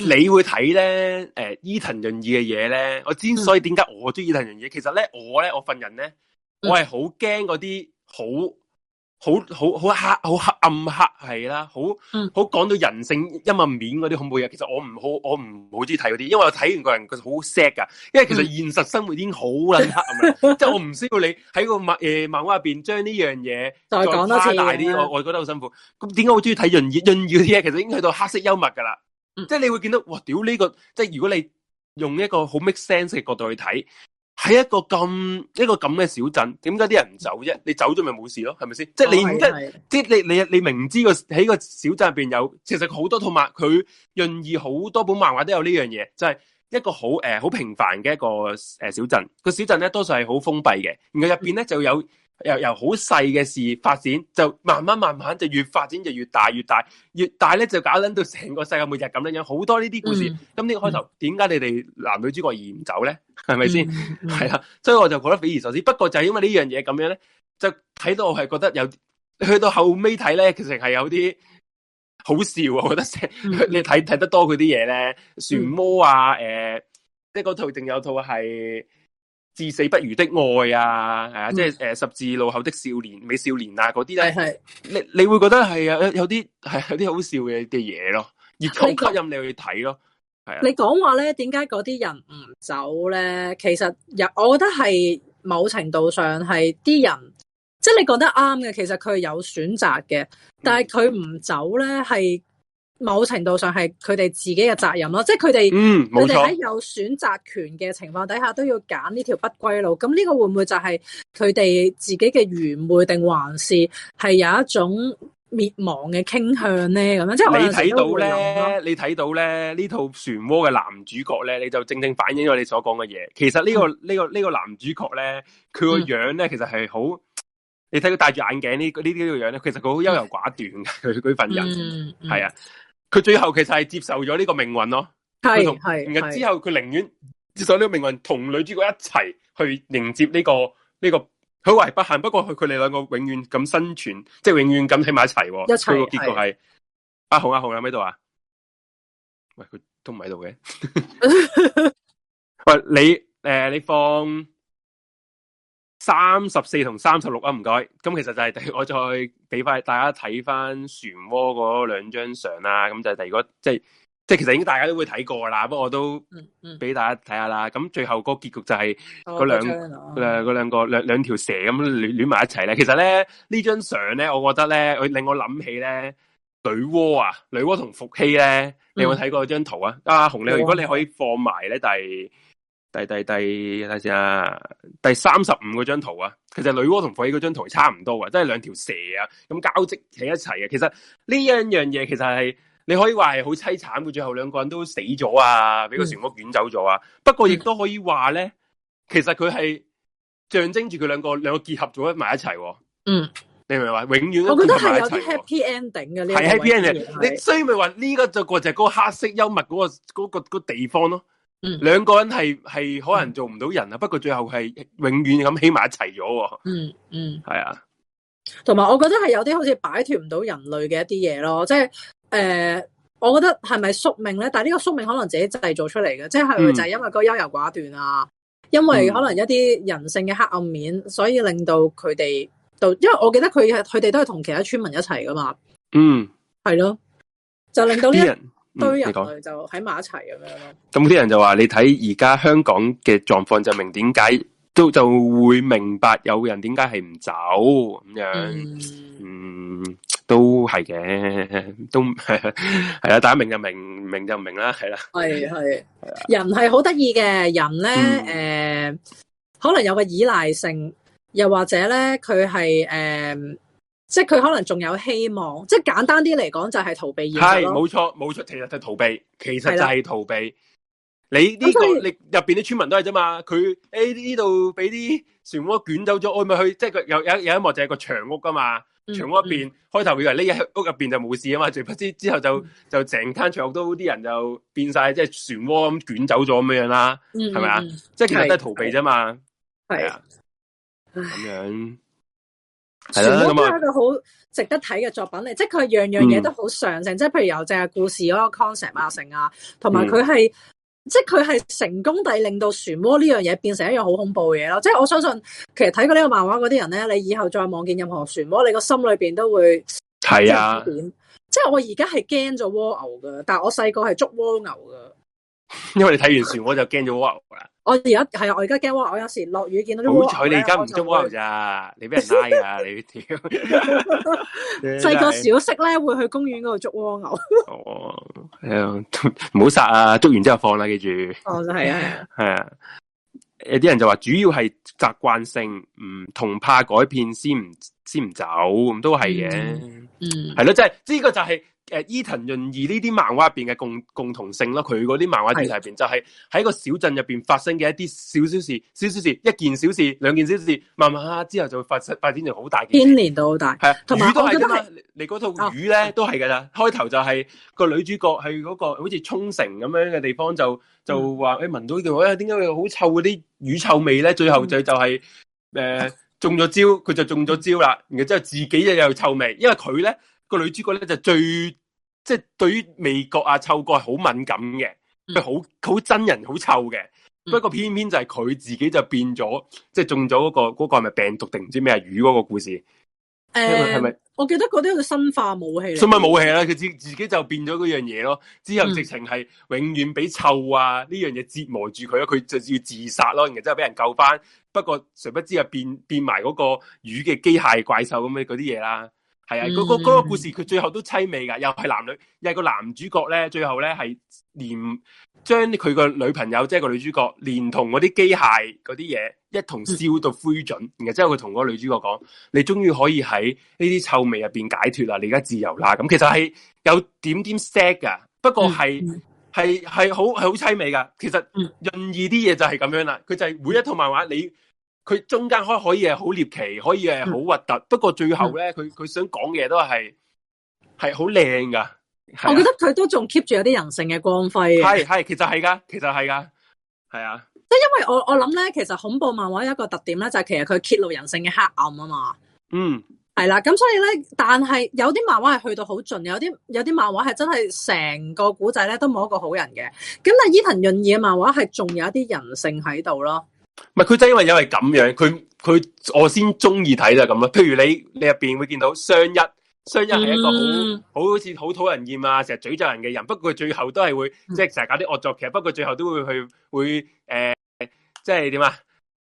你會睇咧，誒、呃、伊藤潤二嘅嘢咧，我之所以點解我中意伊藤潤二、嗯，其實咧我咧我份人咧。我係好驚嗰啲好好好好黑好黑暗黑係啦，好好講到人性陰暗面嗰啲恐怖嘢。其實我唔好我唔好中意睇嗰啲，因為我睇完個人佢好 sad 噶因為其實現實生活已經好暗黑， 即係我唔需要你喺、那個、呃、漫誒漫畫入邊將呢樣嘢放大啲，我我覺得好辛苦。咁點解我中意睇閏二閏啲嘢？其實已經去到黑色幽默噶啦， 即係你會見到哇屌呢、這個！即係如果你用一個好 make sense 嘅角度去睇。喺一個咁一個咁嘅小鎮，點解啲人唔走啫？你走咗咪冇事咯，係咪先？即、哦、係你唔即係你你你明知個喺個小鎮入邊有，其實好多套漫佢潤二好多本漫畫都有呢樣嘢，就係、是。一個好誒，好、呃、平凡嘅一個誒小鎮，個小鎮咧多數係好封閉嘅，然後入邊咧就有由由好細嘅事發展，就慢慢慢慢就越發展就越大越大越大咧就搞捻到成個世界末日咁樣樣，好多呢啲故事。咁呢個開頭，點、嗯、解你哋男女主角而唔走咧？係咪先？係、嗯、啦、嗯， 所以我就覺得匪夷所思。不過就係因為呢樣嘢咁樣咧，就睇到我係覺得有去到後尾睇咧，其實係有啲。好笑啊！我覺得 你睇睇得多佢啲嘢咧，船魔啊，誒、呃，即係嗰套定有套係《至死不渝的愛》啊，嗯，係啊，即係誒十字路口的少年、美少年啊，嗰啲咧，你你會覺得係啊，有啲係有啲好笑嘅嘅嘢咯，越吸引你去睇咯，係啊。你講話咧，點解嗰啲人唔走咧？其實有，我覺得係某程度上係啲人。即係你講得啱嘅，其實佢係有選擇嘅，但係佢唔走咧，係某程度上係佢哋自己嘅責任咯。即係佢哋，嗯，冇錯，佢哋喺有選擇權嘅情況底下，都要揀呢條不歸路。咁呢個會唔會就係佢哋自己嘅愚昧，定還是係有一種滅亡嘅傾向咧？咁樣即係你睇到咧，你睇到咧呢，到呢套漩渦嘅男主角咧，你就正正反映咗你所講嘅嘢。其實呢、呢個呢個呢個男主角咧，佢個樣咧，其實係好。嗯你睇佢戴住眼鏡呢？呢啲呢個樣咧，其實佢好優柔寡斷嘅。佢份人係、嗯嗯、啊，佢最後其實係接受咗呢個命運咯。係係，然後之後佢寧願接受呢個命運，同女主角一齊去迎接呢、呢個呢、呢個好不幸，不過佢佢哋兩個永遠咁生存，即、就、係、是、永遠咁喺埋一齊。一齊。佢個結局係阿紅阿紅喺度啊哄哄哄？喂，佢都唔喺度嘅。喂，你誒、呃，你放。三十四同三十六啊，唔該。咁其實就係我再俾翻大家睇翻漩渦嗰兩張相啦。咁就係如果即係即係其實已經大家都會睇過啦。不過我都俾大家睇下啦。咁、嗯嗯、最後個結局就係嗰兩嗰兩個兩兩條蛇咁亂亂埋一齊咧。其實咧呢張相咧，我覺得咧令我諗起咧女媧啊，女媧同伏羲咧，你有冇睇過嗰張圖、嗯、啊？阿紅，你如果你可以放埋咧第。但第第第睇先第三十五嗰張圖啊，其實女媧同伏羲嗰張圖差唔多啊，都係兩條蛇啊，咁交織喺一齊啊。其實呢一樣嘢，其實係你可以話係好淒慘嘅，最後兩個人都死咗啊，俾個船屋捲走咗啊、嗯。不過亦都可以話咧，其實佢係象徵住佢兩個兩個結合咗埋一齊、啊。嗯，你明唔明永遠、啊、我覺得係有啲 happy ending 嘅呢係 happy ending。你雖以咪話呢個就就係個黑色幽默嗰、嗰個、嗰個、嗰個地方咯、啊。嗯，兩個人係係可能做唔到人啊、嗯，不過最後係永遠咁起埋一齊咗。嗯嗯，係啊，同埋我覺得係有啲好似擺脫唔到人類嘅一啲嘢咯，即係誒，我覺得係咪宿命咧？但係呢個宿命可能自己製造出嚟嘅，即係就係、係、因為，係因為個優柔寡斷啊、嗯，因為可能一啲人性嘅黑暗面，所以令到佢哋到，因為我記得佢佢哋都係同其他村民一齊噶嘛。嗯，係咯，就令到呢啲人。堆、嗯、人去就喺埋一齊咁樣咯。咁啲人就話：你睇而家香港嘅狀況，就明點解都就會明白有人點解係唔走咁樣。嗯，都係嘅，都係啦、 啊。大家明就明，明就明啦，係啦、啊。係係、啊，人係好得意嘅人咧，誒、嗯呃，可能有個依賴性，又或者咧，佢係誒。呃即係佢可能仲有希望，即係簡單啲嚟講就係逃避現實咯。係冇錯冇錯，其實就逃避，其實就係逃避。你呢、這個、就是、你入邊啲村民都係啫嘛。佢誒呢度俾啲漩渦捲走咗，我咪去即係個有有有一幕就係個長屋噶嘛。長、嗯、屋入邊、嗯、開頭以為匿喺屋入邊就冇事啊嘛，誰不知之後就就成間長屋都啲人就變晒即係漩渦咁捲走咗咁樣樣啦，係咪啊？即係其實都係逃避啫嘛。係啊，咁樣。 漩渦都係一個好值得睇嘅作品嚟，即係佢係樣樣嘢都好上乘，嗯嗯，即係譬如由淨係故事嗰個 concept 啊，成啊，同埋佢係，即係佢係成功地令到漩渦呢樣嘢變成一樣好恐怖嘅嘢咯。即係我相信，其實睇過呢個漫畫嗰啲人咧，你以後再望見任何漩渦，你個心裏邊都會係啊，即係我而家係驚咗蝸牛噶，但係我細個係捉蝸牛噶，因為你睇完漩渦就驚咗蝸牛啦。我而家係啊！我而家驚我有時落雨見到啲好彩，你而家唔捉蝸牛咋？你畀人拉㗎？ 你屌！細個小息咧，會去公園嗰度捉蝸牛。 哦，係、哎、啊，唔好殺啊！捉完之後放啦，記住。哦，就係啊，係 啊。有啲人就話，主要係習慣性，唔同怕改變先唔先唔走，咁都係嘅。嗯，係、嗯、咯，即係呢個就係、是。誒、uh，伊藤潤二呢啲漫畫入邊嘅共共同性咯，佢嗰啲漫畫主題入邊就係喺個小鎮入邊發生嘅一啲小小事、小小事、一件小事、兩件小事，慢慢之後就會發生發展成好大嘅。牽連到好大。係啊，魚都係噶，你嗰套魚咧都係噶啦。開、哦、頭就係、是、個女主角去嗰個好似沖繩咁樣嘅地方就就話，誒、嗯、聞、哎、到呢度：「河點解會好臭嗰啲魚臭味咧、嗯？最後就就係誒中咗招，佢就中咗招啦。然之後自己又有臭味，因為佢咧。個女主角咧就最即係、就是、對於味覺啊、嗅覺係好敏感嘅，佢好好真人好臭嘅、嗯。不過偏偏就係佢自己就變咗，即、就、係、是、中咗嗰、那個嗰、那個係咪病毒定唔知咩魚嗰個故事？誒、嗯，係咪？我記得嗰啲叫生化武器。生物武器啦，佢自自己就變咗嗰樣嘢咯。之後直情係永遠俾臭啊呢樣嘢折磨住佢，佢就要自殺咯。然之後俾人救翻，不過誰不知啊變變埋嗰個魚嘅機械怪獸咁嘅嗰啲嘢啦。係啊，嗰個嗰個故事佢最後都淒美噶，又係男女，又係個男主角咧，最後咧係連將佢個女朋友，即係個女主角，連同嗰啲機械嗰啲嘢一同燒到灰燼，嗯，然後之後佢同嗰個女主角講：你終於可以喺呢啲臭味入邊解脫啦，你而家自由啦。咁其實係有點點 sad 噶，不過係係係好係好淒美噶。其實潤二啲嘢就係咁樣啦，佢就係每一套漫畫你。佢中間可可以係好獵奇，可以係好核突，不過最後咧，佢、嗯、佢想講嘢都係係好靚噶。我覺得佢都仲 keep 住有啲人性嘅光輝。係係，其實係噶，其實係噶，係啊。即係因為我我諗咧，其實恐怖漫畫有一個特點咧，就係、是、其實佢揭露人性嘅黑暗啊嘛。嗯，係啦、啊，咁所以咧，但係有啲漫畫係去到好盡，有啲有啲漫畫係真係成個古仔咧都冇一個好人嘅。咁但係伊藤潤二嘅漫畫係仲有一啲人性喺度咯。唔係佢真係因為因為咁樣，佢佢我先中意睇就咁啦。譬如你你入邊會見到雙一，雙一係一個、嗯、好好似好討人厭啊，成日詛咒人嘅人。不過佢最後都係會即係成日搞啲惡作劇，其實不過佢最後都會去會誒、呃，即係點啊？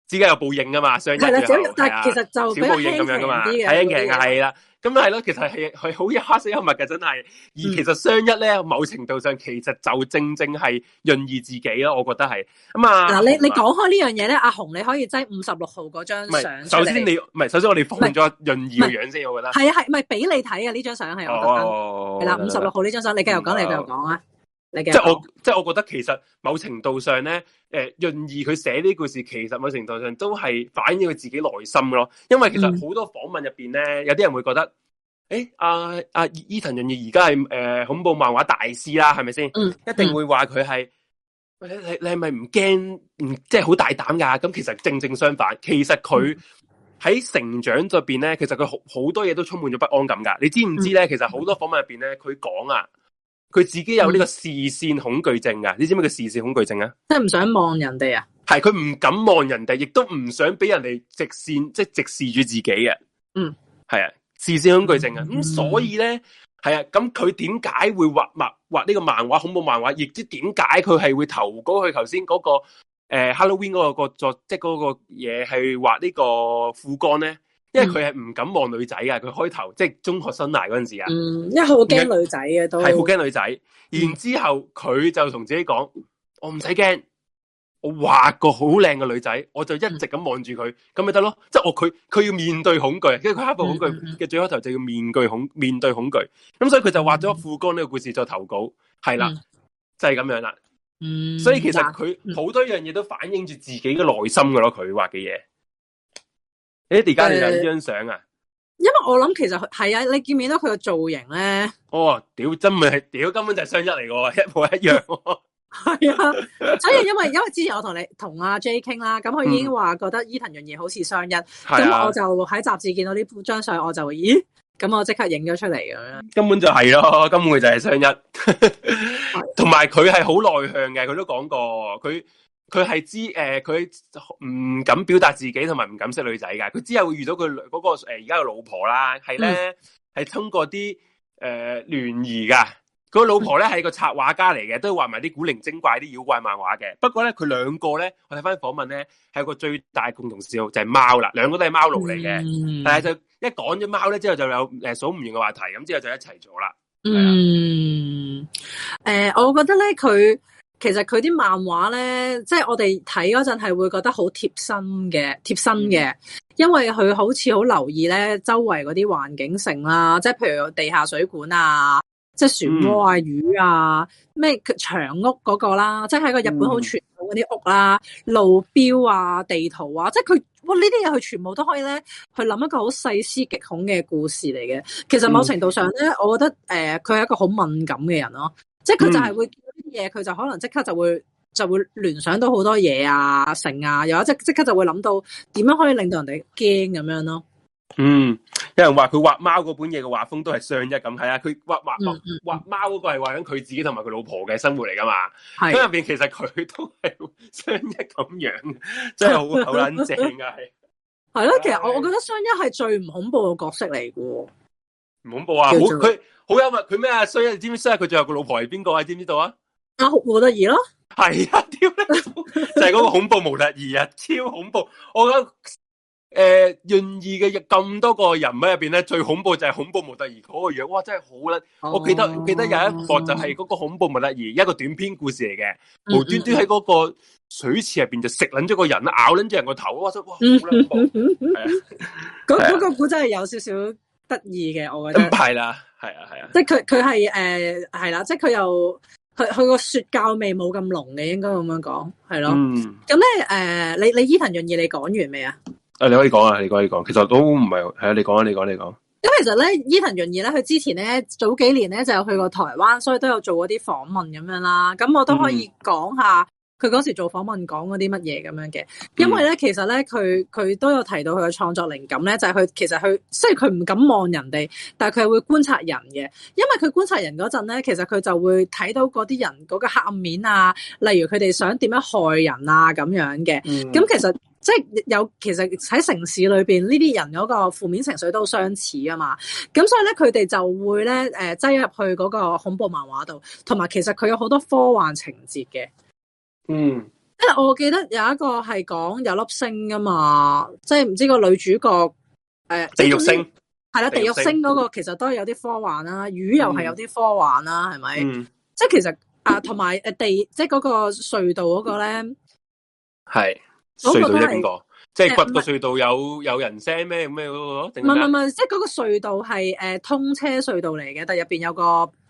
自己有報應噶嘛？雙一係啦，但其實就小報應咁樣噶嘛，睇緊劇啊，係啦。咁係咯，其實係係好黑色幽默嘅，真係。而其實雙一咧，某程度上其實就正正係潤二自己咯，我覺得係。咁、嗯、啊，嗱，你你講開呢樣嘢咧，阿紅你可以擠五十六號嗰張相。首先你唔係，首先我哋放咗潤二嘅樣先，我覺得。係啊係，唔係俾你睇嘅呢張相係我覺得翻。係、哦、啦，五十六號呢張相，你繼續講、嗯，你繼續講啊。即係我，即係我覺得其實某程度上咧，誒，潤二佢寫呢啲故事，其實某程度上都係反映佢自己內心咯。因為其實好多訪問入邊咧，有啲人會覺得，誒、欸，阿阿伊藤潤二而家係誒恐怖漫畫大師啦，係咪先？嗯，一定會話佢係，你你你係咪唔驚？唔即係好大膽噶？咁其實正正相反，其實佢喺成長入邊咧，其實佢好好多嘢都充滿咗不安感噶。你知唔知咧、嗯？其實好多訪問入邊咧，佢講啊。佢自己有呢個視線恐懼症㗎、嗯，你知唔知叫視線恐懼症不啊？不不即係唔想望人哋啊？係，佢唔敢望人哋，亦都唔想俾人哋直視，即係直視住自己嘅。嗯，係啊，視線恐懼症、嗯嗯、啊，咁所以咧，係啊，咁佢點解會畫漫畫呢個漫畫恐怖漫畫？亦知點解佢係會投稿去頭先嗰個、呃、Halloween 嗰、嗰個作，即係嗰個嘢係、嗰個、畫個呢個副幹咧？因為佢係唔敢望女仔㗎！佢開頭即係中學生涯嗰陣時啊，嗯，因為好驚女仔啊，都係好驚女仔。然之後佢就同自己講、嗯：我唔使驚，我畫個好靚嘅女仔，我就一直咁望住佢，咁咪得咯。即係、就是、我佢佢要面對恐懼，跟住佢下一步恐懼嘅、嗯嗯、最開頭就要面具恐面對恐懼。咁、嗯、所以佢就畫咗富江呢個故事再投稿，係、嗯、啦，就係、是、咁樣啦。嗯，所以其實佢好多樣嘢都反映住自己嘅內心噶咯，佢畫嘅嘢。誒，而家你有呢張相啊？因為我諗其實係啊，你見唔見到佢個造型咧？哦，屌真咪係，屌根本就係雙一嚟㗎，一模一樣。係 是啊，所 以、哎、因為因為之前我同你同阿 J 傾啦，咁佢已經話覺得伊藤潤二好似雙一，咁、嗯、我就喺雜誌見到呢張相，我就會咦，咁我即刻影咗出嚟咁樣。根本就係咯，根本佢就係雙一。同埋佢係好內向嘅，佢都講過佢。佢係知誒，佢、呃、唔敢表達自己，同埋唔敢識女仔噶。佢之後會遇到佢嗰、嗰個誒，而家個老婆啦，係咧，係通過啲誒聯誼噶。佢、呃、老婆咧，係個插畫家嚟嘅，都畫埋啲古靈精怪啲妖怪漫畫嘅。不過咧，佢兩個咧，我睇翻訪問咧，係個最大共同嗜好就係貓啦。兩個都係貓奴嚟嘅，但係就一講咗貓咧之後，就有誒數唔完嘅話題，咁之後就一齊做啦。嗯，誒、呃，我覺得咧佢。其實佢啲漫畫咧，即係我哋睇嗰陣係會覺得好貼身嘅，貼身嘅，因為佢好似好留意咧周圍嗰啲環境性啦、啊，即係譬如地下水管啊，即係漩渦啊、魚啊，咩長屋嗰個啦、啊，即係喺個日本好傳統嗰啲屋啦、啊、路標啊、地圖啊，即係佢哇呢啲嘢，佢全部都可以咧去諗一個好細思極恐嘅故事嚟嘅。其實某程度上咧，我覺得誒佢係一個好敏感嘅人咯、啊。即係佢就係會見到啲嘢，佢、嗯、就可能即刻就會就會聯想到好多嘢啊、成啊，有一即即刻就會諗到點樣可以令到人哋驚咁樣咯。嗯，有人話佢畫貓嗰本嘢嘅畫風都係雙一咁係啊，佢畫畫畫貓嗰個係畫緊佢自己同埋佢老婆嘅生活嚟噶嘛？係。入邊其實佢都係雙一咁樣，真係好好撚正噶係。係咯， 其實我我覺得雙一係最唔恐怖嘅角色嚟嘅。唔恐怖啊，佢。好幽默佢。咩啊衰啊，你知唔知衰啊，佢最後個老婆係邊個啊？知唔知道啊？阿恐怖模特兒咯！係啊，超叻就係嗰個恐怖模特兒啊，超恐怖！我覺得，誒、呃，潤二嘅咁多個人物入邊咧，最恐怖就係恐怖模特兒嗰個樣。哇，真係好叻！我記得我記得有一幕就係嗰個恐怖模特兒，一個短篇故事嚟嘅，無端端喺嗰個水池入邊就食捻咗個人，嗯、咬捻咗人個頭。哇塞，哇，恐怖嗰嗰、嗯啊 啊那個古真係有少少。得意嘅，我覺得咁係啦，係、嗯、啊，係啊，即係佢佢係誒係啦，即係佢又佢佢個說教味冇咁濃嘅，應該咁樣講，係咯。咁咧誒，你你伊藤潤二你講完未啊？誒，你可以講啊，你可以講，其實都唔係，係啊，你講啊，你講、啊、你講、啊。咁、啊、其實咧，伊藤潤二咧，佢之前咧早幾年咧就有去過台灣，所以都有做嗰啲訪問咁樣啦。咁我都可以講下。嗯佢嗰時做訪問講嗰啲乜嘢咁樣嘅，因為咧，其實咧，佢佢都有提到佢嘅創作靈感咧，就係、是、佢其實佢雖然佢唔敢望人哋，但係佢係會觀察人嘅，因為佢觀察人嗰陣咧，其實佢就會睇到嗰啲人嗰、那個黑暗面啊，例如佢哋想點樣害人啊，咁樣嘅。咁、嗯、其實即係有，其實喺城市裏邊呢啲人嗰個負面情緒都相似啊嘛。咁所以咧，佢哋就會咧誒擠入去嗰個恐怖漫畫度，同埋其實佢有好多科幻情節嘅。嗯，因為我記得有一個係講有粒星噶嘛，即係唔知個女主角誒、呃，地獄星係啦、呃，地獄星嗰個其實都係有啲科幻啦、啊嗯，魚又係有啲科幻啦，係咪？即係其實啊，同埋誒地，即係嗰個隧道嗰個咧，係、那個、隧道係邊個？即係掘個隧道有有人聲咩咩嗰個？唔係唔係，即係嗰個隧道係誒通車隧道嚟嘅，但係入邊有個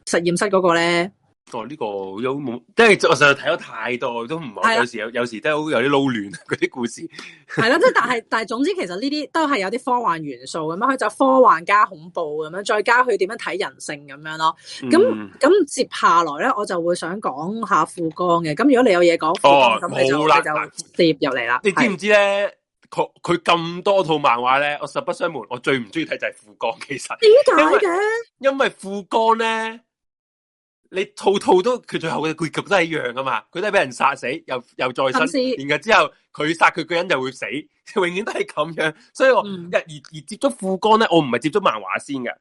實驗室嗰個咧。哦，呢、呢個有冇？即係我實在睇咗太多，都唔係有時有有時都有啲撈亂嗰啲故事係啦，即係但係 但係，但係總之其實呢啲都係有啲科幻元素咁樣，佢就科幻加恐怖咁樣，再加佢點樣睇人性咁樣咯。咁、嗯、咁接下來咧，我就會想講下富江嘅。咁如果你有嘢講富，哦冇啦，就接入嚟啦。你知唔知咧？佢佢咁多套漫畫咧，我實不相瞞，我最唔中意睇就係富江。其實點解嘅？因為富江咧。你套套都佢最後嘅結局都係一樣噶嘛？佢都係俾人殺死，又又再生，然後之後佢殺佢個人就會死，永遠都係咁樣。所以我、嗯、而而接觸富江咧，我唔係接觸漫畫先嘅、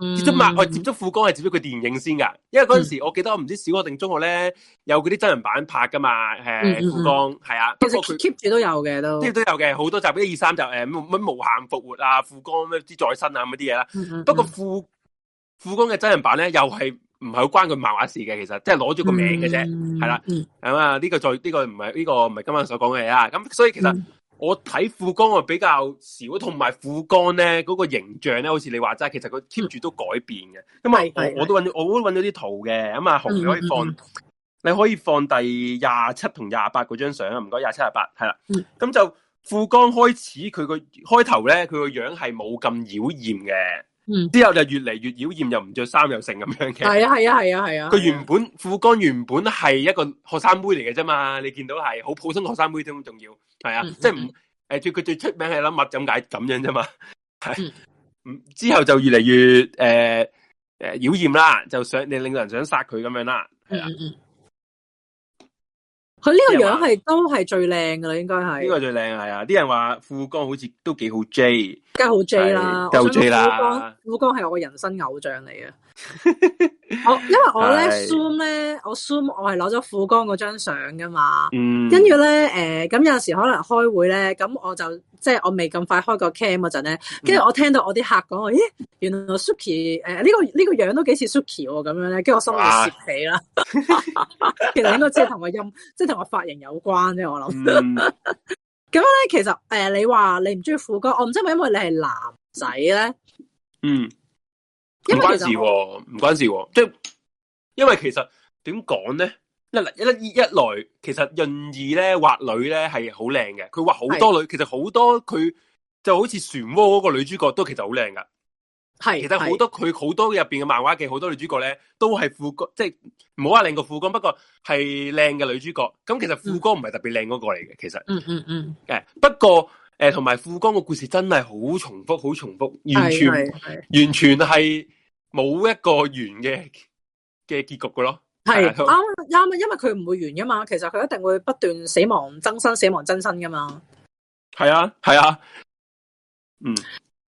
嗯，接觸漫我接觸富江係接觸佢電影先噶。因為嗰陣時、嗯、我記得我唔知小學定中學咧有嗰啲真人版拍噶嘛，係、嗯、富江係啊。其實 keep 住都有嘅都。都有嘅，好多集一二三集誒，乜、哎、無，無限復活啊，富江咩之再生啊咁啲嘢啦、嗯。不過富富江嘅真人版咧又係。唔係好關佢漫畫事嘅，其實是媽媽即係攞咗個名嘅啫，係、嗯、啦，係嘛？呢、嗯嗯，這個再呢、這個唔係呢個唔係今晚所講嘅嘢啊！咁所以其實我睇富江啊比較少，同埋富江咧嗰、那個形象咧，好似你話齋，其實佢 keep 住都改變嘅。咁啊、嗯嗯嗯，我我都搵，我都搵咗啲圖嘅。咁、嗯、啊，紅、嗯、你可以放、嗯嗯，你可以放第廿七同廿八嗰張相啊，唔該廿七廿八係啦。咁、嗯、就富江開始佢個開頭咧，佢個樣係冇咁妖艷嘅。嗯，之後就越嚟越妖艷，又唔着衫又成咁樣嘅。係啊，係啊，係啊，係啊。佢、啊、原本、啊啊、富江原本係一個學生妹嚟嘅啫嘛，你見到係好普通學生妹都咁重要係啊，嗯、即係唔誒最佢最出名係粒墨，點解咁樣啫嘛？係、啊，嗯，之後就越嚟越誒誒、呃、妖艷啦，就想你令到人想殺佢咁樣啦、啊。嗯。嗯佢呢個樣係都係最靚噶啦，應該係呢個最靚係啊！啲人話富江好似都幾好 J，梗係好 J 啦，夠 J 啦！富江係我，我人生偶像嚟嘅。 我因為我咧 Zoom 咧我 Zoom 我係攞咗富江嗰張相噶嘛，跟住咧誒咁有時候可能開會咧咁我就即係我未咁快開個 cam 嗰陣咧，跟住我聽到我啲客講話、嗯、咦，原來 Suki 誒、呃、呢、這個呢、這個樣子都幾似 Suki 喎咁樣咧，跟住我心都蝕起啦、啊 嗯。 其實應該只係同個音，即係同個髮型有關啫。我諗咁咧，其實誒你話你唔中意富江，我唔知係咪因為你係男仔咧，嗯。唔關事喎，唔關事喎，即係因為其實點講咧？一嚟一一來，其實潤二咧畫女咧係好靚嘅。佢畫好多女，其實好多佢就好似漩渦嗰個女主角都其實好靚噶。係其實好多佢好多入邊嘅漫畫嘅好多女主角咧都係富江，即係唔好話靚過富江，不過係靚嘅女主角。咁其實富江唔係特別靚嗰個嚟嘅，嗯，其實嗯嗯嗯誒。不過誒，同，呃、埋富江嘅故事真係好重複，好重複，完全是是是完全係。冇一個完嘅嘅結局噶咯，係啱啱因為佢唔會完噶嘛，其實佢一定會不斷死亡增生、死亡增生噶嘛，係啊係啊，嗯，誒、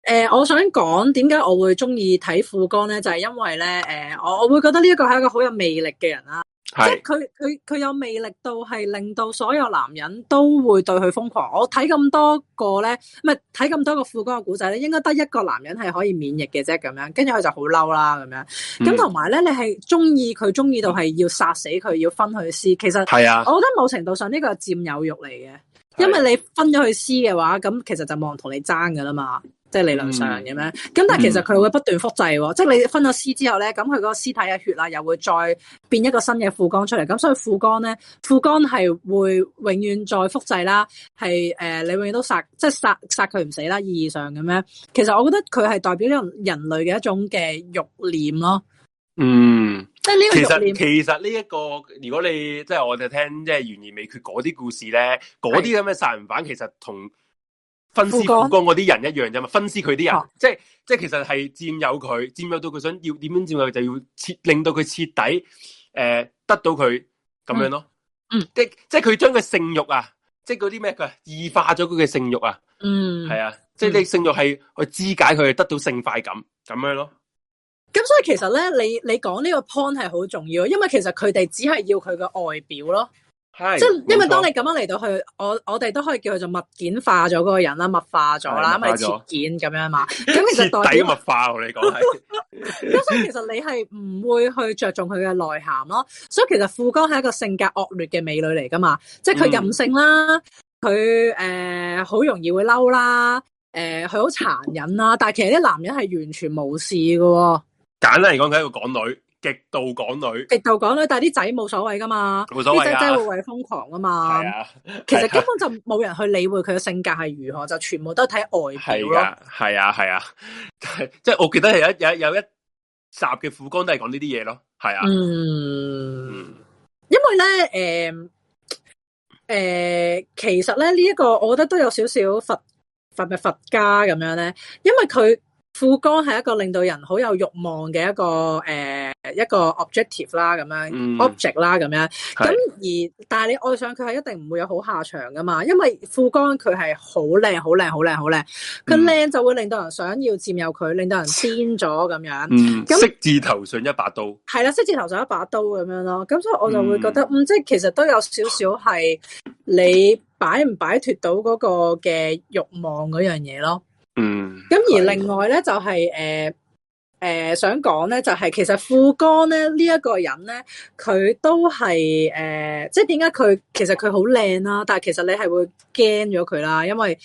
呃，我想講點解我會中意睇富江咧，就係、是、因為咧，誒、呃，我我會覺得呢一個係一個好有魅力嘅人啦、啊。是即係佢佢佢有魅力到係令到所有男人都會對佢瘋狂。我睇咁多個咧，唔係睇咁多個富江嘅古仔咧，應該得一個男人係可以免疫嘅啫。咁樣，跟住佢就好嬲啦。咁樣，咁同埋咧，你係中意佢中意到係要殺死佢，要分佢屍。其實係啊，我覺得某程度上呢個係佔有欲嚟嘅。因為你分咗佢屍嘅話，咁其實就冇人同你爭噶啦嘛。即係理論上嘅咩？咁、嗯、但係其實佢會不斷複製喎、哦嗯。即係你分咗屍之後咧，咁佢嗰個屍體嘅血啊，又會再變一個新嘅富江出嚟。咁所以富江咧，富江係會永遠再複製啦。係誒、呃，你永遠都殺，即係殺殺佢唔死啦。意義上嘅咩？其實我覺得佢係代表人人類嘅一種嘅慾念咯。嗯，即係呢個慾念。其實其實呢一個，如果你即係我哋聽即係懸而未決嗰啲故事咧，嗰啲咁嘅殺人犯其實同。分屍副官嗰啲人一樣啫嘛，分屍佢啲人，啊、即係即係其實係佔有佢，佔有到佢想要點樣佔有佢，就要徹令到佢徹底誒、呃、得到佢咁樣咯。嗯，嗯即即係佢將佢性欲、嗯、啊，即係嗰啲咩嘅異化咗佢嘅性欲啊。嗯，係啊，即係性欲係去肢解佢，得到性快感咁樣咯。咁所以其實咧，你你講呢個 point 係好重要，因為其實佢哋只係要佢嘅外表咯。即、就是、因為當你咁樣嚟到去，我我哋都可以叫佢做物件化咗嗰個人啦，物化咗啦，因為切件咁樣嘛。咁其實代表物化我哋講係。咁所以其實你係唔會去着重佢嘅內涵咯。 所以其實富江係一個性格惡劣嘅美女嚟㗎嘛。即係佢任性啦，佢誒好容易會嬲啦，誒佢好殘忍啦。但係其實啲男人係完全冇事㗎喎。簡單嚟講，佢係一個港女。極度港女，極度港女，但係啲仔冇所謂噶嘛，啲仔仔會為你瘋狂嘛啊嘛、啊，其實根本就冇人去理會佢嘅性格係如何，就全部都睇外表咯。係啊，係啊，係、啊， 即係我記得有有一有一集嘅苦剛都係講呢啲嘢咯。係啊嗯，嗯，因為咧，誒、呃，誒、呃，其實咧呢一、這個，我覺得都有少少佛佛咪佛，佛家咁樣咧，因為佢。富江係一個令到人好有慾望嘅一個誒、呃、一個 objective 啦，咁樣 object 啦，咁樣。咁、嗯、而但係你愛上佢係一定唔會有好下場噶嘛，因為富江佢係好靚、好靚、好靚、好靚，佢、嗯、靚就會令到人想要佔有佢，令到人癲咗咁樣。咁、嗯、色字頭上一把刀，係啦，色字頭上一把刀咁樣咯。咁所以我就會覺得，嗯，即、嗯、係、就是、其實都有少少係你擺唔擺脫到嗰個嘅慾望嗰樣嘢咯。嗯，咁而另外咧就係誒誒想講咧就係、是、其實富江咧呢一、這個人咧佢都係誒、呃、即係點解佢其實佢好靚啦，但係其實你係會驚咗佢啦，因為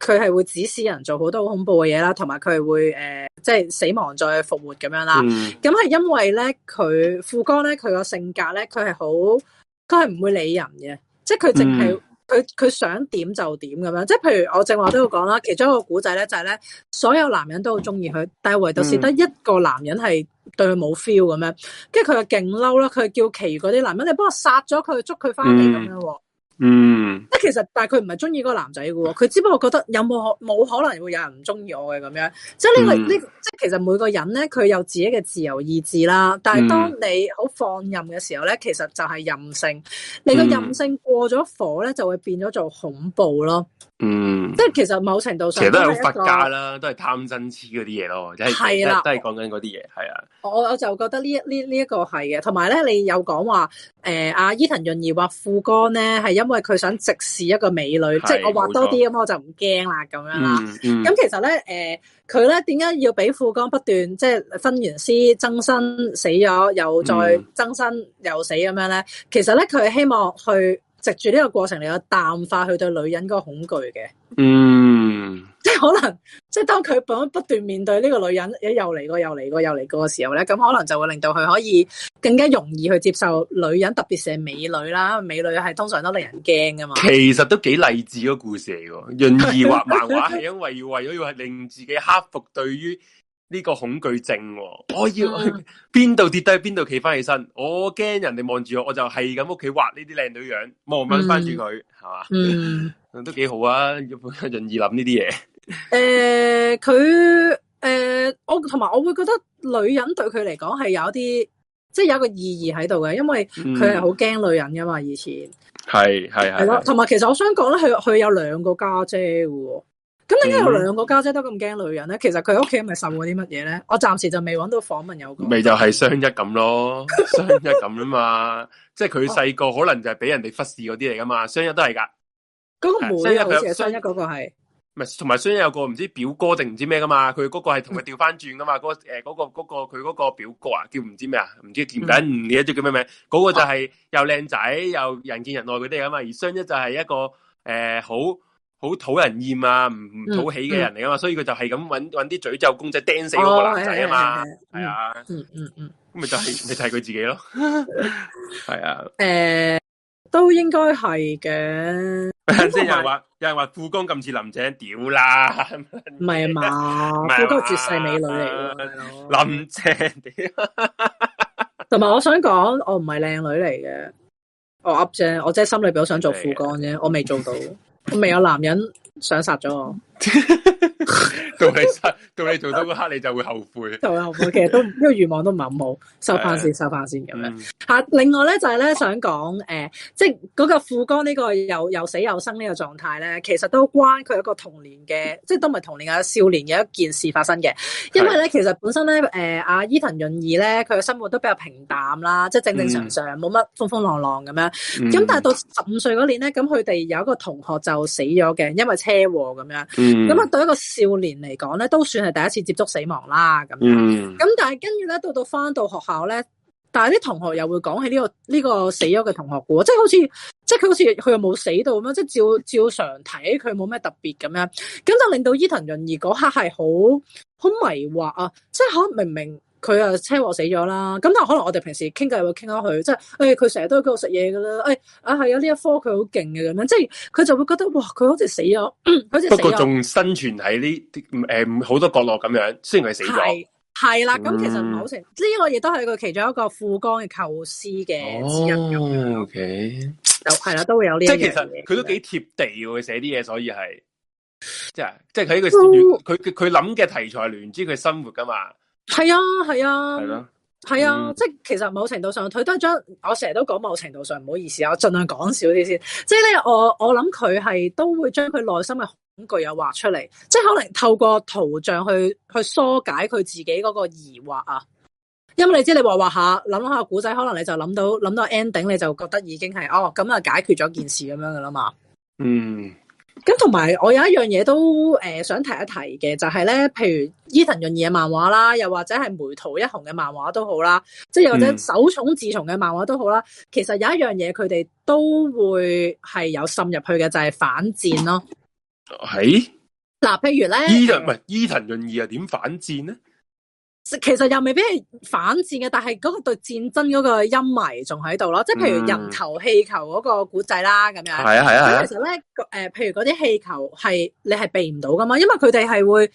佢係會指示人做好多好恐怖嘅嘢啦，同埋佢係會誒、呃、即係死亡再復活咁樣啦。咁、嗯、係因為咧佢富江咧佢個性格咧佢係好佢係唔會理人嘅，即係佢淨係。佢佢想點就點咁樣，即係譬如我正話都要講啦。其中一個古仔咧就係咧，所有男人都好中意佢，但係唯獨是得一個男人係對佢冇 feel 咁樣，跟住佢又勁嬲啦，佢叫其餘嗰啲男人你幫我殺咗佢，捉佢翻嚟咁樣喎。嗯，即係其實，但係佢唔係中意嗰個男仔嘅喎，佢只不過覺得有冇可冇可能會有人唔中意我嘅咁樣，即係呢個呢即係其實每個人咧佢有自己嘅自由意志啦，但係當你好放任嘅時候咧、嗯，其實就係任性，你個任性過咗火咧，就會變咗做恐怖咯。嗯，即係其實某程度上，其實都係好佛家啦，都係貪嗔痴嗰啲嘢咯，係、就、啦、是，都係講緊嗰啲嘢，係啊。我我就覺得、這個、呢一呢呢一個係嘅，同埋咧，你有講話誒，阿、呃、伊藤潤二畫富江咧，係因為佢想直視一個美女，即係我畫多啲咁，我就唔驚啦咁樣啦。咁、嗯嗯、其實咧，誒、呃，佢咧點解要俾富江不斷即係、就是、分完屍增生，死咗又再增生、嗯、又死咁樣咧？其實咧，佢希望去，藉住呢個過程嚟去淡化佢對女人嗰個恐懼嘅，嗯，即係可能，即係當佢咁不斷面對呢個女人，又嚟過又嚟過又嚟過嘅時候咧，咁可能就會令到佢可以更加容易去接受女人，特別係美女啦，美女係通常都令人驚噶嘛。其實都幾勵志個故事嚟嘅，潤二畫漫畫係因為要為咗要係令自己克服對於。 呢、這個恐懼症、哦，我要去邊度跌低邊度企翻起身，我驚人哋望住我，我就係咁屋企畫呢啲靚女樣，望穩翻住佢，係嘛？嗯，嗯 都幾好啊，要願意諗呢啲嘢。誒，佢、呃、誒，我同埋我會覺得女人對佢嚟講係有一啲，即、就、係、是、有一個意義喺度嘅，因為佢係好驚女人噶嘛，以前係係係咯，同埋其實我想講咧，佢佢有兩個家姐嘅喎、哦。咁點解佢兩個家姐，姐都咁驚女人咧、嗯？其實佢屋企係咪受過啲乜嘢咧？我暫時就未揾到訪問有咪就係雙一咁咯， 雙一咁啊嘛！即係佢細個可能就係俾人哋忽視嗰啲嚟噶嘛，雙一都係噶。嗰個妹好似係雙一嗰、嗰個係，唔係同埋雙一有個唔知表哥定唔知咩噶嘛？佢嗰個係同佢調翻轉噶嘛？嗰誒嗰個佢嗰、呃嗰個嗰個、個表哥啊，叫唔知咩啊？唔知記唔得唔記得咗叫咩名？嗰、嗯嗰個就係又靚仔又人見人愛嗰啲啊嘛！而雙一就係一個誒好。呃好討人厭啊，唔唔討喜嘅人嚟噶嘛、嗯嗯，所以佢就係咁搵啲詛咒公仔釘死嗰個男仔啊嘛，係、哦、啊，嗯嗯嗯，咁、嗯、咪、嗯、就係咪佢自己咯，係 啊、 嗯，誒、嗯 嗯，都應該係嘅。啱、嗯、先、 嗯嗯嗯、 有人話，有人話富江咁似林鄭，屌 啦 林鄭，唔係啊嘛，富江絕世美女嚟嘅，林鄭屌。同埋我想講，我唔係靚女嚟嘅，我 up 啫，我真係心裏邊想做富江啫，我未做到。我未有男人想殺咗我。 到 你到你做到嗰刻，你就會後悔， 就會後悔。其實都呢個願望都唔係好冇。收返先， 先，收返先咁樣。吓、嗯啊，另外咧就係、是、咧想講，誒、呃，即係嗰、那個富江呢個又又死又生呢個狀態咧，其實都關佢一個童年嘅， 即係都唔係童年嘅少年嘅一件事發生嘅。因為咧，其實本身咧，誒、呃，阿伊藤潤二咧，佢嘅生活都比較平淡啦，即係正正常常，冇、嗯、乜風風浪浪咁樣。咁、嗯、但係到十五歲嗰年咧，咁佢哋有一個同學就死咗嘅，因為車禍咁樣。咁、嗯、啊，對一個少年嚟講咧，都算係第一次接觸死亡啦。咁，咁、嗯、但係跟住咧，到到翻到學校咧，但係啲同學又會講起呢、這個呢、這個死咗嘅同學嘅，即係好似，即係佢好似佢又冇死到咁樣，即係照照常睇佢冇咩特別咁樣，咁就令到伊藤潤二嗰刻係好好迷惑啊！即係可明明。佢啊，車禍死咗啦！咁但係可能我哋平時傾偈會傾開佢，即係佢成日都喺度食嘢噶啦，誒、哎、啊係有呢一科佢好勁嘅咁樣，即係佢就會覺得哇佢好似死咗、嗯，好似不過仲生存喺呢啲好多角落咁樣，雖然佢死咗，係啦，咁、嗯、其實唔好成呢個亦都係佢其中一個富江嘅構思嘅之一嘅，就係啦都會有呢，即係其實佢都幾貼地喎佢寫啲嘢，所以係即係即佢呢個佢佢諗嘅題材聯接佢生活噶嘛。係啊，係啊，係啦，係啊，啊啊嗯、即係其實某程度上，佢都係將我成日都講某程度上，唔好意思啊，我盡量講少啲先。即係咧，我我諗佢係都會將佢內心嘅恐懼又畫出嚟，即係可能透過圖像去去疏解佢自己嗰個疑惑啊。因為你知你畫畫下諗下古仔，可能你就諗到諗到 ending，你就覺得已經係哦咁啊，就解決咗件事咁樣噶啦嘛。嗯。咁同埋，我有一樣嘢都誒、呃、想提一提嘅，就係、是、咧，譬如伊藤潤二嘅漫畫啦，又或者係楳圖一雄嘅漫畫都好啦，即係又或者手塚治虫嘅漫畫都好啦。其實有一樣嘢，佢哋都會係有滲入去嘅，就係、是、反戰咯。係嗱、呃，譬如咧，伊藤唔係伊藤潤二係，點反戰呢？其實又未必係反戰嘅，但係嗰個對戰爭嗰個陰霾仲喺度咯。即係譬如人頭氣球嗰個古仔啦，咁、嗯、樣係啊係啊係。其實咧，誒，譬如嗰啲氣球係你係避唔到噶嘛，因為佢哋係會。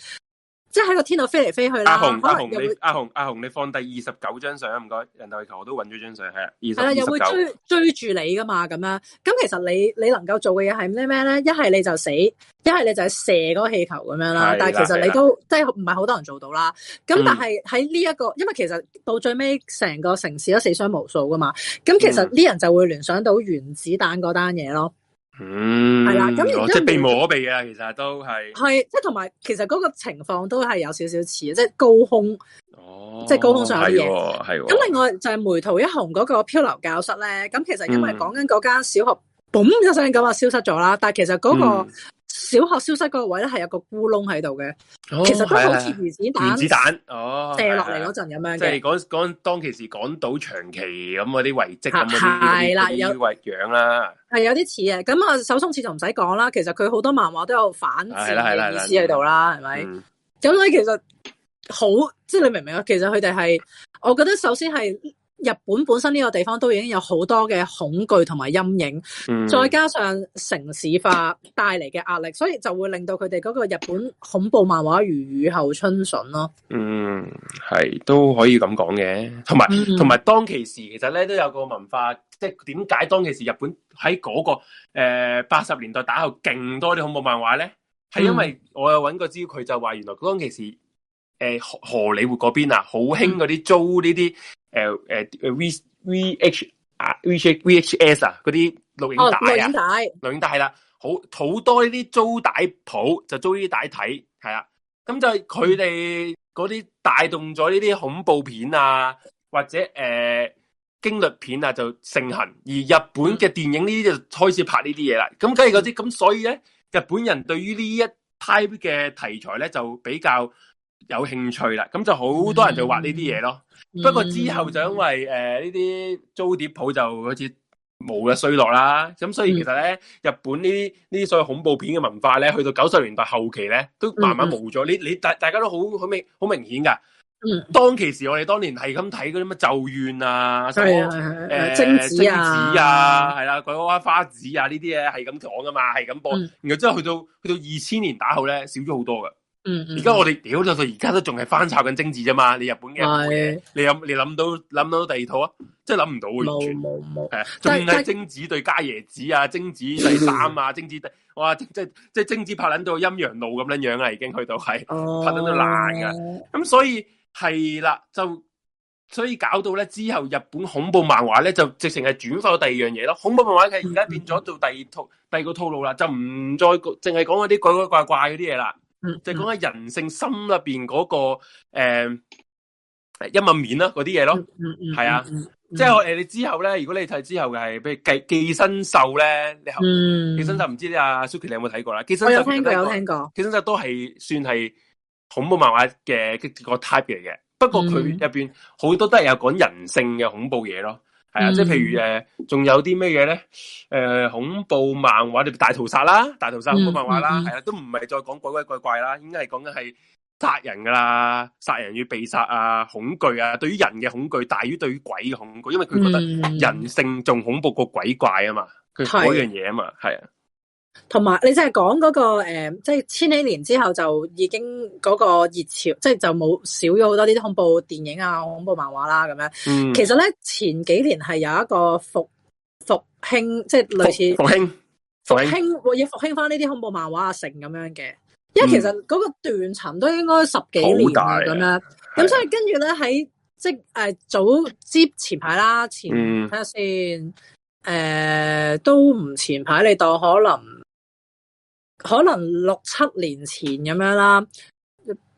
即係喺個天度飛嚟飛去啦，阿雄，阿紅，你阿雄阿雄你放第二十九張相，唔該，人頭氣球我都揾咗張相，係啊，二十九又會追追住你噶嘛，咁樣。咁其實你你能夠做嘅嘢係咩咩咧？一係你就死，一係你就射嗰個氣球咁樣啦。但係其實你都即係唔係好多人做到啦。咁但係喺呢一個、嗯，因為其實到最尾成個城市都死傷無數噶嘛。咁其實呢人就會聯想到原子彈嗰單嘢咯。嗯，係啦，咁即係避無可避㗎，其實都係係，即係同埋其實嗰個情況都係有少少似，即係高空，即、哦、係高空上嘅嘢，係咁，另外就係楳圖一雄嗰個漂流教室咧，咁其實因為講緊嗰間小學，嘣、嗯、一聲咁話消失咗啦，但係其實嗰、那個。嗯小學消失嗰個位咧，係有個咕窿喺度嘅，其實都好似原子彈，原子彈哦，掟落嚟嗰陣咁樣嘅。即係嗰嗰當其時廣島長崎咁嗰啲遺迹咁樣，係啦，有位樣啦，係有啲似嘅。咁啊，我手衝刺就唔使講啦，其實佢好多漫畫都有反戰嘅意思喺度啦，係咪？咁所以其實好，即係你明唔明啊？其實佢哋係，我覺得首先係。日本本身呢個地方都已經有好多嘅恐懼同埋陰影，嗯，再加上城市化帶嚟嘅壓力，所以就會令到佢哋嗰個日本恐怖漫畫如雨後春筍咯。嗯，係都可以咁講嘅，同埋同埋當其時其實咧都有個文化，即係點解當其時日本喺嗰個誒八十年代打後勁多啲恐怖漫畫咧？係因為我有搵過資料，嗯，佢就話原來當其時。誒、呃，荷里活嗰邊啊，好興嗰啲租呢啲誒誒誒 V V H 啊 V H V H S 啊嗰啲錄影帶啊，錄影帶、哦、錄影帶，錄影帶係啦，好好多呢啲租帶鋪就租呢啲帶睇，係啦、啊，咁就係佢哋嗰啲帶動咗呢啲恐怖片啊，或者誒驚悚片啊就盛行，而日本嘅電影呢啲，就開始拍呢啲嘢啦，咁梗係嗰啲，咁所以咧日本人對於呢一 type 嘅題材咧就比較。有興趣啦，咁就好多人就畫呢啲嘢咯、嗯。不過之後就因為誒呢啲租碟鋪就好似冇啦衰落啦，咁、嗯、所以其實咧，日本呢啲呢啲所謂恐怖片嘅文化咧，去到九十年代後期咧，都慢慢冇咗、嗯。你你大大家都好好明好明顯噶。當其時我哋當年係咁睇嗰啲咩咒怨啊，誒貞、啊啊呃、子啊，係啦鬼娃娃花子啊呢啲嘢係咁講噶嘛，係咁播、嗯。然後之後去到去到二千年打後咧，少咗好多噶。而、嗯、家、嗯、我哋屌，到到而家都仲係翻炒緊貞子啫嘛，你日本嘅，你有你諗到諗唔到第二套啊？即係諗唔到完全，誒，仲係貞子對伽椰子啊，貞子第三啊，貞、嗯、子、嗯、哇，即係即係貞子拍捻到陰陽路咁樣樣、啊、啦，已經去到係拍捻到爛噶。咁、嗯嗯、所以係啦，就所以搞到咧之後，日本恐怖漫畫咧就直情係轉化到第二樣嘢咯。恐怖漫畫其實而家變咗做第二套、嗯、第二個套路啦，就唔再淨係講嗰啲鬼鬼怪怪嗰啲嘢啦。嗯嗯、就講緊人性心入邊嗰個誒陰、暗、面啦，嗰啲嘢咯，係、嗯嗯嗯、啊，嗯嗯嗯、即係我誒，你之後咧，如果你睇之後嘅係，譬如《寄寄生獸》咧，寄生獸唔知阿 Suki 你有冇睇過啦？寄生獸我有，有聽過，寄生獸都係算係恐怖漫畫嘅個 type 嚟嘅，不過佢入邊好多都係有講人性嘅恐怖嘢咯。嗯嗯係、嗯、啊，即係譬如誒，仲有啲咩嘢咧？誒、呃、恐怖漫畫，你大屠殺啦，大屠殺恐怖漫畫啦，係、嗯、啊、嗯，都唔係再講鬼鬼怪怪啦，應該係講緊係殺人㗎啦，殺人與被殺啊，恐懼啊，對於人嘅恐懼大於對於鬼嘅恐懼，因為佢覺得人性仲恐怖過鬼怪啊嘛，佢、嗯、嗰樣嘢啊嘛，係啊。係。同埋、那個，你真係講嗰個誒，即、就、係、是、千禧年之後就已經嗰個熱潮，即係就冇、是、少咗好多呢啲恐怖電影啊、恐怖漫畫啦，咁樣、嗯。其實咧，前幾年係有一個復復興，即係類似復興、復興，要復興翻呢啲恐怖漫畫啊，成咁樣嘅。因為其實嗰個斷層都應該十幾年咁樣，咁、嗯、所以跟住咧喺即係誒、呃、早接前排啦，前睇下、嗯、先，誒、呃、都唔前排，你當可能。可能六七年前咁樣啦，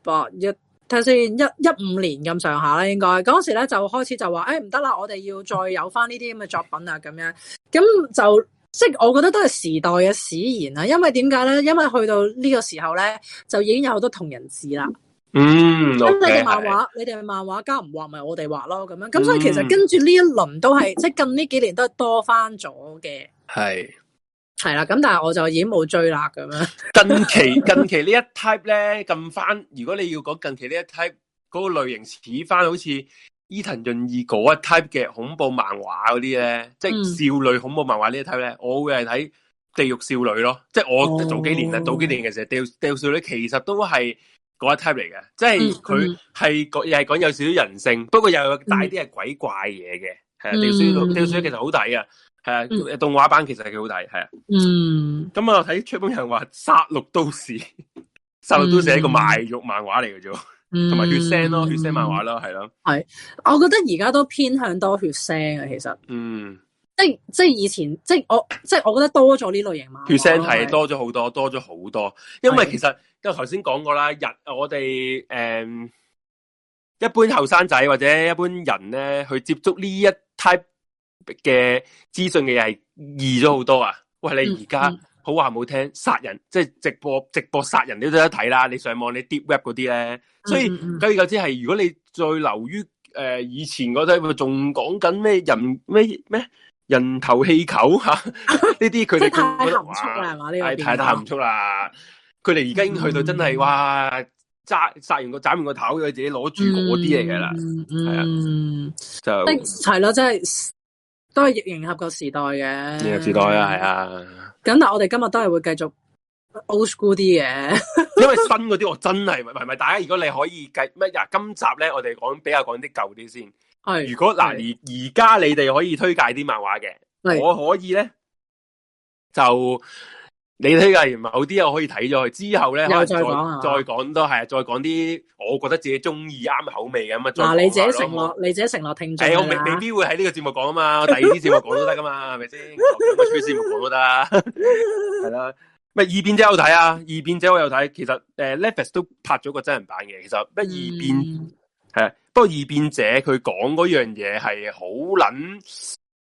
啊一睇下先一一,一五年咁上下啦，應該嗰時咧就開始就話，誒唔得啦，我哋要再有翻呢啲咁嘅作品啊，咁樣咁就即係我覺得都係時代嘅使然呀，因為點解咧？因為去到呢個時候咧，就已經有好多同人誌啦。嗯，咁你哋漫畫，你哋漫畫家唔畫咪我哋畫咯，咁樣咁、嗯、所以其實跟住呢一輪都係即係近呢幾年都係多翻咗嘅。係。係啦，咁但係我就已經冇追啦咁啊。近期 近期呢一 type 咧，咁翻如果你要講近期呢一 type 嗰個類型似翻好似伊藤潤二嗰一 type 嘅恐怖漫畫嗰啲咧，即係少女恐怖漫畫呢一 type 咧，我會係睇地獄少女咯。即係我早幾年啦、哦，早幾年嘅時候，地獄地獄少女其實都係嗰一 type 嚟嘅，即係佢係又係講有少少人性，不過又有大啲係鬼怪嘢嘅。誒、嗯，地獄少女，地獄少女其實好抵啊。係啊，動畫版其實係幾好睇，係啊。嗯。咁啊，睇出本人話《殺戮都市》嗯，嗯《殺戮都市》係一個賣肉漫畫嚟嘅啫，同、嗯、埋、嗯嗯、血腥咯、啊，血腥漫畫啦、啊，係咯、啊。係，我覺得而家都偏向多血腥啊，其實。嗯。嗯即係即係以前即係我即係我覺得多咗呢類型嘛。血腥係多咗好多，多，多，多咗好多，因為其實，因為頭先講過啦，日我哋誒、嗯，一般後生仔或者一般人咧去接觸呢一 type。嘅資訊嘅嘢係易咗好多啊！喂，你而家好話冇聽殺、嗯嗯、人，即、就、係、是、直播直播殺人，你都得睇啦。你上網你 deep web 嗰啲咧，所以咁又知係如果你再留於誒、呃、以前嗰啲，仲講緊咩人咩咩人頭氣球吓？呢啲佢哋即係太含蓄啦，係嘛？呢個太太含蓄啦。佢哋而家已經去到真係哇，扎殺完個斬完個頭，佢自己攞住嗰啲嚟噶啦，係、嗯嗯、啊，嗯、就係咯，真係。就是都係亦迎合個時代嘅時代啊，係啊。咁但我哋今日都係會繼續 old school 啲嘅，因為新嗰啲 我真係係大家如果你可以計乜呀？今集咧我哋講比較講啲舊啲先。係如果嗱而而家你哋可以推介啲漫畫嘅，我可以咧就。你呢個係某啲我可以睇咗，去之後咧係再講都係再講啲我覺得自己中意啱口味嘅咁啊。嗱，你自己承諾、哎，你自己承諾聽眾。係，我未，未必會喺呢個節目講啊嘛， 我第二啲節目講都得噶嘛，係咪先？唔係、啊，節目講都得，係啦。咪異變者我有睇啊，異變者我有睇。其實誒 Netflix 都拍咗個真人版嘅。其實咩異變？係不過異變者佢講嗰樣嘢係好捻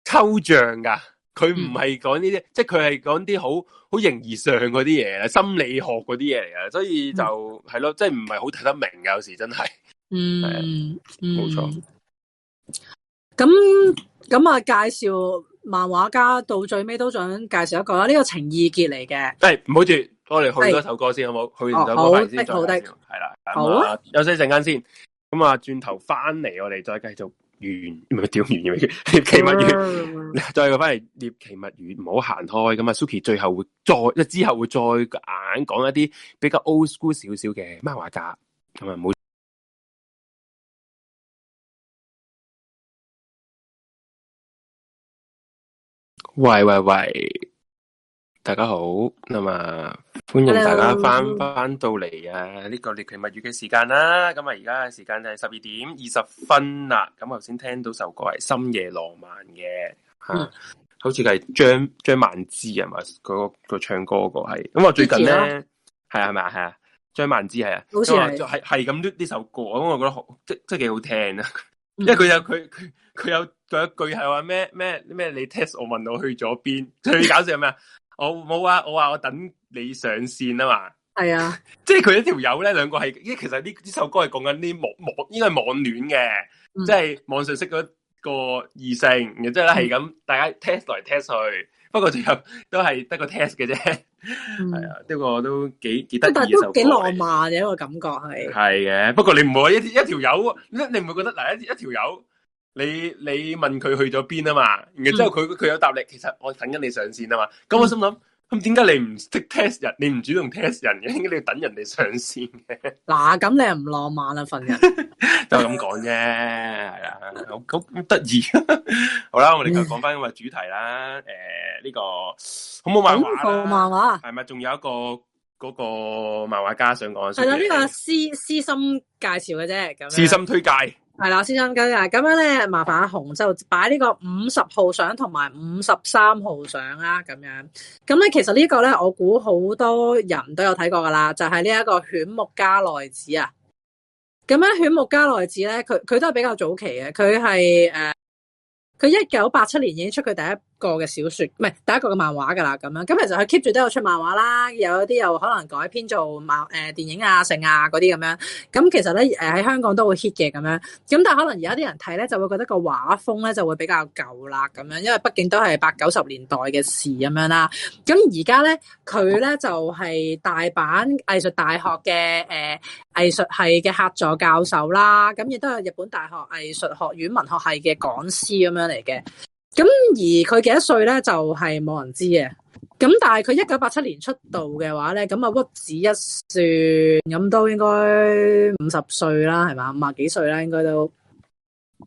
抽象噶。佢唔係講呢啲，即係佢係講啲好好形而上嗰啲嘢，心理學嗰啲嘢嚟嘅。所以就係咯，即係唔係好睇得明㗎，有時真係，嗯，冇錯。咁咁啊，介紹漫畫家到最尾都想介紹一個啦，呢，這個情意結嚟嘅，係唔好住，我哋去多首歌先好冇？去完首歌牌先，哦，好，先介紹，係啦，好，好，啊，休息一陣間先，咁啊，轉頭翻嚟我哋再繼續。完，咪係釣魚，獵奇 物魚語， 再個翻嚟獵奇物語，唔好行開咁啊！Suki 最後會再之後會再硬講一啲比較 old school 少少嘅漫畫家，咁啊好。喂喂喂，大家好，那麼。歡迎大家翻翻到嚟啊！呢、這個獵奇物語嘅時間啦，咁啊，而家嘅時間就係十二點二十分啦。咁我先聽到首歌係《深夜浪漫》嘅，吓、uh-huh.，好似係張張曼芝啊嘛，佢、那個那個、唱歌個係。咁我最近咧係係咪啊？係張、啊、曼芝係啊，好似係係係咁呢呢首歌，咁我覺得好即即係幾好聽啊！因為佢有佢佢佢有佢有一句係話咩咩咩，你 test 我問我去咗邊，最搞笑係咩啊？ 我冇啊！我話我等你上線啊嘛，係啊，即係佢一條友咧，兩個係，咦，其實呢呢首歌係講緊啲網網，應該係網戀嘅，即、嗯、係、就是、網上識咗個異性，然之後咧係咁大家 test 來 test 去，不過最後都係得個 test 嘅啫。係、嗯、 啊，呢、個都幾幾得意嘅一首歌，都幾浪漫嘅一、個感覺係。係嘅，不過你唔會一一條友，你你唔會覺得嗱一一條友？你你問佢去咗邊啊嘛，然之後佢佢、嗯、有答你，其實我等緊你上線啊嘛，咁我心諗，咁點解你唔識 test 人，你唔主動 test 人嘅，應該你要等人哋上線嘅。嗱，咁你又唔浪漫啦，份人就咁講啫，係啊， 好得意、呃這個。好啦，我哋又講翻個主題啦，誒，呢個好冇漫畫啦，那個、漫畫係咪？仲有一個嗰、那個漫畫家想講，係啦，呢、這個私私心介紹嘅啫，咁私心推介。係啦，先生，今日咁樣咧，麻煩阿紅就擺呢個五十號相同埋五十三號相啦，咁樣。咁咧，其實個呢個咧，我估好多人都有睇過噶啦，就係呢一個犬木加奈子啊。咁樣犬木加奈子咧，佢佢都係比較早期嘅，佢係誒，佢一九八七年已經出佢第一個嘅小說唔係第一個嘅漫畫噶啦，咁樣咁其實佢 keep 住都有出漫畫啦，有一啲又可能改編做漫誒電影啊、成啊嗰啲咁樣，咁其實咧誒喺香港都會 hit 嘅咁樣，咁但係可能而家啲人睇咧就會覺得個畫風咧就會比較舊啦咁樣，因為畢竟都係八九十年代嘅事咁樣啦。咁而家咧佢咧就係大阪藝術大學嘅，誒藝術系嘅客座教授啦，咁亦都係日本大學藝術學院文學系嘅講師咁樣嚟嘅。咁而佢幾多歲咧？就係、是、冇人知嘅。咁但係佢一九八七年出道嘅話咧，咁啊屈指一算，咁都應該五十歲啦，係嘛，五十幾歲啦，應該都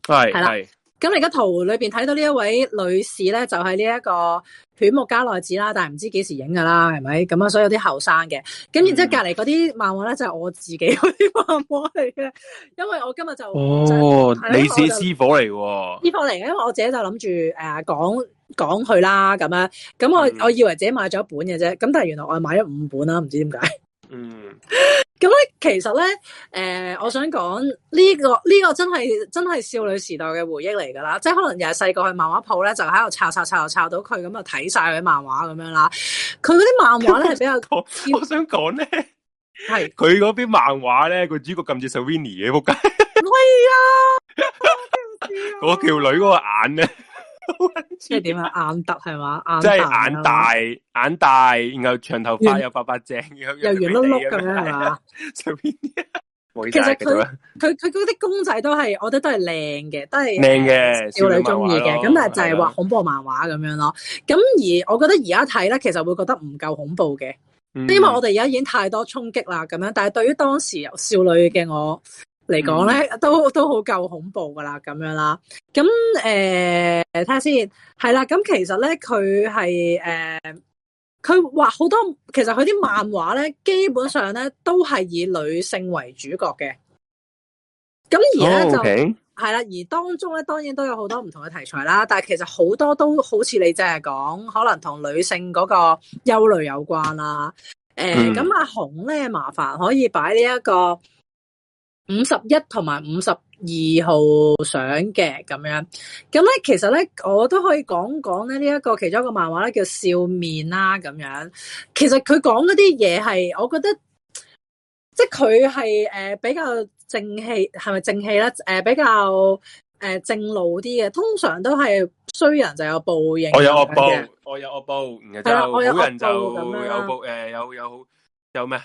係係啦。咁而家圖裏邊睇到呢一位女士咧，就係呢一個犬木加奈子啦，但係唔知幾時影噶啦，係咪？咁啊，所以有啲、嗯、後生嘅。咁然之後隔籬嗰啲漫畫咧，就係、是、我自己嗰啲漫畫嚟嘅，因為我今日就哦就，你是師傅嚟喎。師傅嚟嘅，因為我自己就諗住誒講講去啦，咁啊，咁我、嗯、我以為自己買咗一本嘅啫，咁但係原來我買咗五本啦，唔知點解，嗯。咁咧，其實咧，誒、呃，我想講呢、這個呢、這個真係真係少女時代嘅回憶嚟噶啦，即係可能又係細個去漫畫鋪咧，就喺度抄抄抄，又抄到佢，咁就睇晒佢漫畫咁樣啦。佢嗰啲漫畫咧係比較我，我想講咧係佢嗰邊漫畫咧，佢主角撳住手 Vinnie 嘅仆街，唔可以啊！我條、啊那個、女嗰個眼咧。即係點啊？眼凸係嘛？眼即係眼大眼大，然後長頭髮又發又白白淨，又圓碌碌咁樣係嘛？是吧 其實佢佢佢嗰啲公仔都係，我覺得都係靚嘅，都係靚嘅少女中意嘅。咁但係就係畫恐怖漫畫咁樣咯。咁而我覺得而家睇咧，其實會覺得唔夠恐怖嘅，嗯，因為我哋而家已經太多衝擊啦。咁樣，但係對於當時少女嘅我嚟講咧，都都好夠恐怖噶啦，咁樣啦。咁誒，睇，呃，下先，係啦。咁其實咧，佢係誒，佢，呃，畫好多，其實佢啲漫畫咧，基本上咧都係以女性為主角嘅。咁而咧，oh, okay. 就係啦，而當中咧，當然都有好多唔同嘅題材啦。但係其實好多都好似你真係講，可能同女性嗰個憂慮有關啦。誒，mm. 呃，咁阿紅咧，麻煩可以擺呢一個。五十一同埋五十二號相嘅咁樣，咁咧其實咧，我都可以講講咧呢一個其中一個漫畫咧叫笑面啦咁樣。其實佢講嗰啲嘢係，我覺得即係佢係誒比較正氣，係咪正氣咧？誒、呃、比較誒、呃、正路啲嘅，通常都係衰人就有報應，我有惡報，我有惡報，我有人就有報，誒有有好有咩？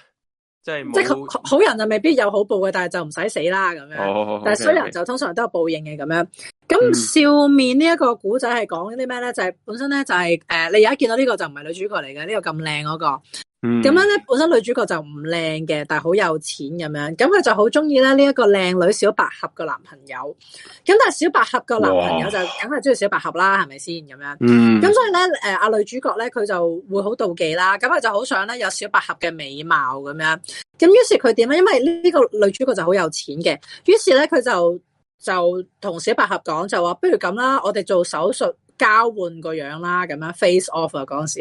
即係即係好人就未必有好報嘅，但係就唔使死啦咁樣。Oh, okay, okay. 但係衰人就通常都有報應嘅咁樣。咁笑面、這個、是什麼呢一個古仔係講啲咩咧？就係、是、本身咧就係、是、誒、呃，你而家見到呢個就唔係女主角嚟嘅，呢、這個咁靚嗰個。咁樣咧，本身女主角就唔靚嘅，但係好有錢咁樣，咁佢就好中意咧呢一個靚女小白合個男朋友。咁但係小白合個男朋友就梗係中意小白合啦，係咪先咁樣？咁、嗯、所以咧，誒、呃，阿女主角咧，佢就會好妒忌啦。咁佢就好想咧有小白合嘅美貌咁樣。咁於是佢點咧？因為呢個女主角就好有錢嘅，於是咧佢就就同小白合講，就話不如咁啦，我哋做手術。交換個樣啦，咁樣 face off 啊，嗰時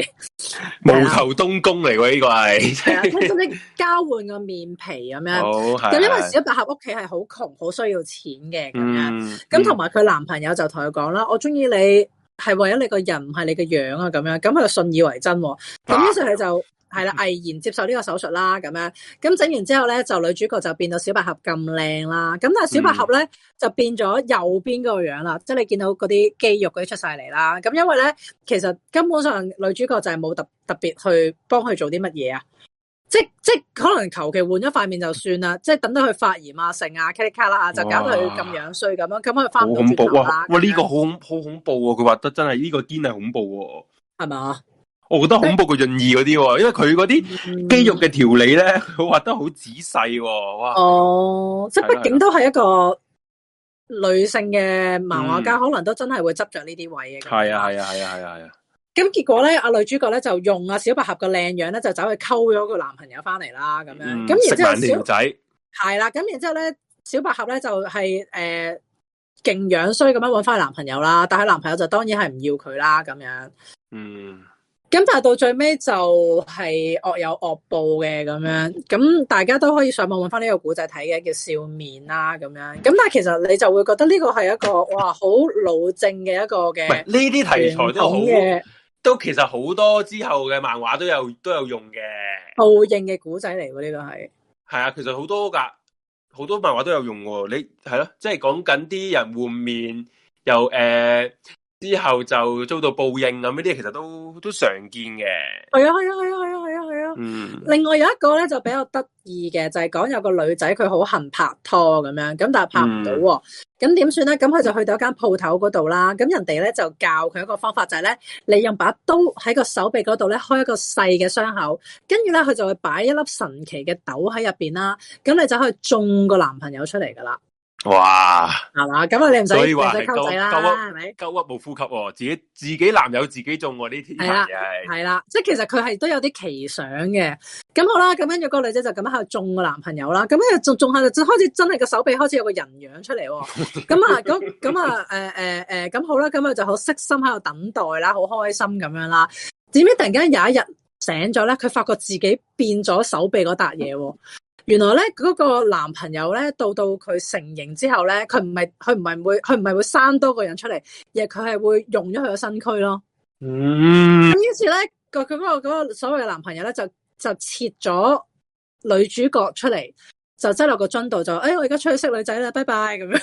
無頭東宮嚟喎，呢 個係是，係啊，即交換個面皮咁樣。好、oh, 係。咁因為小百合屋企係好窮，好需要錢嘅，咁、嗯、樣。咁同埋佢男朋友就同佢講啦，我中意你係為咗你個人，唔係你嘅樣啊，咁樣。咁佢就信以為真。咁於是佢就。係啦，毅然接受呢個手術啦，咁樣，咁整完之後咧，就女主角就變到小百合咁靚啦。咁但係小百合咧就變咗右邊個樣啦、嗯，即係你見到嗰啲肌肉嗰啲出晒嚟啦。咁因為咧，其實根本上女主角就係冇特特別去幫佢做啲乜嘢啊。即即可能求其換一塊面就算啦。即係等到佢發炎啊、成啊、卡里卡啦就搞到佢咁樣衰咁樣，咁佢翻唔到鏡頭啦。哇！呢、啊這個好恐好恐怖啊！佢話得真係呢、這個癲係恐怖喎、啊。係咪？我覺得恐怖嘅潤二嗰啲，因為佢嗰啲肌肉嘅調理咧，佢、嗯、畫得好仔細，哇！哦，即係畢竟都係一個女性嘅漫畫家、嗯，可能都真係會執着呢啲位嘅。係、嗯、啊，係啊，係啊，係啊！咁結果咧，阿女主角咧就用阿小白俠個靚樣咧，就走去溝咗個男朋友翻嚟啦，咁樣。咁、嗯、然之後小仔係啦，咁、啊、然之後咧，小白俠咧就係、是、誒，勁樣衰咁樣搵翻男朋友啦，但係男朋友就當然係唔要佢啦，咁樣。嗯。咁但係到最尾就係惡有惡報嘅咁樣，咁大家都可以上網揾翻呢個古仔睇嘅，叫笑面啦咁樣。咁但係其實你就會覺得呢個係一個 哇好老正嘅一個嘅。呢啲題材都好，嘅，都其實好多之後嘅漫畫都有都有用嘅。報應嘅古仔嚟喎呢個係。係啊，其實好多噶，好多漫畫都有用喎。你係咯，即係講緊啲人換面又誒。呃之後就遭到報應咁，呢啲其實都都常見嘅。係啊，係啊，係啊，係啊，係啊，係啊。嗯。另外有一個咧就比較得意嘅，就係講有個女仔佢好恨拍拖咁樣，咁但係拍唔到。咁點算咧？咁佢就去到一間鋪頭嗰度啦。咁人哋咧就教佢一個方法，就係咧，你用把刀喺個手臂嗰度咧開一個細嘅傷口，跟住咧佢就會擺一粒神奇嘅豆喺入邊啦。咁你就可以種個男朋友出嚟噶啦。哇，係、嗯、嘛？咁啊，你唔使，所以話係溝仔啦，係咪？夠屈冇呼吸、哦，自己自己男友自己種喎，呢啲係啦，係啦。即係其實佢係都有啲奇想嘅。咁好啦，咁樣有個女仔就咁喺度種個男朋友啦。咁樣又種，種下就開始真係個手臂開始有個人樣出嚟、哦。咁 啊，咁咁啊，誒誒誒，咁、呃呃呃、好啦，咁佢就好悉心喺度等待啦，好開心咁樣啦。點知突然間有一日醒咗咧，佢發覺自己變咗手臂嗰笪嘢。 原來咧，嗰個男朋友咧，到到佢成形之後咧，佢唔係佢唔係會佢唔係會生多個人出嚟，而佢係會用咗佢個身軀咯。嗯，咁於是咧個佢嗰個嗰個所謂嘅男朋友咧，就就切咗女主角出嚟，就擠落個樽度就，誒、哎、我而家出去識女仔啦，拜拜咁樣。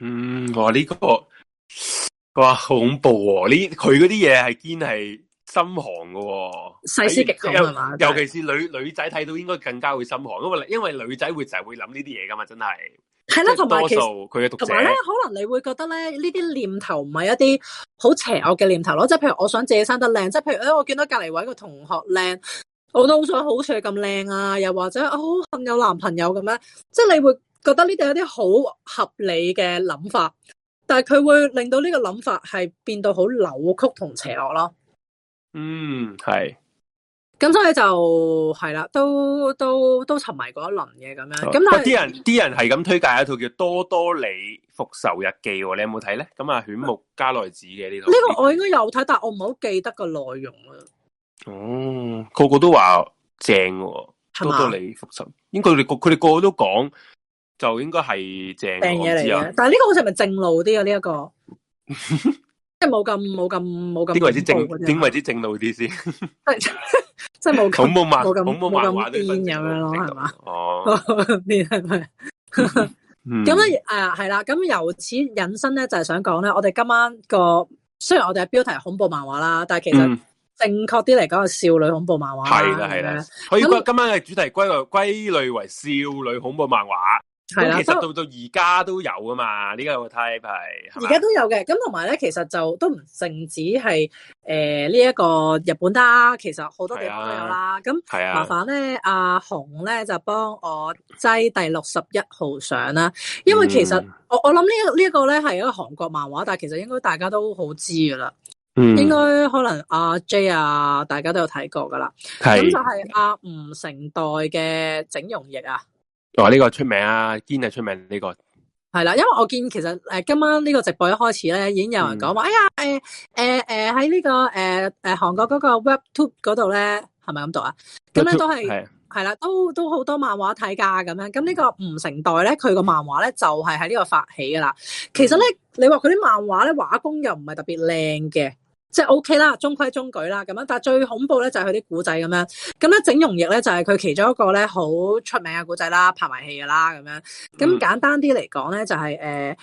嗯，哇呢個哇好恐怖喎、哦！呢佢嗰啲嘢係堅係。心寒嘅，哦，細思極恐，尤其是女，就是，女仔睇到，應該更加會心寒，因為因為女仔會就係會諗呢啲嘢噶嘛，真係係啦。同埋，佢嘅讀者咧，可能你會覺得咧，呢啲念頭唔係一啲好邪惡嘅念頭咯，即係譬如我想自己生得靚，即係譬如誒，我見到隔籬位個同學靚，我都好想好似佢咁靚啊，又或者好恨有男朋友咁樣，即係你會覺得呢啲有啲好合理嘅諗法，但係佢會令到呢個諗法係變到好扭曲同邪惡咯。嗯，係，咁所以就係啦，都都都沉迷過一輪嘅咁樣，咁但係啲、哦、人啲人係咁推介一套叫《多多里復仇日記》喎，你有冇睇咧？咁啊，犬木加奈子嘅呢度、呢、這個我應該有睇，但我唔好記得個內容啦。哦，個個都話正喎、哦，「多多里復仇」，因佢哋個佢哋個個都講，就應該係正嘅嚟，但係呢個好似係咪正路啲啊？呢、這、一個。 是 即係冇咁冇咁冇咁點為之正點為之正路啲先，即係冇咁恐怖漫冇咁恐怖漫咁癲咁樣咯，係嘛？哦癲，係咪咁咧？誒，係啦，咁由此引申咧就係、是、想講咧我哋今晚個，雖然我哋嘅標題係恐怖漫畫啦，但係其實正確啲嚟講係少女恐怖漫畫係啦係啦，可以今晚嘅主題歸類歸類為少女恐怖漫畫。係啦，其實到到而家都有噶嘛？呢、這個 type 係而家都有嘅。咁同埋咧，其實就都唔淨止係誒呢一個日本啦，其實好多地方都有啦。咁、啊、麻煩咧，阿、啊啊、紅咧就幫我擠第六十一號相啦。因為其實、嗯、我我諗呢一呢一個咧係一個韓國漫畫，但係其實應該大家都好知噶啦。嗯，應該可能阿、啊、J 啊，大家都有睇過噶啦。係咁就係阿吳成代嘅整容液啊。就係呢個出名啊，堅係出名呢、這個。係啦，因為我見其實誒、呃，今晚呢個直播一開始咧，已經有人講話、嗯，哎呀，誒誒誒，喺、呃、呢、呃這個誒誒韓國嗰個 Webtoon 嗰度咧，係咪咁讀啊？咁樣都係係啦，都都好多漫畫睇㗎，咁樣咁呢個吳承代咧，佢個漫畫咧就係喺呢個發起㗎啦。其實咧，你話佢啲漫畫咧，畫工又唔係特別靚嘅。即係 O K 啦，中規中矩啦，咁樣。但係最恐怖咧就係佢啲古仔咁樣，咁咧整容液咧就係佢其中一個咧好出名嘅古仔啦，拍埋戲噶啦咁樣。咁簡單啲嚟講咧就係誒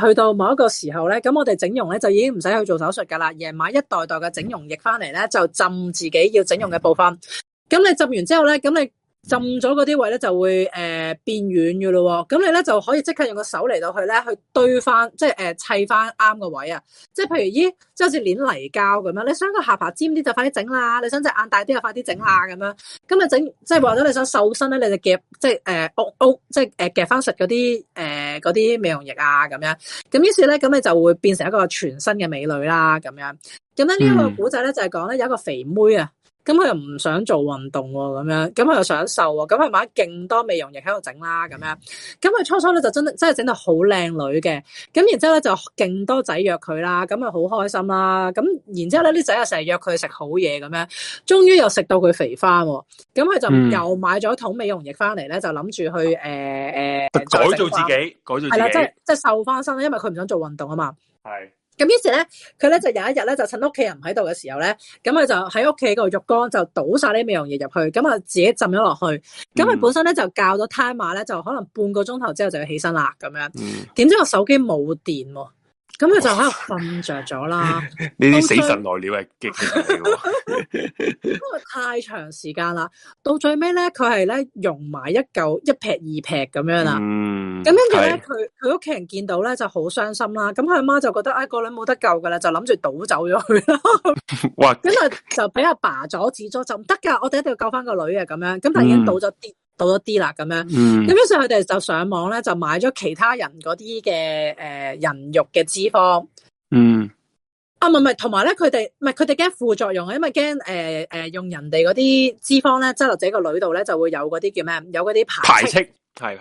誒，去到某一個時候咧，咁我哋整容咧就已經唔使去做手術噶啦，而買一袋袋嘅整容液翻嚟咧就浸自己要整容嘅部分。咁你浸完之後咧，咁你。浸咗嗰啲位咧就會誒變軟嘅咯，咁你咧就可以即刻用個手嚟到去咧去堆翻，即係誒砌翻啱嘅位啊！即係譬如咦，即係好似捻泥膠咁樣，你想個下巴尖啲就快啲整啦，你想隻眼大啲就快啲整啦咁樣。咁啊整，即係或者你想瘦身咧，你就夾即係誒屋屋，即係、呃呃呃、夾翻實嗰啲誒嗰啲美容液啊咁樣。咁於是咧，咁你就會變成一個全新嘅美女啦咁樣。咁咧呢一個古仔咧就係講咧有一個肥妹啊。咁佢又唔想做運動喎，咁樣，咁佢又想瘦喎，咁佢買勁多美容液喺度整啦，咁樣，咁佢初初咧就真真係整到好靚女嘅，咁然之後咧就勁多仔約佢啦，咁啊好開心啦，咁然之後咧啲仔又成日約佢食好嘢咁樣，終於又食到佢肥翻，咁佢、嗯、就又買咗桶美容液翻嚟咧，就諗住去誒誒、呃、改造自己，改造係啦，即係即係瘦翻身啦，因為佢唔想做運動啊嘛。係。咁於是咧，佢咧就有一日咧，就趁屋企人唔喺度嘅時候咧，咁佢就喺屋企個浴缸就倒晒啲美容液入去，咁啊自己浸咗落去，咁、嗯、佢本身咧就教咗 timer 咧，就可能半個鐘頭之後就要起身啦咁樣。點知個手機冇電喎、啊。咁佢就喺度瞓着咗啦。呢啲死神來了係極嘅。因 為 太長時間啦，到最尾咧，佢係咧溶埋一嚿一劈、二劈咁樣啦。咁跟住咧，佢佢屋企人見到咧就好傷心啦。咁佢阿媽就覺得啊、哎，個女冇得救噶啦，就諗住倒走咗佢咯。 哇！咁啊就俾阿爸阻止咗，就唔得噶，我哋一定要救翻個女啊！咁樣，咁但已經倒咗跌。嗯到咗啲啦，咁樣，咁所以佢哋就上網咧，就買咗其他人嗰啲嘅誒人肉嘅脂肪，嗯啊，啊唔係唔係，同埋咧佢哋唔係佢哋驚副作用啊，因為驚誒誒用人哋嗰啲脂肪咧，擠落自己個女度咧，就會有嗰啲叫咩，有嗰啲排斥排斥。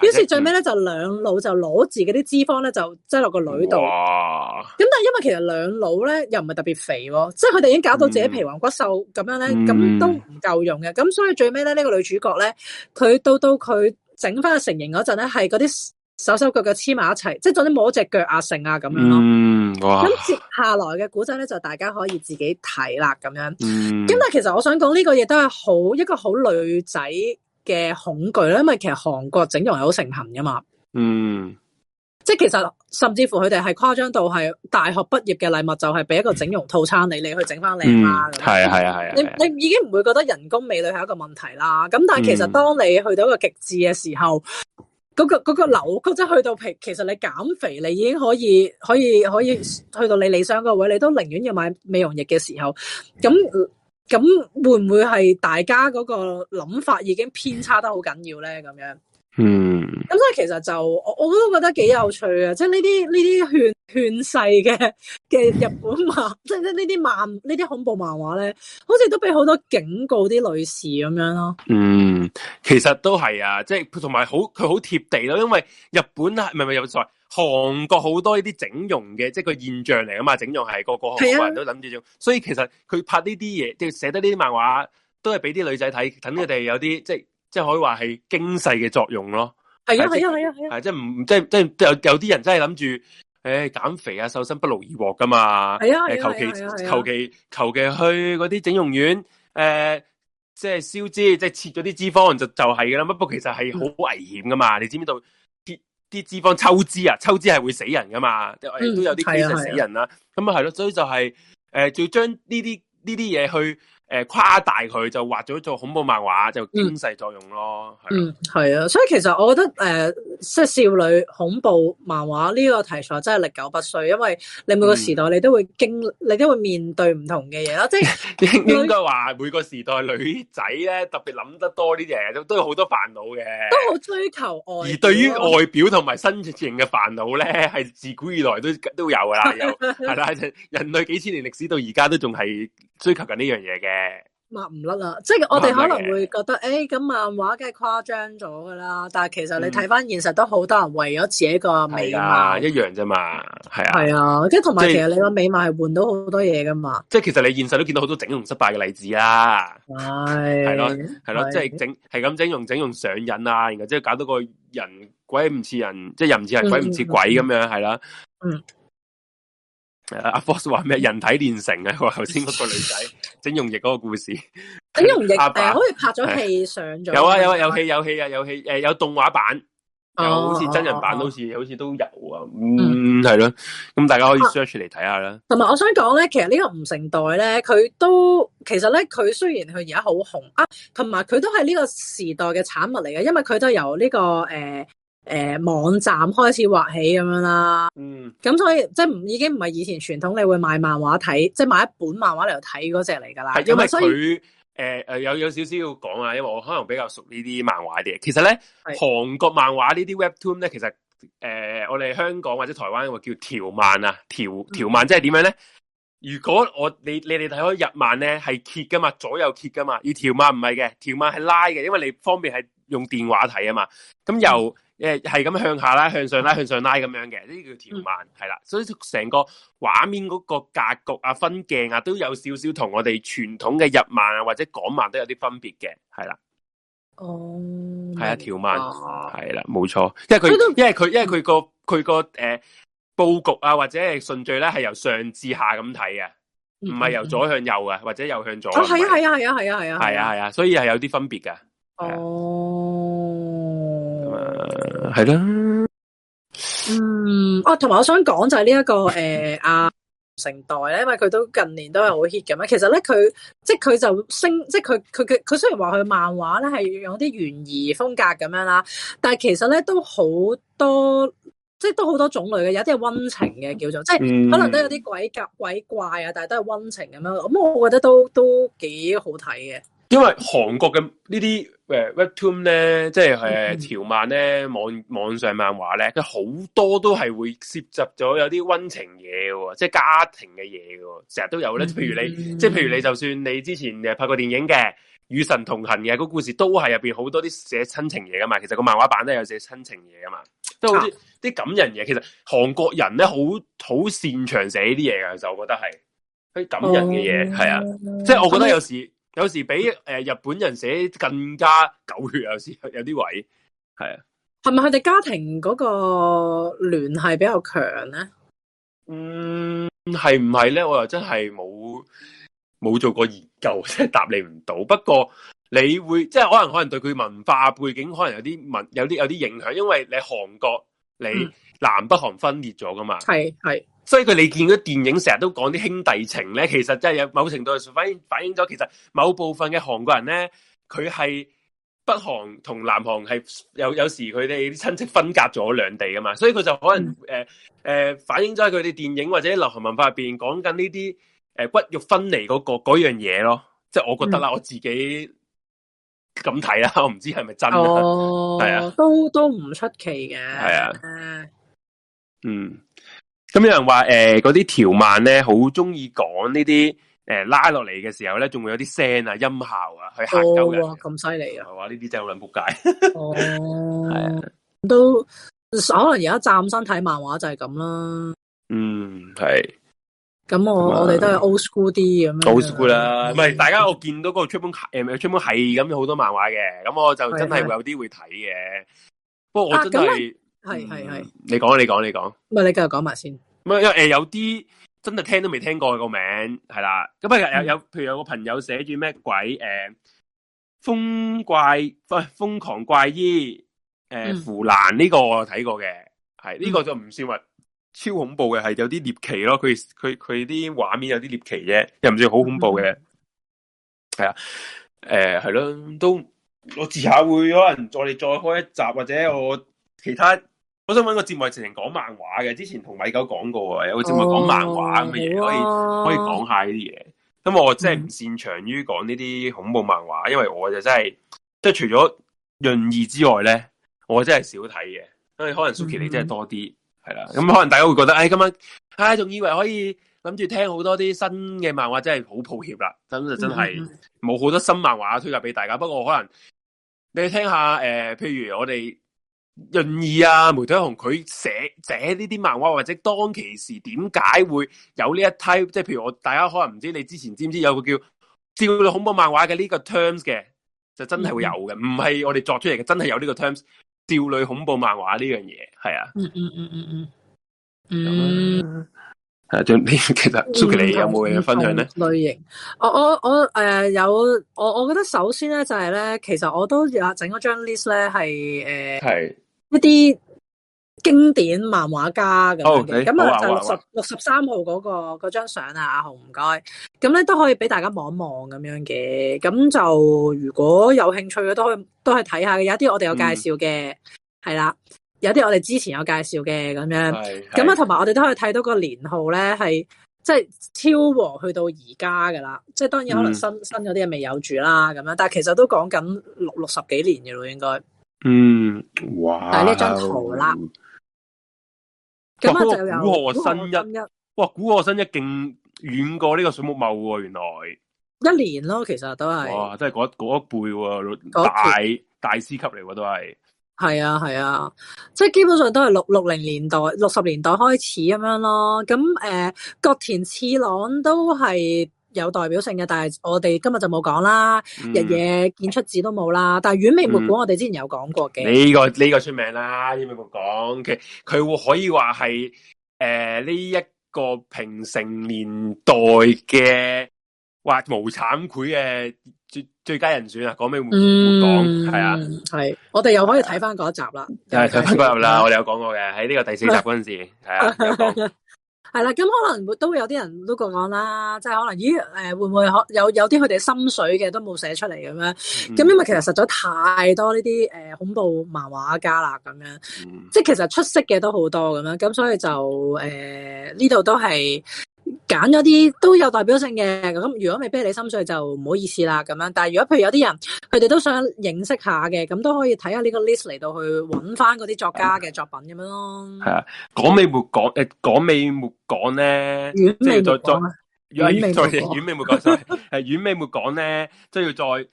於是最尾咧，就兩老就攞自己啲脂肪咧，就擠落個女度。咁但係因為其實兩老咧又唔係特別肥喎，喔，即係佢哋已經搞到自己皮黃骨瘦咁樣咧，咁、嗯、都唔夠用嘅。咁所以最尾咧，呢、這個女主角咧，佢到到佢整翻個成型嗰陣咧，係嗰啲手手腳腳黐埋一齊，即係總之摸隻腳壓成啊咁樣咯。咁、嗯、接下來嘅古仔咧，就大家可以自己睇啦，咁樣。咁、嗯、但係其實我想講呢個嘢都係好一個好女仔。嘅恐懼啦，因為其實韓國整容係好盛行噶嘛，嗯，即係其實甚至乎佢哋係誇張到係大學畢業嘅禮物就係俾一個整容套餐你，你去整翻靚啦，係啊係啊係啊，你你已經唔會覺得人工美女係一個問題啦，咁但係其實當你去到一個極致嘅時候，嗰、嗯嗰個、嗰個扭曲即係去到皮，其實你減肥你已經可以可以可以去到你理想個位，你都寧願要買美容液嘅時候，咁。咁會唔會係大家嗰個諗法已經偏差得好緊要咧？咁樣，嗯，咁所以其實就我我都覺得幾有趣啊！即係呢啲呢啲勸勸世嘅嘅日本漫，即係即係呢啲漫呢啲恐怖漫畫咧，好似都俾好多警告啲女士咁樣咯。嗯，其實都係啊，即係同埋好佢好貼地咯，因為日本啊，唔係唔係日本韓國好多呢啲整容嘅，即係個現象嚟噶嘛？整容係個個韓國人都諗住做，啊、所以其實佢拍呢啲嘢，即係寫得呢啲漫畫，都係俾啲女仔睇，等佢哋有啲、啊、即係、啊、即係可以話係驚世嘅作用咯。係啊，啊，啊，啊，啊，啊，啊，係啊，係啊，係啊，即係唔即係即係有啲人真係諗住，誒減肥啊瘦身不勞而獲噶嘛？係啊，求其求其求其去嗰啲整容院，誒、呃、即係燒脂，即係切咗啲脂肪就就係噶啦。不過其實係好危險噶嘛，啊、你知唔知道？啲脂肪抽脂啊，抽脂係會死人噶嘛，亦、嗯、都有啲其實死人啦、啊。咁啊係咯、啊，所以就係、是、誒，就將呢啲呢啲嘢去。誒，誇大佢就畫咗做恐怖漫畫，就警世作用咯。嗯，係啊,、嗯、啊，所以其實我覺得誒，即、呃、係少女恐怖漫畫呢個題材真係歷久不衰，因為你每個時代你都會經，嗯、你都會面對唔同嘅嘢啦。即、嗯、係、就是、 應該話每個時代女仔咧，特別諗得多啲嘢，都有好多煩惱嘅。都好追求外表、啊，而對於外表同埋身形嘅煩惱咧，係自古以來都都有噶啦。 有係啦、啊啊，人類幾千年歷史到而家都仲係追求緊呢樣嘢嘅。抹唔甩啦，即係我哋可能會覺得誒，咁漫畫梗係誇張咗噶啦，但係其實你睇翻現實都好多人為咗自己個美貌、嗯、啊，一樣啫嘛，係啊，係啊，即係同埋其實你個美貌係換到好多嘢噶嘛，即係其實你現實都見到好多整容失敗嘅例子啦、啊，係，係咯、啊，係咯、啊，即係、啊啊啊啊啊就是、整係咁整容，整容上癮啊，然後即係搞到個人鬼唔似人，即係人唔似人鬼唔似鬼咁樣，係啦，嗯。阿阿 f o 話咩？人體練成啊！話頭先嗰個女仔 整容液嗰個故事、啊，整容液誒，好似拍咗戲上咗。有啊，啊、嗯、有啊，有戲、啊、有戲啊有戲，誒、呃、有動畫版、哦，有好似真人版好似、哦哦，好似好似都有啊。嗯，係、嗯、咯，咁、嗯、大家可以 search 嚟睇下啦。同、啊、埋，我想講咧，其實呢個吳承代咧，佢都其實咧，佢雖然佢而家好紅啊，同埋佢都係呢個時代嘅產物嚟嘅，因為佢都係由呢個誒。呃誒、呃，網站開始畫起咁樣啦，嗯，咁所以即係已經唔係以前傳統，你會買漫畫睇，即係買一本漫畫嚟睇嗰隻嚟噶啦。因為佢誒誒有有少少要講啊，因為我可能比較熟呢啲漫畫啲嘢。其實咧，韓國漫畫呢啲 webtoon 咧，其實誒、呃、我哋香港或者台灣話叫條漫啊，條條漫即係點樣咧？如果我你你哋睇開日漫咧係揭噶嘛，左右揭噶嘛，要條漫唔係嘅，條漫係拉嘅，因為你方便係用電話睇啊嘛，咁由。嗯誒，係咁向下啦，向上啦，向上拉咁樣嘅，呢啲叫條漫，係、嗯、啦。所以成個畫面嗰個格局啊、分鏡啊，都有少少同我哋傳統嘅日漫啊或者港漫都有啲分別嘅，係啦。哦、嗯，係啊，條漫係啦，冇錯，因為佢，因為佢，因為佢、嗰個佢、嗰個誒、呃、布局啊或者係順序咧係由上至下咁睇嘅，唔、嗯、係由左向右啊或者右向左。係啊係啊係啊係啊係啊係啊係啊，所以係有啲分別嘅。哦、嗯。係啊誒，係啦，嗯，哦，同埋我想講就係、這個呃啊、呢一個誒阿城代，咧，因為佢都近年都係好 hit 嘅嘛。其實咧佢即係佢就升，即係佢佢佢，雖然話佢漫畫咧係用啲懸疑風格咁樣啦，但係其實咧都好多，即係都好多種類嘅，有啲係溫情嘅叫做，嗯、即係可能都有啲鬼格鬼怪啊，但係都係溫情咁樣。咁我我覺得都都幾好睇嘅。因為韓國嘅呢啲誒 webtoon 咧，即係誒條漫咧，網網上漫畫咧，佢好多都係會涉及咗有啲溫情嘢嘅，即係家庭嘅嘢嘅，成日都有咧。譬如你，即、嗯、係、嗯、譬如你，就算你之前誒拍過電影嘅《與神同行》嘅個故事，都係入邊好多啲寫親情嘢噶嘛。其實個漫畫版都有寫親情嘢噶嘛，都好似啲感人嘢。其實韓國人咧好好擅長寫呢啲嘢噶，就我覺得係啲感人嘅嘢，係、嗯、啊，嗯、即係我覺得有時。嗯 有時比誒日本人寫更加狗血，有時有啲位係啊，係咪佢哋家庭嗰個聯繫比較強咧？嗯，係唔係咧？我又真係冇冇做過研究，即係答你唔到。不過你會即係可能可能對佢文化背景可能有啲文有啲有啲影響，因為你韓國你南、嗯、北韓分裂咗噶嘛，係，係。所以佢哋見到啲電影成日都講啲兄弟情咧，其實真係有某程度上反映反映咗，其實某部分嘅韓國人咧，佢係北韓同南韓係有有時佢哋啲親戚分隔咗兩地噶嘛，所以佢就可能誒誒、嗯呃呃、反映咗佢哋電影或者流行文化入邊講緊呢啲誒骨肉分離嗰、嗰個嗰樣嘢，咯，即係我覺得啦，嗯、我自己咁睇啦，我唔知係咪真啊，係、哦、啊，都都唔出奇嘅，係啊，嗯。咁有人話誒，嗰啲條漫咧好中意講呢啲誒、呃，拉落嚟嘅時候咧，仲會有啲聲啊、音效啊，去嚇人。哦，咁犀利啊！係話呢啲真係好撚仆街。哦，係啊，哦、 都可能而家暫身睇漫畫就係咁啦。嗯，係。咁、嗯、我、嗯、我哋都係 old school 啲咁樣。old school 啦，唔係大家我見到個出本誒，出本係咁有好多漫畫嘅，咁我就真係會有啲會睇嘅。不過我真係。啊係係係，你講你講你講，咪你繼續講埋先。咪誒、呃、有啲真係聽都未聽過、佢個名，係啦。咁啊有有，譬如有個朋友寫住咩鬼誒，瘋、呃、怪不瘋、呃、狂怪醫誒，芙蘭呢個我睇過嘅，係呢、這個就唔算話超恐怖嘅，係、嗯、有啲獵奇咯。佢佢佢啲畫面有啲獵奇啫，又唔算好恐怖嘅。係、嗯、啊，誒係咯，都我遲下會可能再你再開一集，或者我。其他，我想揾個節目係直情講漫畫嘅。之前同米九講過啊，有個節目講漫畫咁嘅嘢，可以、啊、可以講下呢啲嘢。咁我真係唔擅長於講呢啲恐怖漫畫，嗯，因為我就真係即係除咗《潤二》之外咧，我真係少睇嘅。因為可能 Suki 你、嗯、真係多啲係啦。咁可能大家會覺得，哎，今日，唉、哎，仲以為可以諗住聽好多啲新嘅漫畫，真係好抱歉啦。咁就真係冇好多新漫畫推介俾大家、嗯。不過可能你聽一下誒、呃，譬如我哋。潤二啊，楳圖一雄佢寫寫呢啲漫畫，或者當其時點解會有呢一 type？即係譬如我大家可能唔知你之前知唔知有個叫少女恐怖漫畫嘅呢個 terms 嘅，就真係會有嘅，唔、嗯、係我哋作出嚟嘅，真係有呢個 terms 少女恐怖漫畫呢樣嘢，係啊，嗯嗯嗯嗯嗯，嗯，啊其實 Suki 你有冇嘢分享咧？類型，我我我誒、呃、有，我我覺得首先咧就係、是、咧，其實我都有整咗張 list 咧係誒。一啲經典漫畫家咁樣嘅，咁、oh, okay. oh, okay. 那個、啊就六十六十三號嗰個嗰張相啊，阿紅唔該，咁咧都可以俾大家望一望咁樣嘅，咁就如果有興趣嘅都可以都係睇下嘅，有啲我哋有介紹嘅，係、mm. 啦，有啲我哋之前有介紹嘅咁樣，咁啊同埋我哋都可以睇到個年號咧，係即係昭和去到而家噶啦，即、就、係、是、當然可能新、mm. 新嗰啲嘢未有住啦，咁樣，但係其實都講緊六六十幾年嘅咯，應該。嗯，哇！但呢張圖啦，咁啊就，就有古賀，古賀新一，哇！古賀新一勁遠過呢個水木茂喎，原來一年咯，其實都係哇，真係嗰嗰一輩喎、啊，大大，大師級嚟喎，都係係啊係啊，啊，即係基本上都係六六零年代、六十年代開始咁樣咯。咁誒，角、呃、田次郎都係。有代表性嘅，但係我哋今日就冇講啦，日夜見出紙都冇啦。但係丸尾末廣我哋之前有講過嘅。呢、嗯這個呢、這個出名啦，丸尾末廣講。其實佢會可以話係誒呢一個平成年代嘅畫、呃、無慘愧嘅最最佳人選啊，丸尾末廣講係啊？係、嗯、我哋又可以睇翻嗰一集啦，就、嗯、係《將軍入啦》，我哋有講過嘅喺呢個第四集嗰陣時係啊， 係啦，咁可，可能會都有啲人都講啦，即係可能咦誒，會唔會可有有啲佢哋心水嘅都冇寫出嚟咁樣？咁、嗯、因為其實實在太多呢啲誒恐怖漫畫家啦，咁樣即係其實出色嘅都好多咁樣，咁所以就誒呢度都係。揀咗啲都有代表性嘅，咁如果未俾你心碎就唔好意思啦，咁樣。但係如果譬如有啲人，佢哋都想認識一下嘅，咁都可以睇下呢個 list 嚟到去揾翻嗰啲作家嘅作品咁樣咯。係啊，講尾末講誒，講尾末講咧，即係再再遠尾再遠尾末講，係遠尾末講咧，即係要再 要再，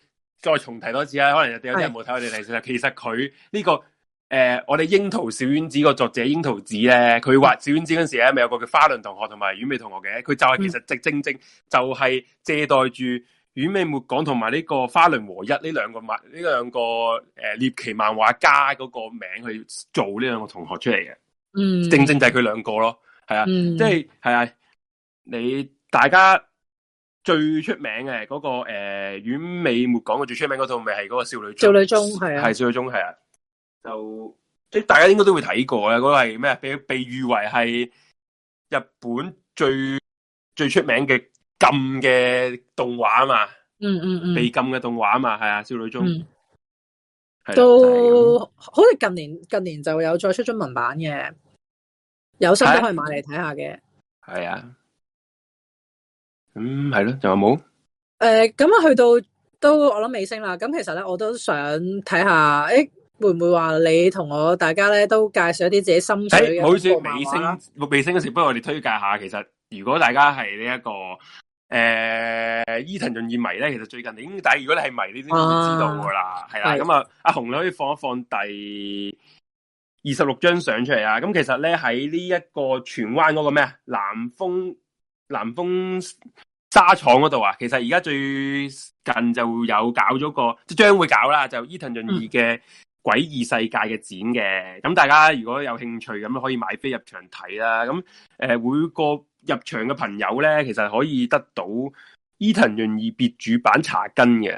再重提多次啊。可能有啲人冇睇我哋提示啦，其實佢呢、這個。誒、呃，我哋櫻桃小丸子個作者櫻桃子咧，佢畫小丸子嗰時咧，咪有一個叫花輪同學同埋丸尾同學嘅，佢就係其實直正正就係借代住丸尾末廣同埋呢個花輪和一呢兩個漫，呢兩個誒獵、呃、奇漫畫家嗰個名字去做呢兩個同學出嚟嘅，嗯，正正就係佢兩個咯，係啊，即係，係啊，你大家最出名嘅嗰、那個誒丸尾末廣嘅最出名嗰套咪係嗰個少女椿少女椿，係啊，係少女椿，係啊。就即係大家應該都會睇過嘅嗰、嗰個係咩？被被譽為係日本最最出名嘅禁嘅動畫啊嘛，嗯嗯嗯，被禁嘅動畫啊嘛，係啊，少女中都、嗯啊就是、好似近年近年就有再出中文版嘅，有心都可以買嚟睇下嘅。係啊，咁係咯，仲有冇？誒，咁啊，嗯啊有有呃、去到都我諗尾聲啦。咁其實咧，我都想睇下誒。欸會唔會話你同我大家咧都介紹一啲自己心水？唔、哎、好意思，尾聲，尾聲嗰時，不過我哋推介下，其實如果大家係呢一個誒、呃、伊藤潤二迷咧，其實最近，已經但係如果你係迷，你先知道噶啦，係啦。咁啊，阿、啊、紅你可以放一放第二十六張相出嚟啊！咁其實咧喺呢一個荃灣嗰個咩啊南豐南豐紗廠嗰度啊，其實而家最近就有搞咗個，即係將會搞啦，就伊藤潤二嘅。詭異世界嘅展嘅，咁大家如果有興趣咁可以買飛入場睇啦。咁誒，每個入場嘅朋友咧，其實可以得到伊藤潤二別主版茶巾嘅，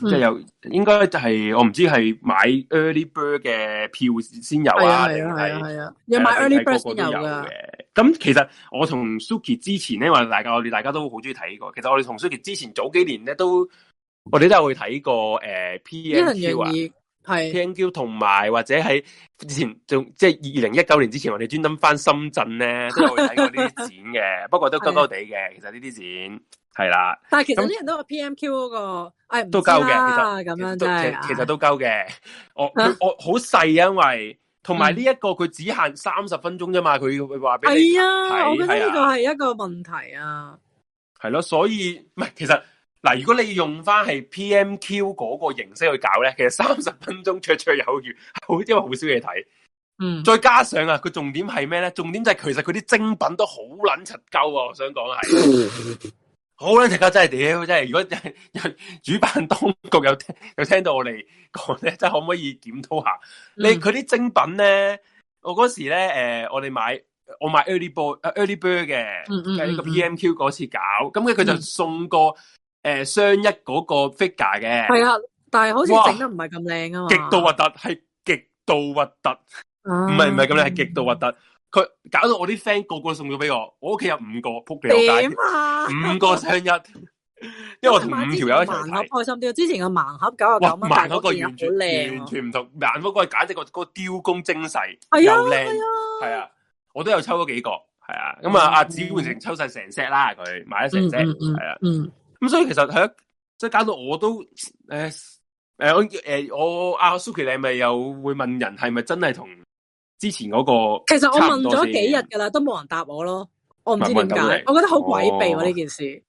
即、嗯、係有應該就係、是、我唔知係買 early bird 嘅票先有啊，定係係啊係啊，啊啊啊個個有買 early bird 先有嘅。咁其實我同 Suki 之前咧，話大家我哋大家都好中意睇過。其實我哋同 Suki 之前早幾年咧都，我哋都係去睇過誒、呃、P M Q 啊。係 P.M.Q 同埋或者喺之前仲，即係二零一九年之前，我哋專登返深圳咧，都有睇過呢啲展嘅。 不過都鳩鳩哋嘅，其實呢啲展係啦。但係其實啲人，那個嗯哎啊，都話 P.M.Q 嗰個都夠嘅，其實咁樣真其實都夠嘅，啊，我我好細，因為同埋呢一個佢只限三十分鐘啫嘛，佢佢話俾你。係啊，我覺得呢個係一個問題啊。係咯，所以唔係其實。嗱，如果你用翻係 P M Q 嗰個形式去搞咧，其實三十分鐘，綽綽有餘，好，因為好少嘢睇。嗯，再加上啊，個重點係咩咧？重點就係其實佢啲精品都好撚柒鳩啊。我想講係 好喇，大家真係屌，真係。如果真係， 主辦當局有聽有聽到我哋講咧，真係可唔可以檢討下？嗯、你佢啲精品咧，我嗰時咧，誒、呃，我哋買，我買 Early Bird，Early、uh, Bird 嘅，喺、嗯嗯嗯嗯就係、個 P M Q 嗰次搞，咁咧佢就送個。嗯誒，雙一嗰個 figure 嘅係啊，但係好似整得唔係咁靚啊嘛，極度核突，係極度核突，唔係唔係咁靚，係極度核突。佢搞到我啲 friend 個個送咗俾我，我屋企有五個撲地有帶，五個雙、啊、一、啊，因為同五條友一齊玩開心啲。之前個盲盒九啊九蚊，盲盒個完全完全唔同，盲盒個簡直個個雕工精細又靚，係啊，我都有抽咗幾個，係啊，咁啊阿子換成抽晒成 set 啦，佢買咗成 set，係啊。咁、嗯、所以其實喺、啊、即係搞到我都誒誒、欸欸欸、我誒我阿 Suki，你咪又會問人係咪真係同之前嗰個？其實我問咗幾日㗎喇，都冇人答我咯。我唔知點解，我覺得好詭秘喎、啊、呢、哦、件事。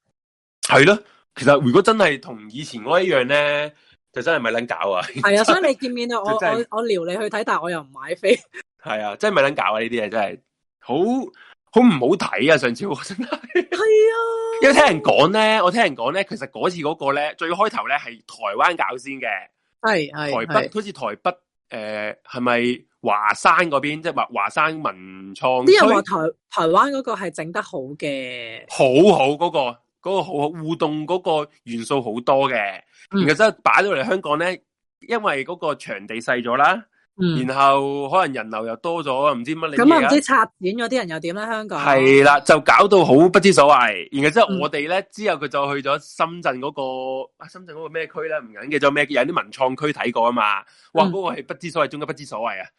係咯、啊，其實如果真係同以前嗰一樣咧，就真係咪捻搞啊？係 啊，所以你見面啊，就我我我撩你去睇，但係我又唔買飛。係啊，真係咪捻搞啊？呢啲嘢真係好。好唔好睇啊？上次真係，係啊，因為聽人講咧，我聽人講咧，其實嗰次嗰個咧，最開頭咧係台灣搞先嘅，係係台北，好似台北誒係咪華山嗰邊，即係話華山文創。啲人話台台灣嗰個係整得好嘅，好好嗰、嗰個，嗰、嗰個好好互動，嗰個元素好多嘅，其實真擺咗嚟香港咧，因為嗰個場地細咗啦。然後可能人流又多咗，唔知乜你而咁啊？唔、嗯、知插展咗啲人又點咧？香港係啦，就搞到好不知所謂。然後之後我哋咧、嗯，之後佢就去咗深圳嗰、那個啊，深圳嗰個咩區咧？唔緊記咗咩？有啲文創區睇過啊嘛。哇，嗰、嗯那個係不知所謂，中嘅不知所謂啊！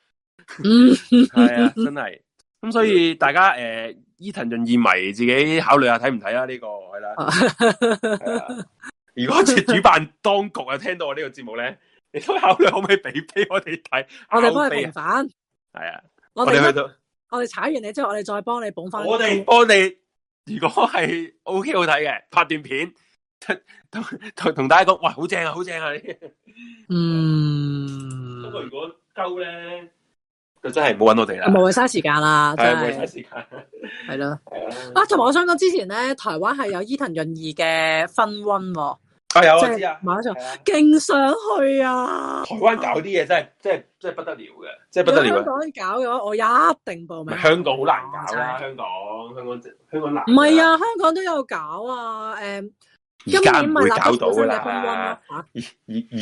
係、 嗯、 啊，真係。咁所以大家誒，呃、 伊藤潤二迷自己考慮下睇唔睇啊？呢個係啦。如果主辦當局啊， 聽到我呢個節目咧。你都考慮可唔可以俾俾我哋睇？我哋幫你平反，係啊！我哋去到我哋踩完你之後，我哋再幫你補翻。我哋我哋如果係 O K 好睇嘅拍段片，同同大家講哇，好正啊，好正啊！嗯，不、嗯、過如果溝咧，就真係唔好揾我哋啦，冇嘅，嘥時間啦，係嘥時間，係 咯，係啊。啊，同埋我想講，之前咧台灣係有伊藤潤二嘅分溫、哦。啊有我知道馬啊，馬上！勁想去啊！台灣搞啲嘢真係真係真係不得了嘅，真係不得了。香港搞嘅話，我一定報名。香港好難搞啦，啊，香港，香港，香港難，啊。唔係啊，香港都有搞啊，誒、嗯啊，今年唔會搞到噶啦。而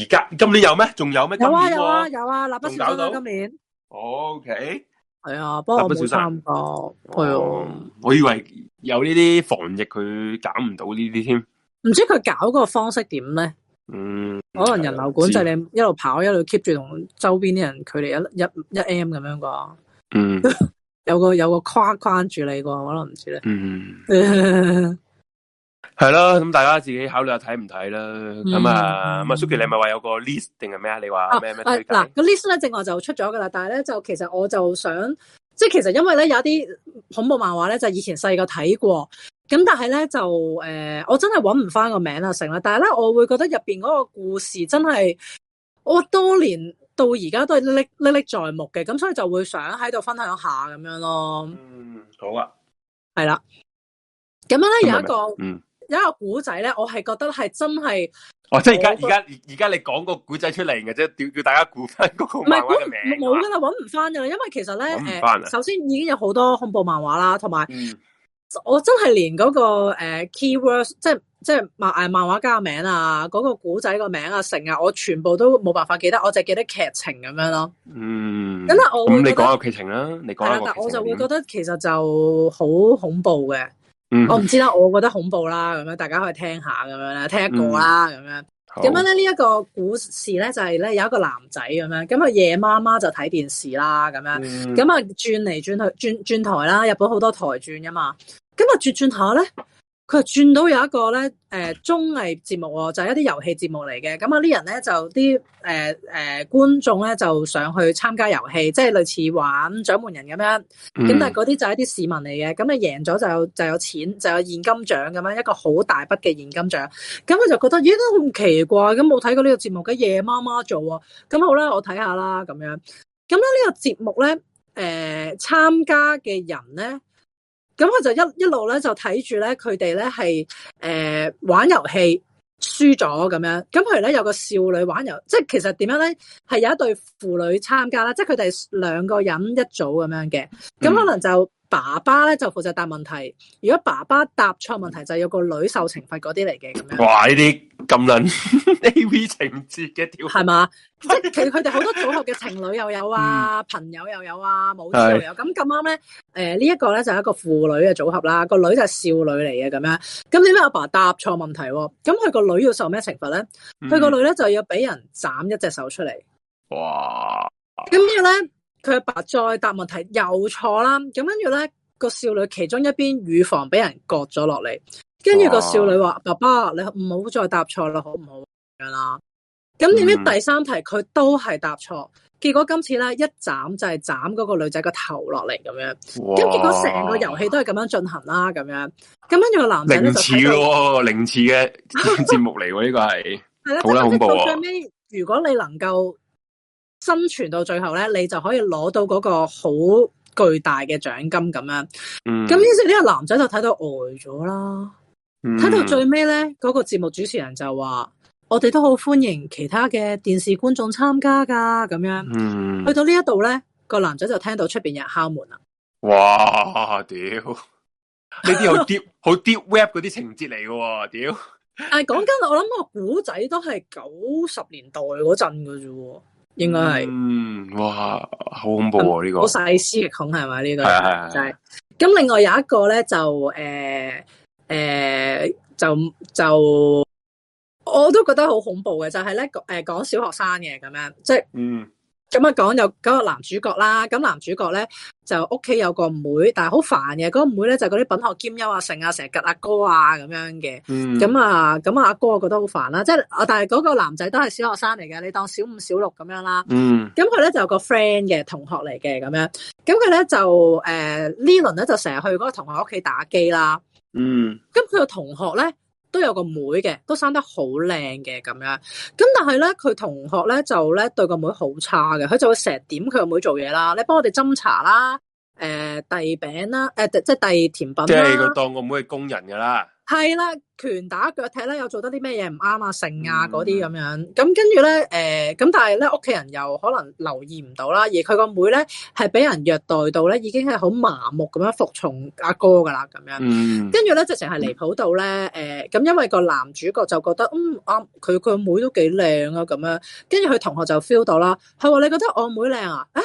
而家今年有咩？仲有咩？有啊，有啊，有啊，納不少啦。今年。O K，係啊，不過冇三個。係啊，哦嗯嗯，我以為有呢啲防疫佢搞唔到呢啲添。唔知佢搞嗰個方式點咧？嗯，可能人流管制你一路跑，一路 keep 住同周邊啲人距離一一一 m 咁樣啩？嗯， 有個有個框框住你啩？可能唔知咧。嗯，係 咯，咁大家自己考慮下睇唔睇啦。咁、嗯、啊、嗯、，Suki 你咪話有個 list 定係咩啊？你話咩咩嗱，個、啊啊、list 咧正話就出咗噶啦，但係咧就其實我就想，即、就、係、是、其實因為咧有啲恐怖漫畫咧就是、以前細個睇過。咁但係咧就誒、呃，我真係搵唔翻個名啦，成啦。但係咧，我會覺得入邊嗰個故事真係我多年到而家都係歷歷歷在目嘅。咁所以就會想喺度分享一下咁樣咯。嗯，好啊，係啦。咁樣咧有一個，嗯、有一個古仔咧，我係覺得係真係。哦、啊，即係而家而家而家你講個古仔出嚟嘅啫，叫叫大家估翻嗰個漫畫嘅名。冇噶啦，搵唔翻噶，因為其實咧誒，首先已經有好多恐怖漫畫啦，同埋、嗯。我真係連嗰個誒 keywords，即係即係漫誒漫畫家名啊，嗰、嗰個古仔個名啊，成日，我全部都冇辦法記得，我就記得劇情咁樣咯。嗯，咁啦我咁你講個劇情啦，你講係，但我就會覺得其實就好恐怖嘅。嗯，我唔知啦，我覺得恐怖啦，咁樣大家可以聽下咁樣啦，聽一個啦咁樣。嗯咁樣咧，呢一個故事咧，就係咧有一個男仔咁樣，咁啊夜媽媽就睇電視啦，咁樣，咁啊轉嚟轉去，轉轉台啦，日本好多台轉㗎嘛，咁啊轉轉下咧。佢轉到有一個咧，誒、呃，綜藝節目喎、哦，就係、是、一啲遊戲節目嚟嘅。咁啊，啲人咧就啲，誒、呃，誒、呃，觀眾咧就上去參加遊戲，即係類似玩掌門人咁樣。咁、嗯、但係嗰啲就係一啲市民嚟嘅。咁啊，贏咗就有就有錢，就有現金獎咁樣，一個好大筆嘅現金獎。咁我就覺得，咦，都咁奇怪，咁冇睇過呢個節目，嘅夜媽媽做喎。咁好啦，我睇下啦，咁樣。咁咧呢個節目咧，誒、呃，參加嘅人咧。咁我就一一路咧就睇住咧佢哋咧係誒玩遊戲輸咗咁樣，咁譬如咧有個少女玩遊戲即係其實點樣咧係有一對父女參加啦，即係佢哋兩個人一組咁樣嘅，咁可能就。嗯爸爸咧就負責答問題，如果爸爸答錯問題，就係、有個女受懲罰嗰啲嚟嘅咁樣。哇！呢啲咁撚 A V 情節嘅調係嘛？ 是不是 即係其實佢哋好多組合嘅情侶又有啊，嗯、朋友又有啊，母子又有咁咁啱咧。誒，呢、呃這個呢就是、一個咧就係一個父女嘅組合啦。個女就係少女嚟嘅咁樣。咁點解阿爸答錯問題？咁佢個女要受咩懲罰咧？佢、嗯、個女咧就要俾人斬一隻手出嚟。哇！咁之後咧？佢阿爸再答問題又錯啦，咁跟住咧個少女其中一邊乳房俾人割咗落嚟，跟住個少女話：爸爸，你唔好再答錯啦，好唔好、啊？咁樣啦。咁點知第三題佢都係答錯，結果今次咧一斬就係斬嗰個女仔個頭落嚟咁樣，咁結果成個遊戲都係咁樣進行啦。咁樣，咁跟住個男仔就凌遲嘅節目嚟喎，呢 個係好啦恐怖、哦。最尾如果你能夠，生存到最後咧，你就可以攞到嗰個好巨大嘅獎金咁樣。咁、嗯、於是呢個男仔就睇到呆咗啦，睇、嗯、到最尾咧，嗰、嗰個節目主持人就話：我哋都好歡迎其他嘅電視觀眾參加噶。咁樣，去、嗯、到這裡呢一度咧，個男仔就聽到出邊有人敲門啦。哇！屌，呢 啲些很 好 deep、好 deep web 嗰啲情節嚟嘅喎，屌 、哎！但係講緊，我諗個古仔都係九十年代嗰陣嘅啫。應該係，嗯，哇，好恐怖喎、啊、呢、這個，細思極恐係咪？呢、這個，係 係、就是，咁另外有一個咧就，誒、呃，誒、呃，就就，我都覺得好恐怖嘅，就係、是、咧，誒、呃，講小學生嘅咁樣，即、就、係、是，嗯。咁啊，講有嗰個男主角啦。咁男主角咧就屋企有個妹，妹，但係好煩嘅。嗰、那個妹咧就嗰、是、啲品學兼優啊，成啊，成日激阿哥啊，咁樣嘅。嗯，咁啊，咁阿哥我覺得好煩啦。即係但係嗰個男仔都係小學生嚟嘅，你當小五小六咁樣啦。嗯，咁佢咧就有個 friend 嘅同學嚟嘅，咁樣。咁佢咧就誒、呃、呢輪咧就成日去嗰個同學屋企打機啦。嗯，咁佢個同學咧，都有個妹嘅，都生得好靚嘅咁樣，咁但係咧，佢同學咧就咧對個妹好差嘅，佢就會成日點佢個妹做嘢啦，你幫我哋斟茶啦，誒、呃、遞餅啦，誒即係遞甜品啦，即係佢當個妹係工人㗎啦。係啦，拳打腳踢咧，又做得啲咩嘢唔啱啊、性啊嗰啲咁樣，咁跟住咧，誒、嗯，咁、呃、但係咧，屋企人又可能留意唔到啦，而佢個妹咧係俾人虐待到咧，已經係好麻木咁樣服從阿哥噶啦，咁樣，跟住咧直情係離譜到咧，誒、呃，咁因為個男主角就覺得，嗯，佢、啊、佢妹，妹都幾靚啊，咁樣，跟住佢同學就 feel 到啦，佢話，你覺得我妹靚啊，誒？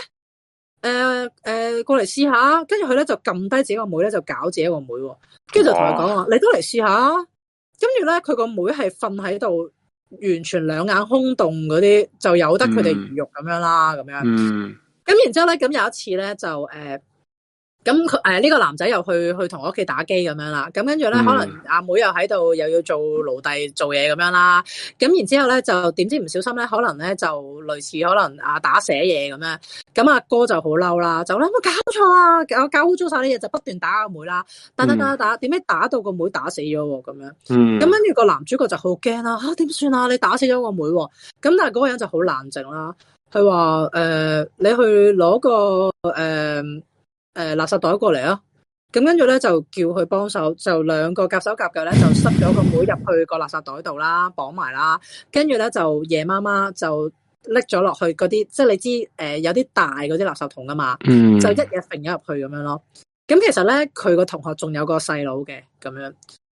誒、呃、誒、呃，過嚟試下，跟住佢咧就撳低自己個妹咧，就搞自己個妹，妹，跟住就同佢講話，你都嚟試下。跟住咧，佢個妹係瞓喺度，完全兩眼空洞嗰啲，就由得佢哋魚肉咁樣啦，咁樣。咁、嗯、然之後咧，咁有一次咧，就誒。呃咁佢誒、呢個男仔又去去同我屋企打機咁樣啦，咁跟住咧，可能阿妹、妹又喺度又要做奴隸做嘢咁樣啦，咁然之後咧就點知唔小心咧可能咧就類似可能啊打寫嘢咁樣，咁阿哥就好嬲啦，就啦我搞錯啊，我搞污糟晒啲嘢就不斷打阿妹啦，打打打打，點解打到個妹、妹打死咗咁樣？咁跟住個男主角就好驚啦，吓點算啊？你打死咗個妹、妹、啊，咁但係嗰個人就好冷靜啦、啊，佢話誒你去攞個誒。呃誒、呃，垃圾袋過嚟咯，咁跟住咧就叫佢幫手，就兩個夾手夾腳咧就塞咗個妹入去個垃圾袋度啦，綁埋啦，跟住咧就夜媽媽就拎咗落去嗰啲，即係你知誒、呃，有啲大嗰啲垃圾桶噶嘛、嗯，就一嘢揈咗入去咁樣咯。咁其實咧，佢個同學仲有個細佬嘅咁樣。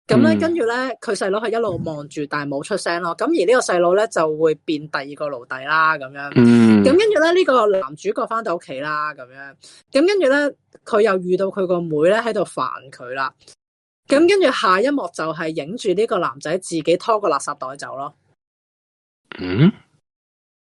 咁、嗯、咧，跟住咧，佢細佬係一路望住，但係冇出聲咯。咁而個弟弟呢個細佬咧，就會變第二個奴隸啦。咁樣，咁、嗯、跟住咧，呢、這個男主角返到屋企啦。咁樣，咁跟住咧，佢又遇到佢個妹咧喺度煩佢啦。咁跟住下一幕就係影住呢個男仔自己拖個垃圾袋走咯。嗯。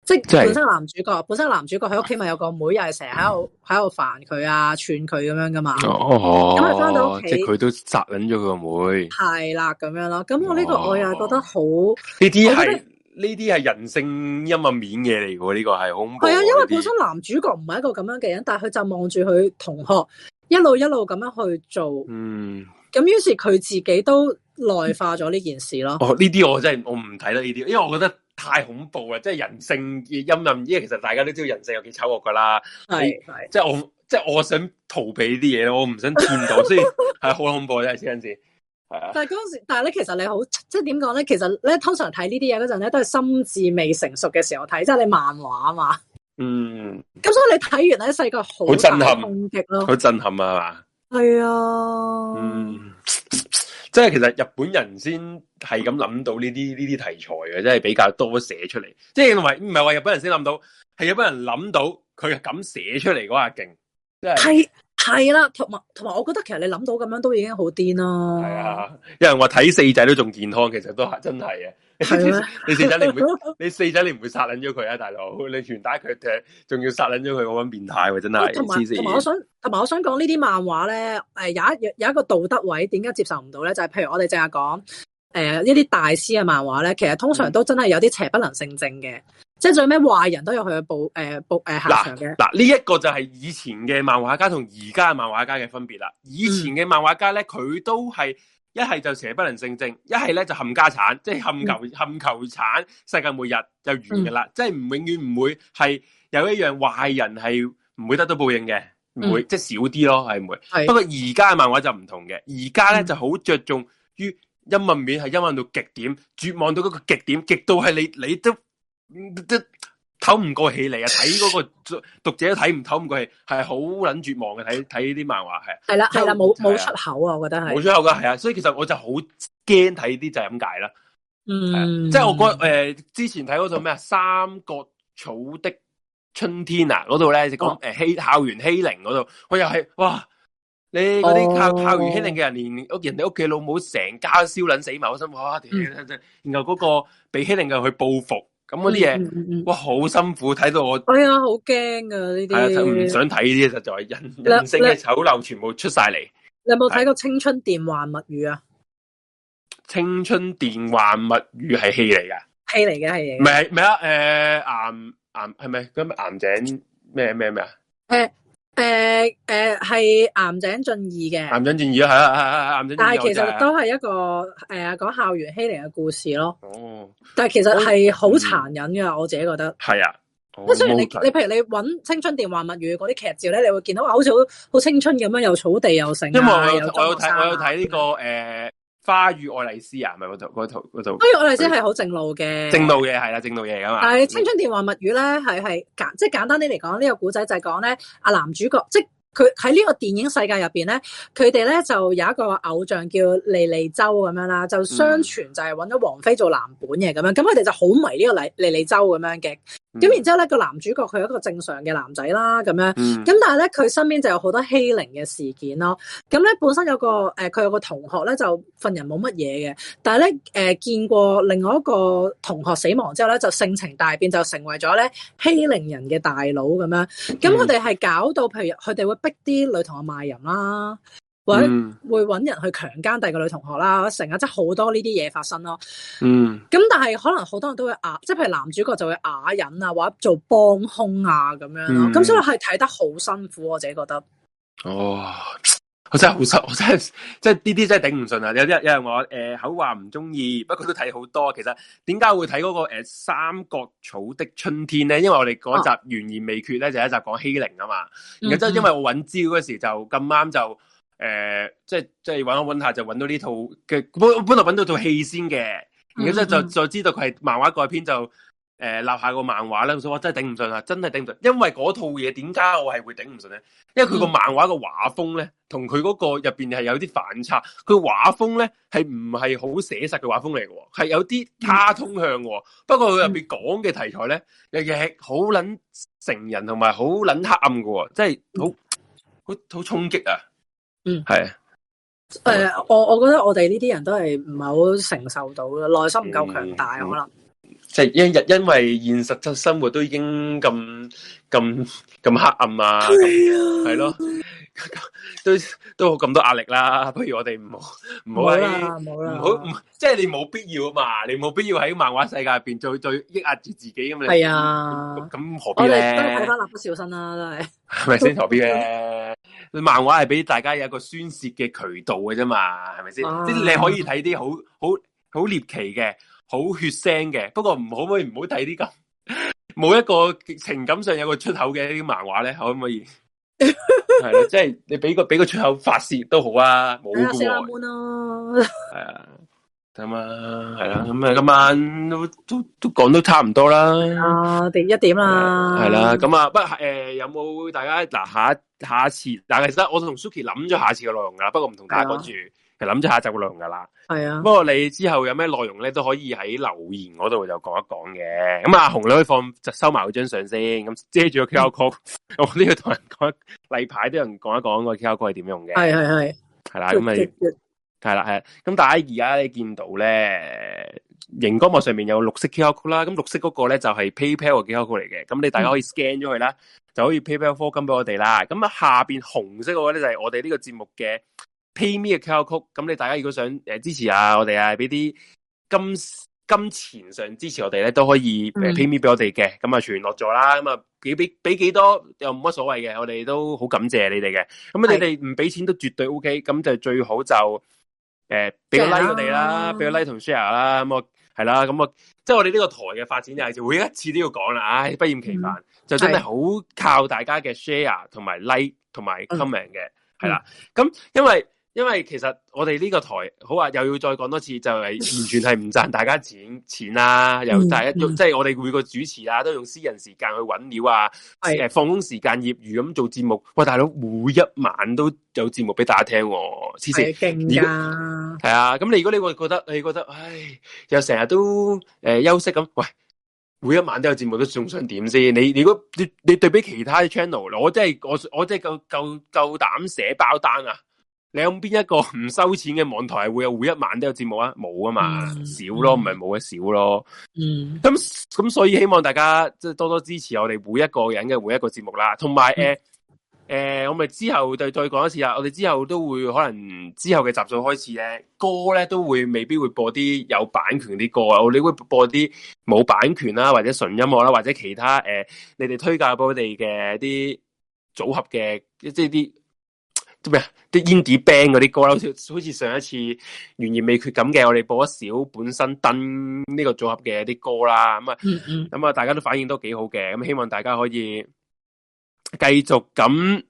即本身男主角，本身男主角喺屋企咪有個妹，又係成日喺度喺度煩佢啊，串佢咁樣噶嘛。咁佢翻到屋企，即係佢都責忍咗個妹。係啦，咁樣咯。咁我呢個我又覺得好呢啲，我覺得呢啲係人性陰暗面嘅嚟嘅。呢個係好恐怖係啊，因為本身男主角唔係一個咁樣嘅人，但係佢就望住佢同學一路一路咁樣去做。嗯，咁於是佢自己都內化咗呢件事咯。哦，呢啲我真係我唔睇得呢啲，因為我覺得。太恐怖啦！即係人性嘅陰暗，因為其實大家都知道人性有幾醜惡噶啦。係，即係我即係我想逃避啲嘢，我唔想見到先。係， 好恐怖真係，係啊。但係嗰陣時，但係咧，其實你好，即係點講咧？其實咧，通常睇呢啲嘢嗰陣咧，都係心智未成熟嘅時候睇，即係你漫畫啊嘛。嗯。咁所以你睇完咧，細個好震撼衝擊咯，好震撼啊嘛。係啊。嗯。即係其實日本人先係咁諗到呢啲呢啲題材嘅，即係比較多寫出嚟。即係唔係唔係話日本人先諗到，係日本人諗到佢咁寫出嚟嗰下勁。係係啦，同埋同埋，我覺得其實你諗到咁樣都已經好癲啦，係啊，有人話睇四仔都仲健康，其實都係真係啊。 你四仔你唔會，你四仔你唔會殺撚咗佢啊！大佬，你全打佢踢，仲要殺撚咗佢，我咁變態真係黐線。同埋我想，同埋我想講呢啲漫畫咧，誒，有一有一個道德位，點解接受唔到咧？就係譬如我哋淨係講誒呢啲大師嘅漫畫咧，其實通常都真係有啲邪不能勝正嘅，即係最尾壞人都有佢嘅報誒報誒下場嘅。嗱，呢一個就係以前嘅漫畫家同而家嘅漫畫家嘅分別啦。以前嘅漫畫家咧，佢都係。嗯一係就邪不能勝正，一係咧就冚家鏟，即係冚球冚球鏟，世界末日就完噶啦、嗯！即係唔永遠唔會係有一樣壞人係唔會得到報應嘅，唔會、嗯、即係少啲咯，係唔會的。不過而家嘅漫畫就唔同嘅，而家咧就好着重於陰暗面，係陰暗到極點，絕望到嗰個極點，極到係你你都都。嗯嗯嗯透唔過氣嚟啊！睇嗰個讀者都睇唔透。唔過氣，係好撚絕望嘅。睇睇啲漫畫係。係啦，係啦，冇冇出口啊！我覺得係。冇出口噶係啊，所以其實我就好驚睇啲就係咁解啦。嗯。即係我覺誒、呃，之前睇嗰套咩啊《三角草的春天》啊、哦，嗰度咧就講誒欺校園欺凌嗰度，我又係哇！你嗰啲校校園欺凌嘅人，哦、連屋人哋屋企老母成家燒撚死埋，我辛哇、嗯，然後嗰個被欺凌嘅人去報復。咁嗰啲嘢，哇，好辛苦，睇到我，哎呀，好驚啊！呢啲，唔想睇呢啲，實在人人，人性嘅醜陋全部出晒嚟。你有冇睇過青春電幻物語、啊《青春電幻物語》啊？《青春電幻物語》係戲嚟嘅，戲嚟嘅係。唔係唔係啊，誒，岩岩係咪咁岩井咩咩咩啊？誒。誒、呃、誒，係、呃《岩井俊二》嘅，《岩井俊二》係啊係係，《岩井俊二》但係其實都係一個誒啊，講校園欺凌嘅故事咯。哦，但係其實係好殘忍噶、嗯，我自己覺得。係啊，即雖然你、哦、你譬如你搵《青春電話物語》嗰啲劇照咧，你會見到好似好青春咁樣，又草地又成、啊，因為我有有、啊、我有睇我有睇呢、這個誒。呃花與愛麗絲啊，係咪嗰套嗰套嗰套？花與愛麗絲係好正路嘅。正路嘢，係啦，正路嘢咁嘛。但係青春電話物語咧，係係簡即係簡單啲嚟講，這個，呢個古仔就係講咧，阿男主角即係佢喺呢個電影世界入邊咧，佢哋咧就有一個偶像叫莉莉周咁樣啦，就相傳就係揾咗王菲做藍本嘅咁、嗯、樣，咁佢哋就好迷呢個莉莉周咁樣嘅。咁、嗯、然之後咧，個男主角佢係一個正常嘅男仔啦，咁樣。咁、嗯、但係咧，佢身邊就有好多欺凌嘅事件咯。咁咧本身有個誒，佢、呃、有個同學咧，就份人冇乜嘢嘅。但係咧，誒、呃、見過另外一個同學死亡之後咧，就性情大變，就成為咗咧欺凌人嘅大佬咁樣。咁佢哋係搞到，譬如佢哋會逼啲女同學賣淫啦。或者會搵人去強姦第二個女同學啦，成日即係好多呢啲嘢發生咯。咁、嗯、但係可能好多人都會啞，即係譬如男主角就會啞忍啊，或者做幫凶啊咁樣咯。咁、嗯、所以係睇得好辛苦，我自己覺得。哦，我真係好辛，我真係即係呢啲真係頂唔順啊！有啲有人我誒、呃、口話唔中意，不過都睇好多。其實點解會睇嗰、那個誒、呃《三角草的春天》咧？因為我哋嗰集懸疑未決咧，就一集講、啊、欺凌啊嘛。咁即係因為我搵資料嗰時就咁啱就。誒、呃，即係即係搵下搵下就搵到呢套嘅本本來搵到套戲先嘅，然之後就就，就知道佢係漫畫改編就誒，呃、立下個漫畫咧，我想我真係頂唔順啊，真係頂唔順。因為嗰套嘢點解我係會頂唔順咧？因為佢個漫畫個畫風咧，同佢嗰個入邊係有啲反差。佢畫風咧係唔係好寫實嘅畫風嚟嘅，係有啲卡通向嘅。不過佢入邊講嘅題材咧，亦亦好捻成人同埋好捻黑暗嘅，即係好好衝擊啊！嗯，係啊，誒，我我覺得我哋呢啲人都係唔係好承受到嘅，內心唔夠強大、嗯、可能，即係因日因為現實生活都已經咁咁咁黑暗啊，係咯、啊。 都都咁多壓力啦，不如我哋唔好唔好喺唔好唔即係你冇必要啊嘛，你冇必要喺漫畫世界入邊再再抑壓住自己咁你，係啊，咁何必咧？我哋都睇翻《蠟筆小新》啦，真係係咪先？何必咧？ 漫畫係俾大家有一個宣泄嘅渠道嘅啫嘛，係咪先？即、啊、係你可以睇啲好好好獵奇嘅、好血腥嘅，不過唔可唔可以唔好睇啲咁冇一個情感上有個出口嘅啲漫畫咧，可唔可以？係 啦，即、就、係、是、你俾個俾個出口發泄都好啊，冇咁耐。四點半咯，係啊，咁 啊，係啦，咁啊，今晚都都都講得差唔多啦，啊，定、嗯、一點啦，係啦，咁、呃、啊，不過誒，有冇大家嗱下下一次但、啊、其實我同 Suki 諗咗下一次嘅內容㗎啦，不過唔同大家講住。係諗咗下集嘅內容噶啦，係啊。不過你之後有咩內容咧？都可以喺留言嗰度就講一講嘅。咁啊，阿紅你可以放就收埋嗰張相先，咁遮住個 QR code。我都要同人講例牌，都有人講一講個 QR code 係點用嘅。係係係，係啦，咁咪係啦係。咁大家而家咧，見到咧，熒光幕上面有綠色 QR code 啦。咁綠色嗰個咧就係 PayPal 嘅 QR code 嚟嘅。咁你大家可以 scan 咗佢啦，就可以 PayPal 課金俾我哋啦。咁啊下邊紅色嗰個咧就係我哋呢個節目嘅。pay me 嘅卡拉曲，咁你大家如果想誒、呃、支持下、啊、我哋啊，俾啲金金錢上支持我哋咧，都可以誒、呃嗯、pay me 俾我哋嘅。咁啊全落咗啦，咁啊幾俾俾幾多又冇乜所謂嘅，我哋都好感謝你哋嘅。咁啊你哋唔俾錢都絕對 OK，咁就最好就誒俾、呃、個 like 我哋啦，俾、啊、個 like 同 share 啦，咁啊係啦，咁啊即係我哋呢個台嘅發展就係，每一次都要講啦，唉、哎、不厭其煩，嗯、就真係好靠大家嘅 share 同、嗯、埋 like 同埋 comment 嘅，係、嗯、啦，咁因為。嗯因為其實我哋呢個台好啊，又要再講多次，就係、是、完全係唔賺大家錢 錢啦、啊。又第一即係我哋每個主持啊，都用私人時間去搵料啊，誒、呃，放工時間業餘咁做節目。喂，大佬，每一晚都有節目俾大家聽，黐線，係勁噶。係啊，咁你如、如、啊、如果你會覺得，你覺得，唉，又成日都誒、呃、休息咁，喂，每一晚都有節目，都仲想點先？你你如果你你對比其他 channel，我真係我我真係夠夠夠膽寫包單啊！你有邊一個唔收錢嘅網台係會有每一晚都有節目啊？冇啊嘛，少咯，唔係冇嘅少咯。嗯。咁咁，嗯嗯、所以希望大家即係多多支持我哋每一個人嘅每一個節目啦。同埋誒誒，我咪之後對對講一次啊！我哋之後都會可能之後嘅集數開始咧，歌咧都會未必會播啲有版權啲歌啊，我哋會播啲冇版權啦，或者純音樂啦，或者其他誒、呃，你哋推介俾我哋嘅啲組合嘅即係啲。啲咩啊？啲 Indie Band 嗰啲歌啦，好似好似上一次源源未缺懸疑未決咁嘅，我哋播一小本身登呢個組合嘅啲歌啦，咁啊，咁、嗯、啊、嗯，大家都反應都幾好嘅，咁希望大家可以繼續咁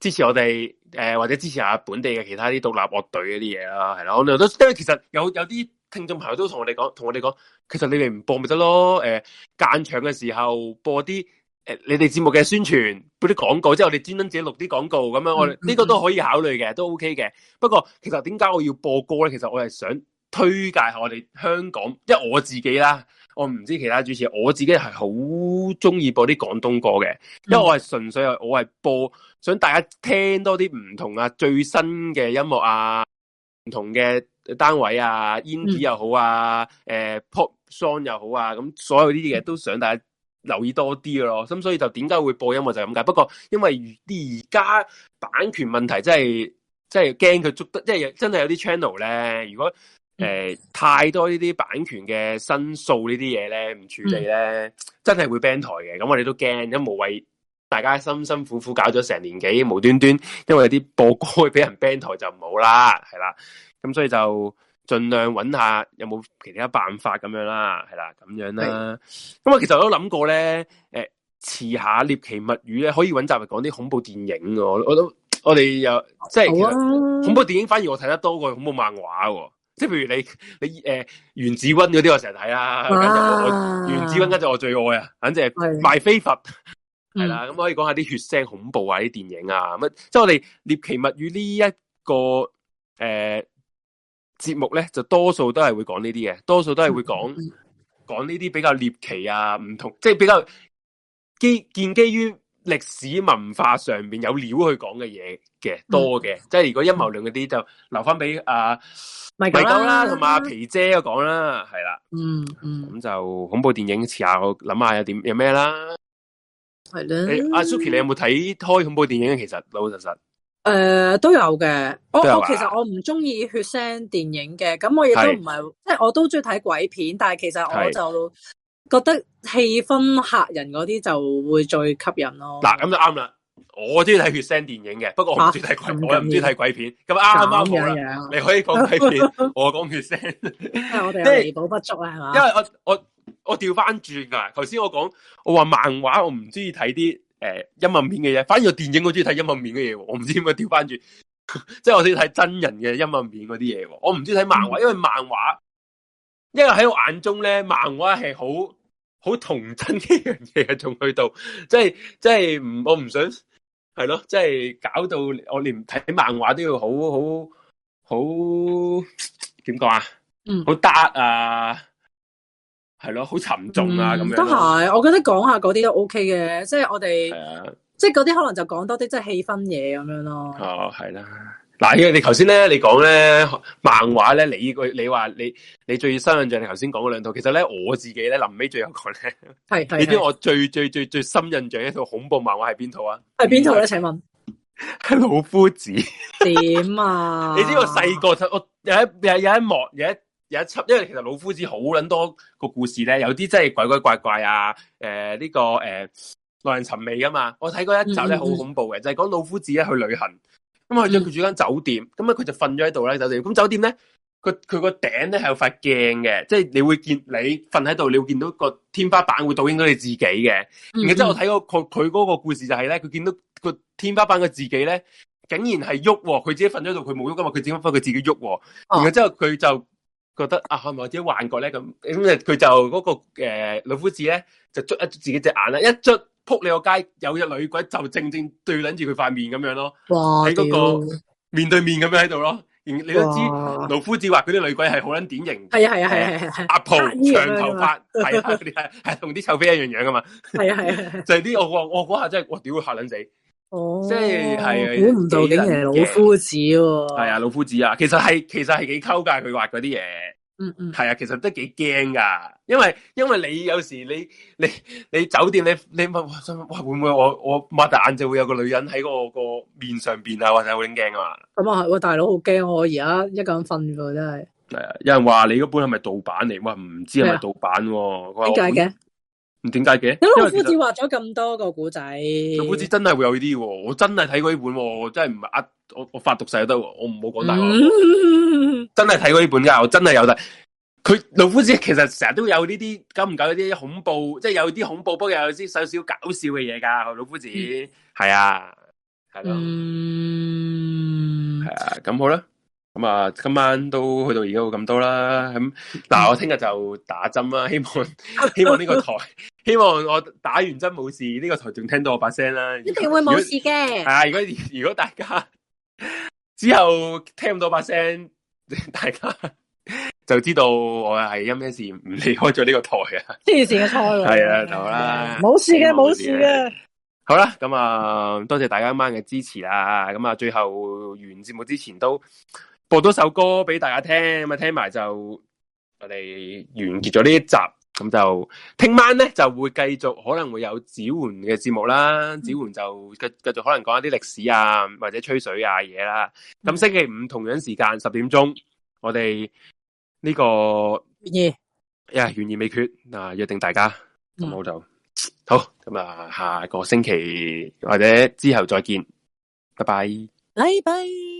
支持我哋，誒、呃、或者支持下本地嘅其他啲獨立樂隊嗰啲嘢啦，係咯，我哋都因為其實有有啲聽眾朋友都同我哋講，同我哋講，其實你哋唔播咪得咯，誒、呃、間場嘅時候播啲。你哋節目嘅宣傳嗰啲廣告，即係我哋專登自己錄啲廣告咁樣，我哋呢個都可以考慮嘅，都 OK 嘅。不過其實點解我要播歌咧？其實我係想推介下我哋香港，因為我自己啦，我唔知其他主持，我自己係好中意播啲廣東歌嘅，因為我係純粹我係播，想大家聽多啲唔同啊最新嘅音樂啊，唔同嘅單位啊，煙子又好啊，誒、欸、pop song 又好啊，咁所有呢啲嘢都想大家。留意多啲咯，咁所以就點解會播音樂就係咁解。不過因為而家版權問題真係真係驚佢捉得，即係真係有啲 channel 咧。如果誒、呃、太多呢啲版權嘅申訴呢啲嘢咧，唔處理咧，真係會 ban 台嘅。咁、嗯、我哋都驚，因為無謂大家辛辛苦苦搞咗成年幾，無端端因為有啲播歌會俾人 ban 台就唔好啦，係啦。咁所以就，盡量揾下有冇其他辦法咁樣啦，係啦，咁樣啦。咁啊、嗯，其實我都諗過咧，誒、呃，遲下獵奇物語咧，可以揾集嚟講啲恐怖電影。我，我都，我哋又即係，恐怖電影反而我睇得多過恐怖漫畫。即、哦、係、啊、譬如你，你誒、呃、園子溫嗰啲我成日睇啦，園、啊、子温跟住我最愛啊，反正賣飛佛係啦。咁、嗯嗯嗯、可以講下啲血腥恐怖啊啲電影啊，咁即係我哋獵奇物語呢一個誒。呃節目咧就多數都係會講呢啲嘅。多數都係會講講呢啲比較獵奇啊，唔同即係、就是、比較基建基於歷史文化上邊有料去講嘅嘢嘅多嘅、嗯，即係如果陰謀論嗰啲就留翻俾啊米高啦，同埋阿皮姐講啦，係啦，嗯啦嗯，咁就恐怖電影遲下我諗下有點有咩啦，係啦，阿、欸啊、Suki 你有冇睇開恐怖電影其實老老實實。誒、呃，都有嘅。我、啊、我其實我唔中意血腥電影嘅，咁我亦都唔係，即係我都中意睇鬼片，但係其實我就覺得氣氛嚇人嗰啲就會最吸引咯。嗱、啊，咁就啱啦。我中意睇血腥電影嘅，不過我唔中意睇鬼片。我唔中意睇鬼片。咁啱啱好啦，你可以講鬼片， 我講血腥。即係我哋彌補不足啊，係嘛？因為我我我調翻轉噶，頭先我講我話漫畫，我唔中意睇啲。誒、呃，陰暗面嘅嘢，反而我電影好中意睇陰暗面嘅嘢，我唔知點解調翻轉，即係、就是、我中意睇真人嘅陰暗面嗰啲嘢。我唔中意睇漫畫，因為漫畫，因為喺我眼中咧，漫畫係好好童真一樣嘢，仲去到，即係即係唔，我唔想係咯，即係、就是、搞到我連睇漫畫都要好好好點講啊，好 dark 啊。係咯，好沉重啊！咁、嗯、樣都係，我覺得講下嗰啲都 OK 嘅，即係我哋，即係嗰啲可能就講多啲即係氣氛嘢咁樣咯。係、哦、啦，嗱，因為你頭先咧，你講咧漫畫咧，你句你話你你最深印象，你頭先講嗰兩套，其實咧我自己咧臨尾最後講咧，係你知我最最最最深印象一套恐怖漫畫係邊套啊？係邊套咧、啊？請問係 老夫子？點啊？ 你知我細個我有一有一有一幕有一。有一集，因為其實老夫子好捻多個故事咧，有啲真係鬼鬼怪怪怪啊！誒、呃，呢、這個誒耐、呃、人尋味噶嘛。我睇過一集咧，好恐怖嘅，mm-hmm. 就係講老夫子咧去旅行，咁啊去咗佢住間酒店，咁啊佢就瞓咗喺度啦酒店呢。咁酒店咧，佢佢個頂咧係有塊鏡嘅，即、就、係、是、你會見你瞓喺度，你會見到個天花板會倒影到你自己嘅。Mm-hmm. 然之後我睇過佢佢嗰個故事就係咧，佢見到個天花板嘅自己咧，竟然係喐，佢自己瞓咗度，佢冇喐噶嘛，佢點解發覺佢自己喐？己己己 uh-huh. 然後之後佢就。覺得啊，係咪或者幻覺咧？咁咁佢就嗰、嗰個、呃、老夫子咧，就捽一捽自己隻眼啦，一捽撲你個街有隻女鬼，就正正對撚住佢塊面咁樣咯。喺嗰個面對面咁樣喺度咯。然你都知老夫子畫佢啲女鬼係好撚典型。係、嗯、啊係啊係係阿蒲長頭髮，係啊啲係係同啲臭飛一樣樣噶嘛。係啊係啊，就係啲我我嗰下真係我屌嚇撚死！哦，即係估唔到竟然係老夫子喎，啊，係啊，老夫子啊，其實係其實係幾溝噶，佢畫嗰啲嘢，嗯嗯，係啊，其實都幾驚噶，因為因為你有時你你你，你酒店你你哇，哇會唔會我我擘大眼就會有個女人喺我個面上邊啊，或者好驚啊，咁啊，喂大佬好驚我而家一個人瞓住真係，係啊，有人話你嗰本係咪盜版嚟？我唔知係咪盜版喎，點解嘅？唔點解嘅？你老夫子畫咗咁多個古仔，老夫子真係會有呢啲、哦，我真係睇過呢本，喎，真係唔係我我發毒誓都得，我唔好講大話，真係睇過呢本噶，我真係、嗯、有得。佢老夫子其實成日都有呢啲搞唔搞啲恐怖，即、就、係、是、有啲恐怖，不過有啲少少搞笑嘅嘢噶。老夫子係、嗯、啊，係咯，係啊，咁、嗯啊、好啦。咁啊，今晚都去到而家咁多啦。咁嗱、啊，我聽日就打針啦、嗯。希望希望呢個台。 希望我打完針冇事，呢、這個台仲聽到我把聲啦。一定會冇事嘅。係啊，如果如果大家之後聽唔到把聲，大家就知道我係因咩事唔離開咗呢個台啊。黐線嘅錯，係 啊，好啦，冇事嘅，冇事嘅。好啦，咁啊，多謝大家今晚嘅支持啦。咁啊，最後完節目之前都播多首歌俾大家聽，咁啊，聽埋就我哋完結咗呢一集。咁就聽晚咧，就會繼續可能會有指煥嘅節目啦。嗯、指煥就繼繼續可能講一啲歷史啊、嗯，或者吹水啊嘢啦。咁星期五同樣時間十點鐘，我哋呢、這個願意呀，懸疑未、yeah, 決嗱、啊，約定大家咁、嗯、我就好咁啊。下個星期或者之後再見，拜拜，拜拜。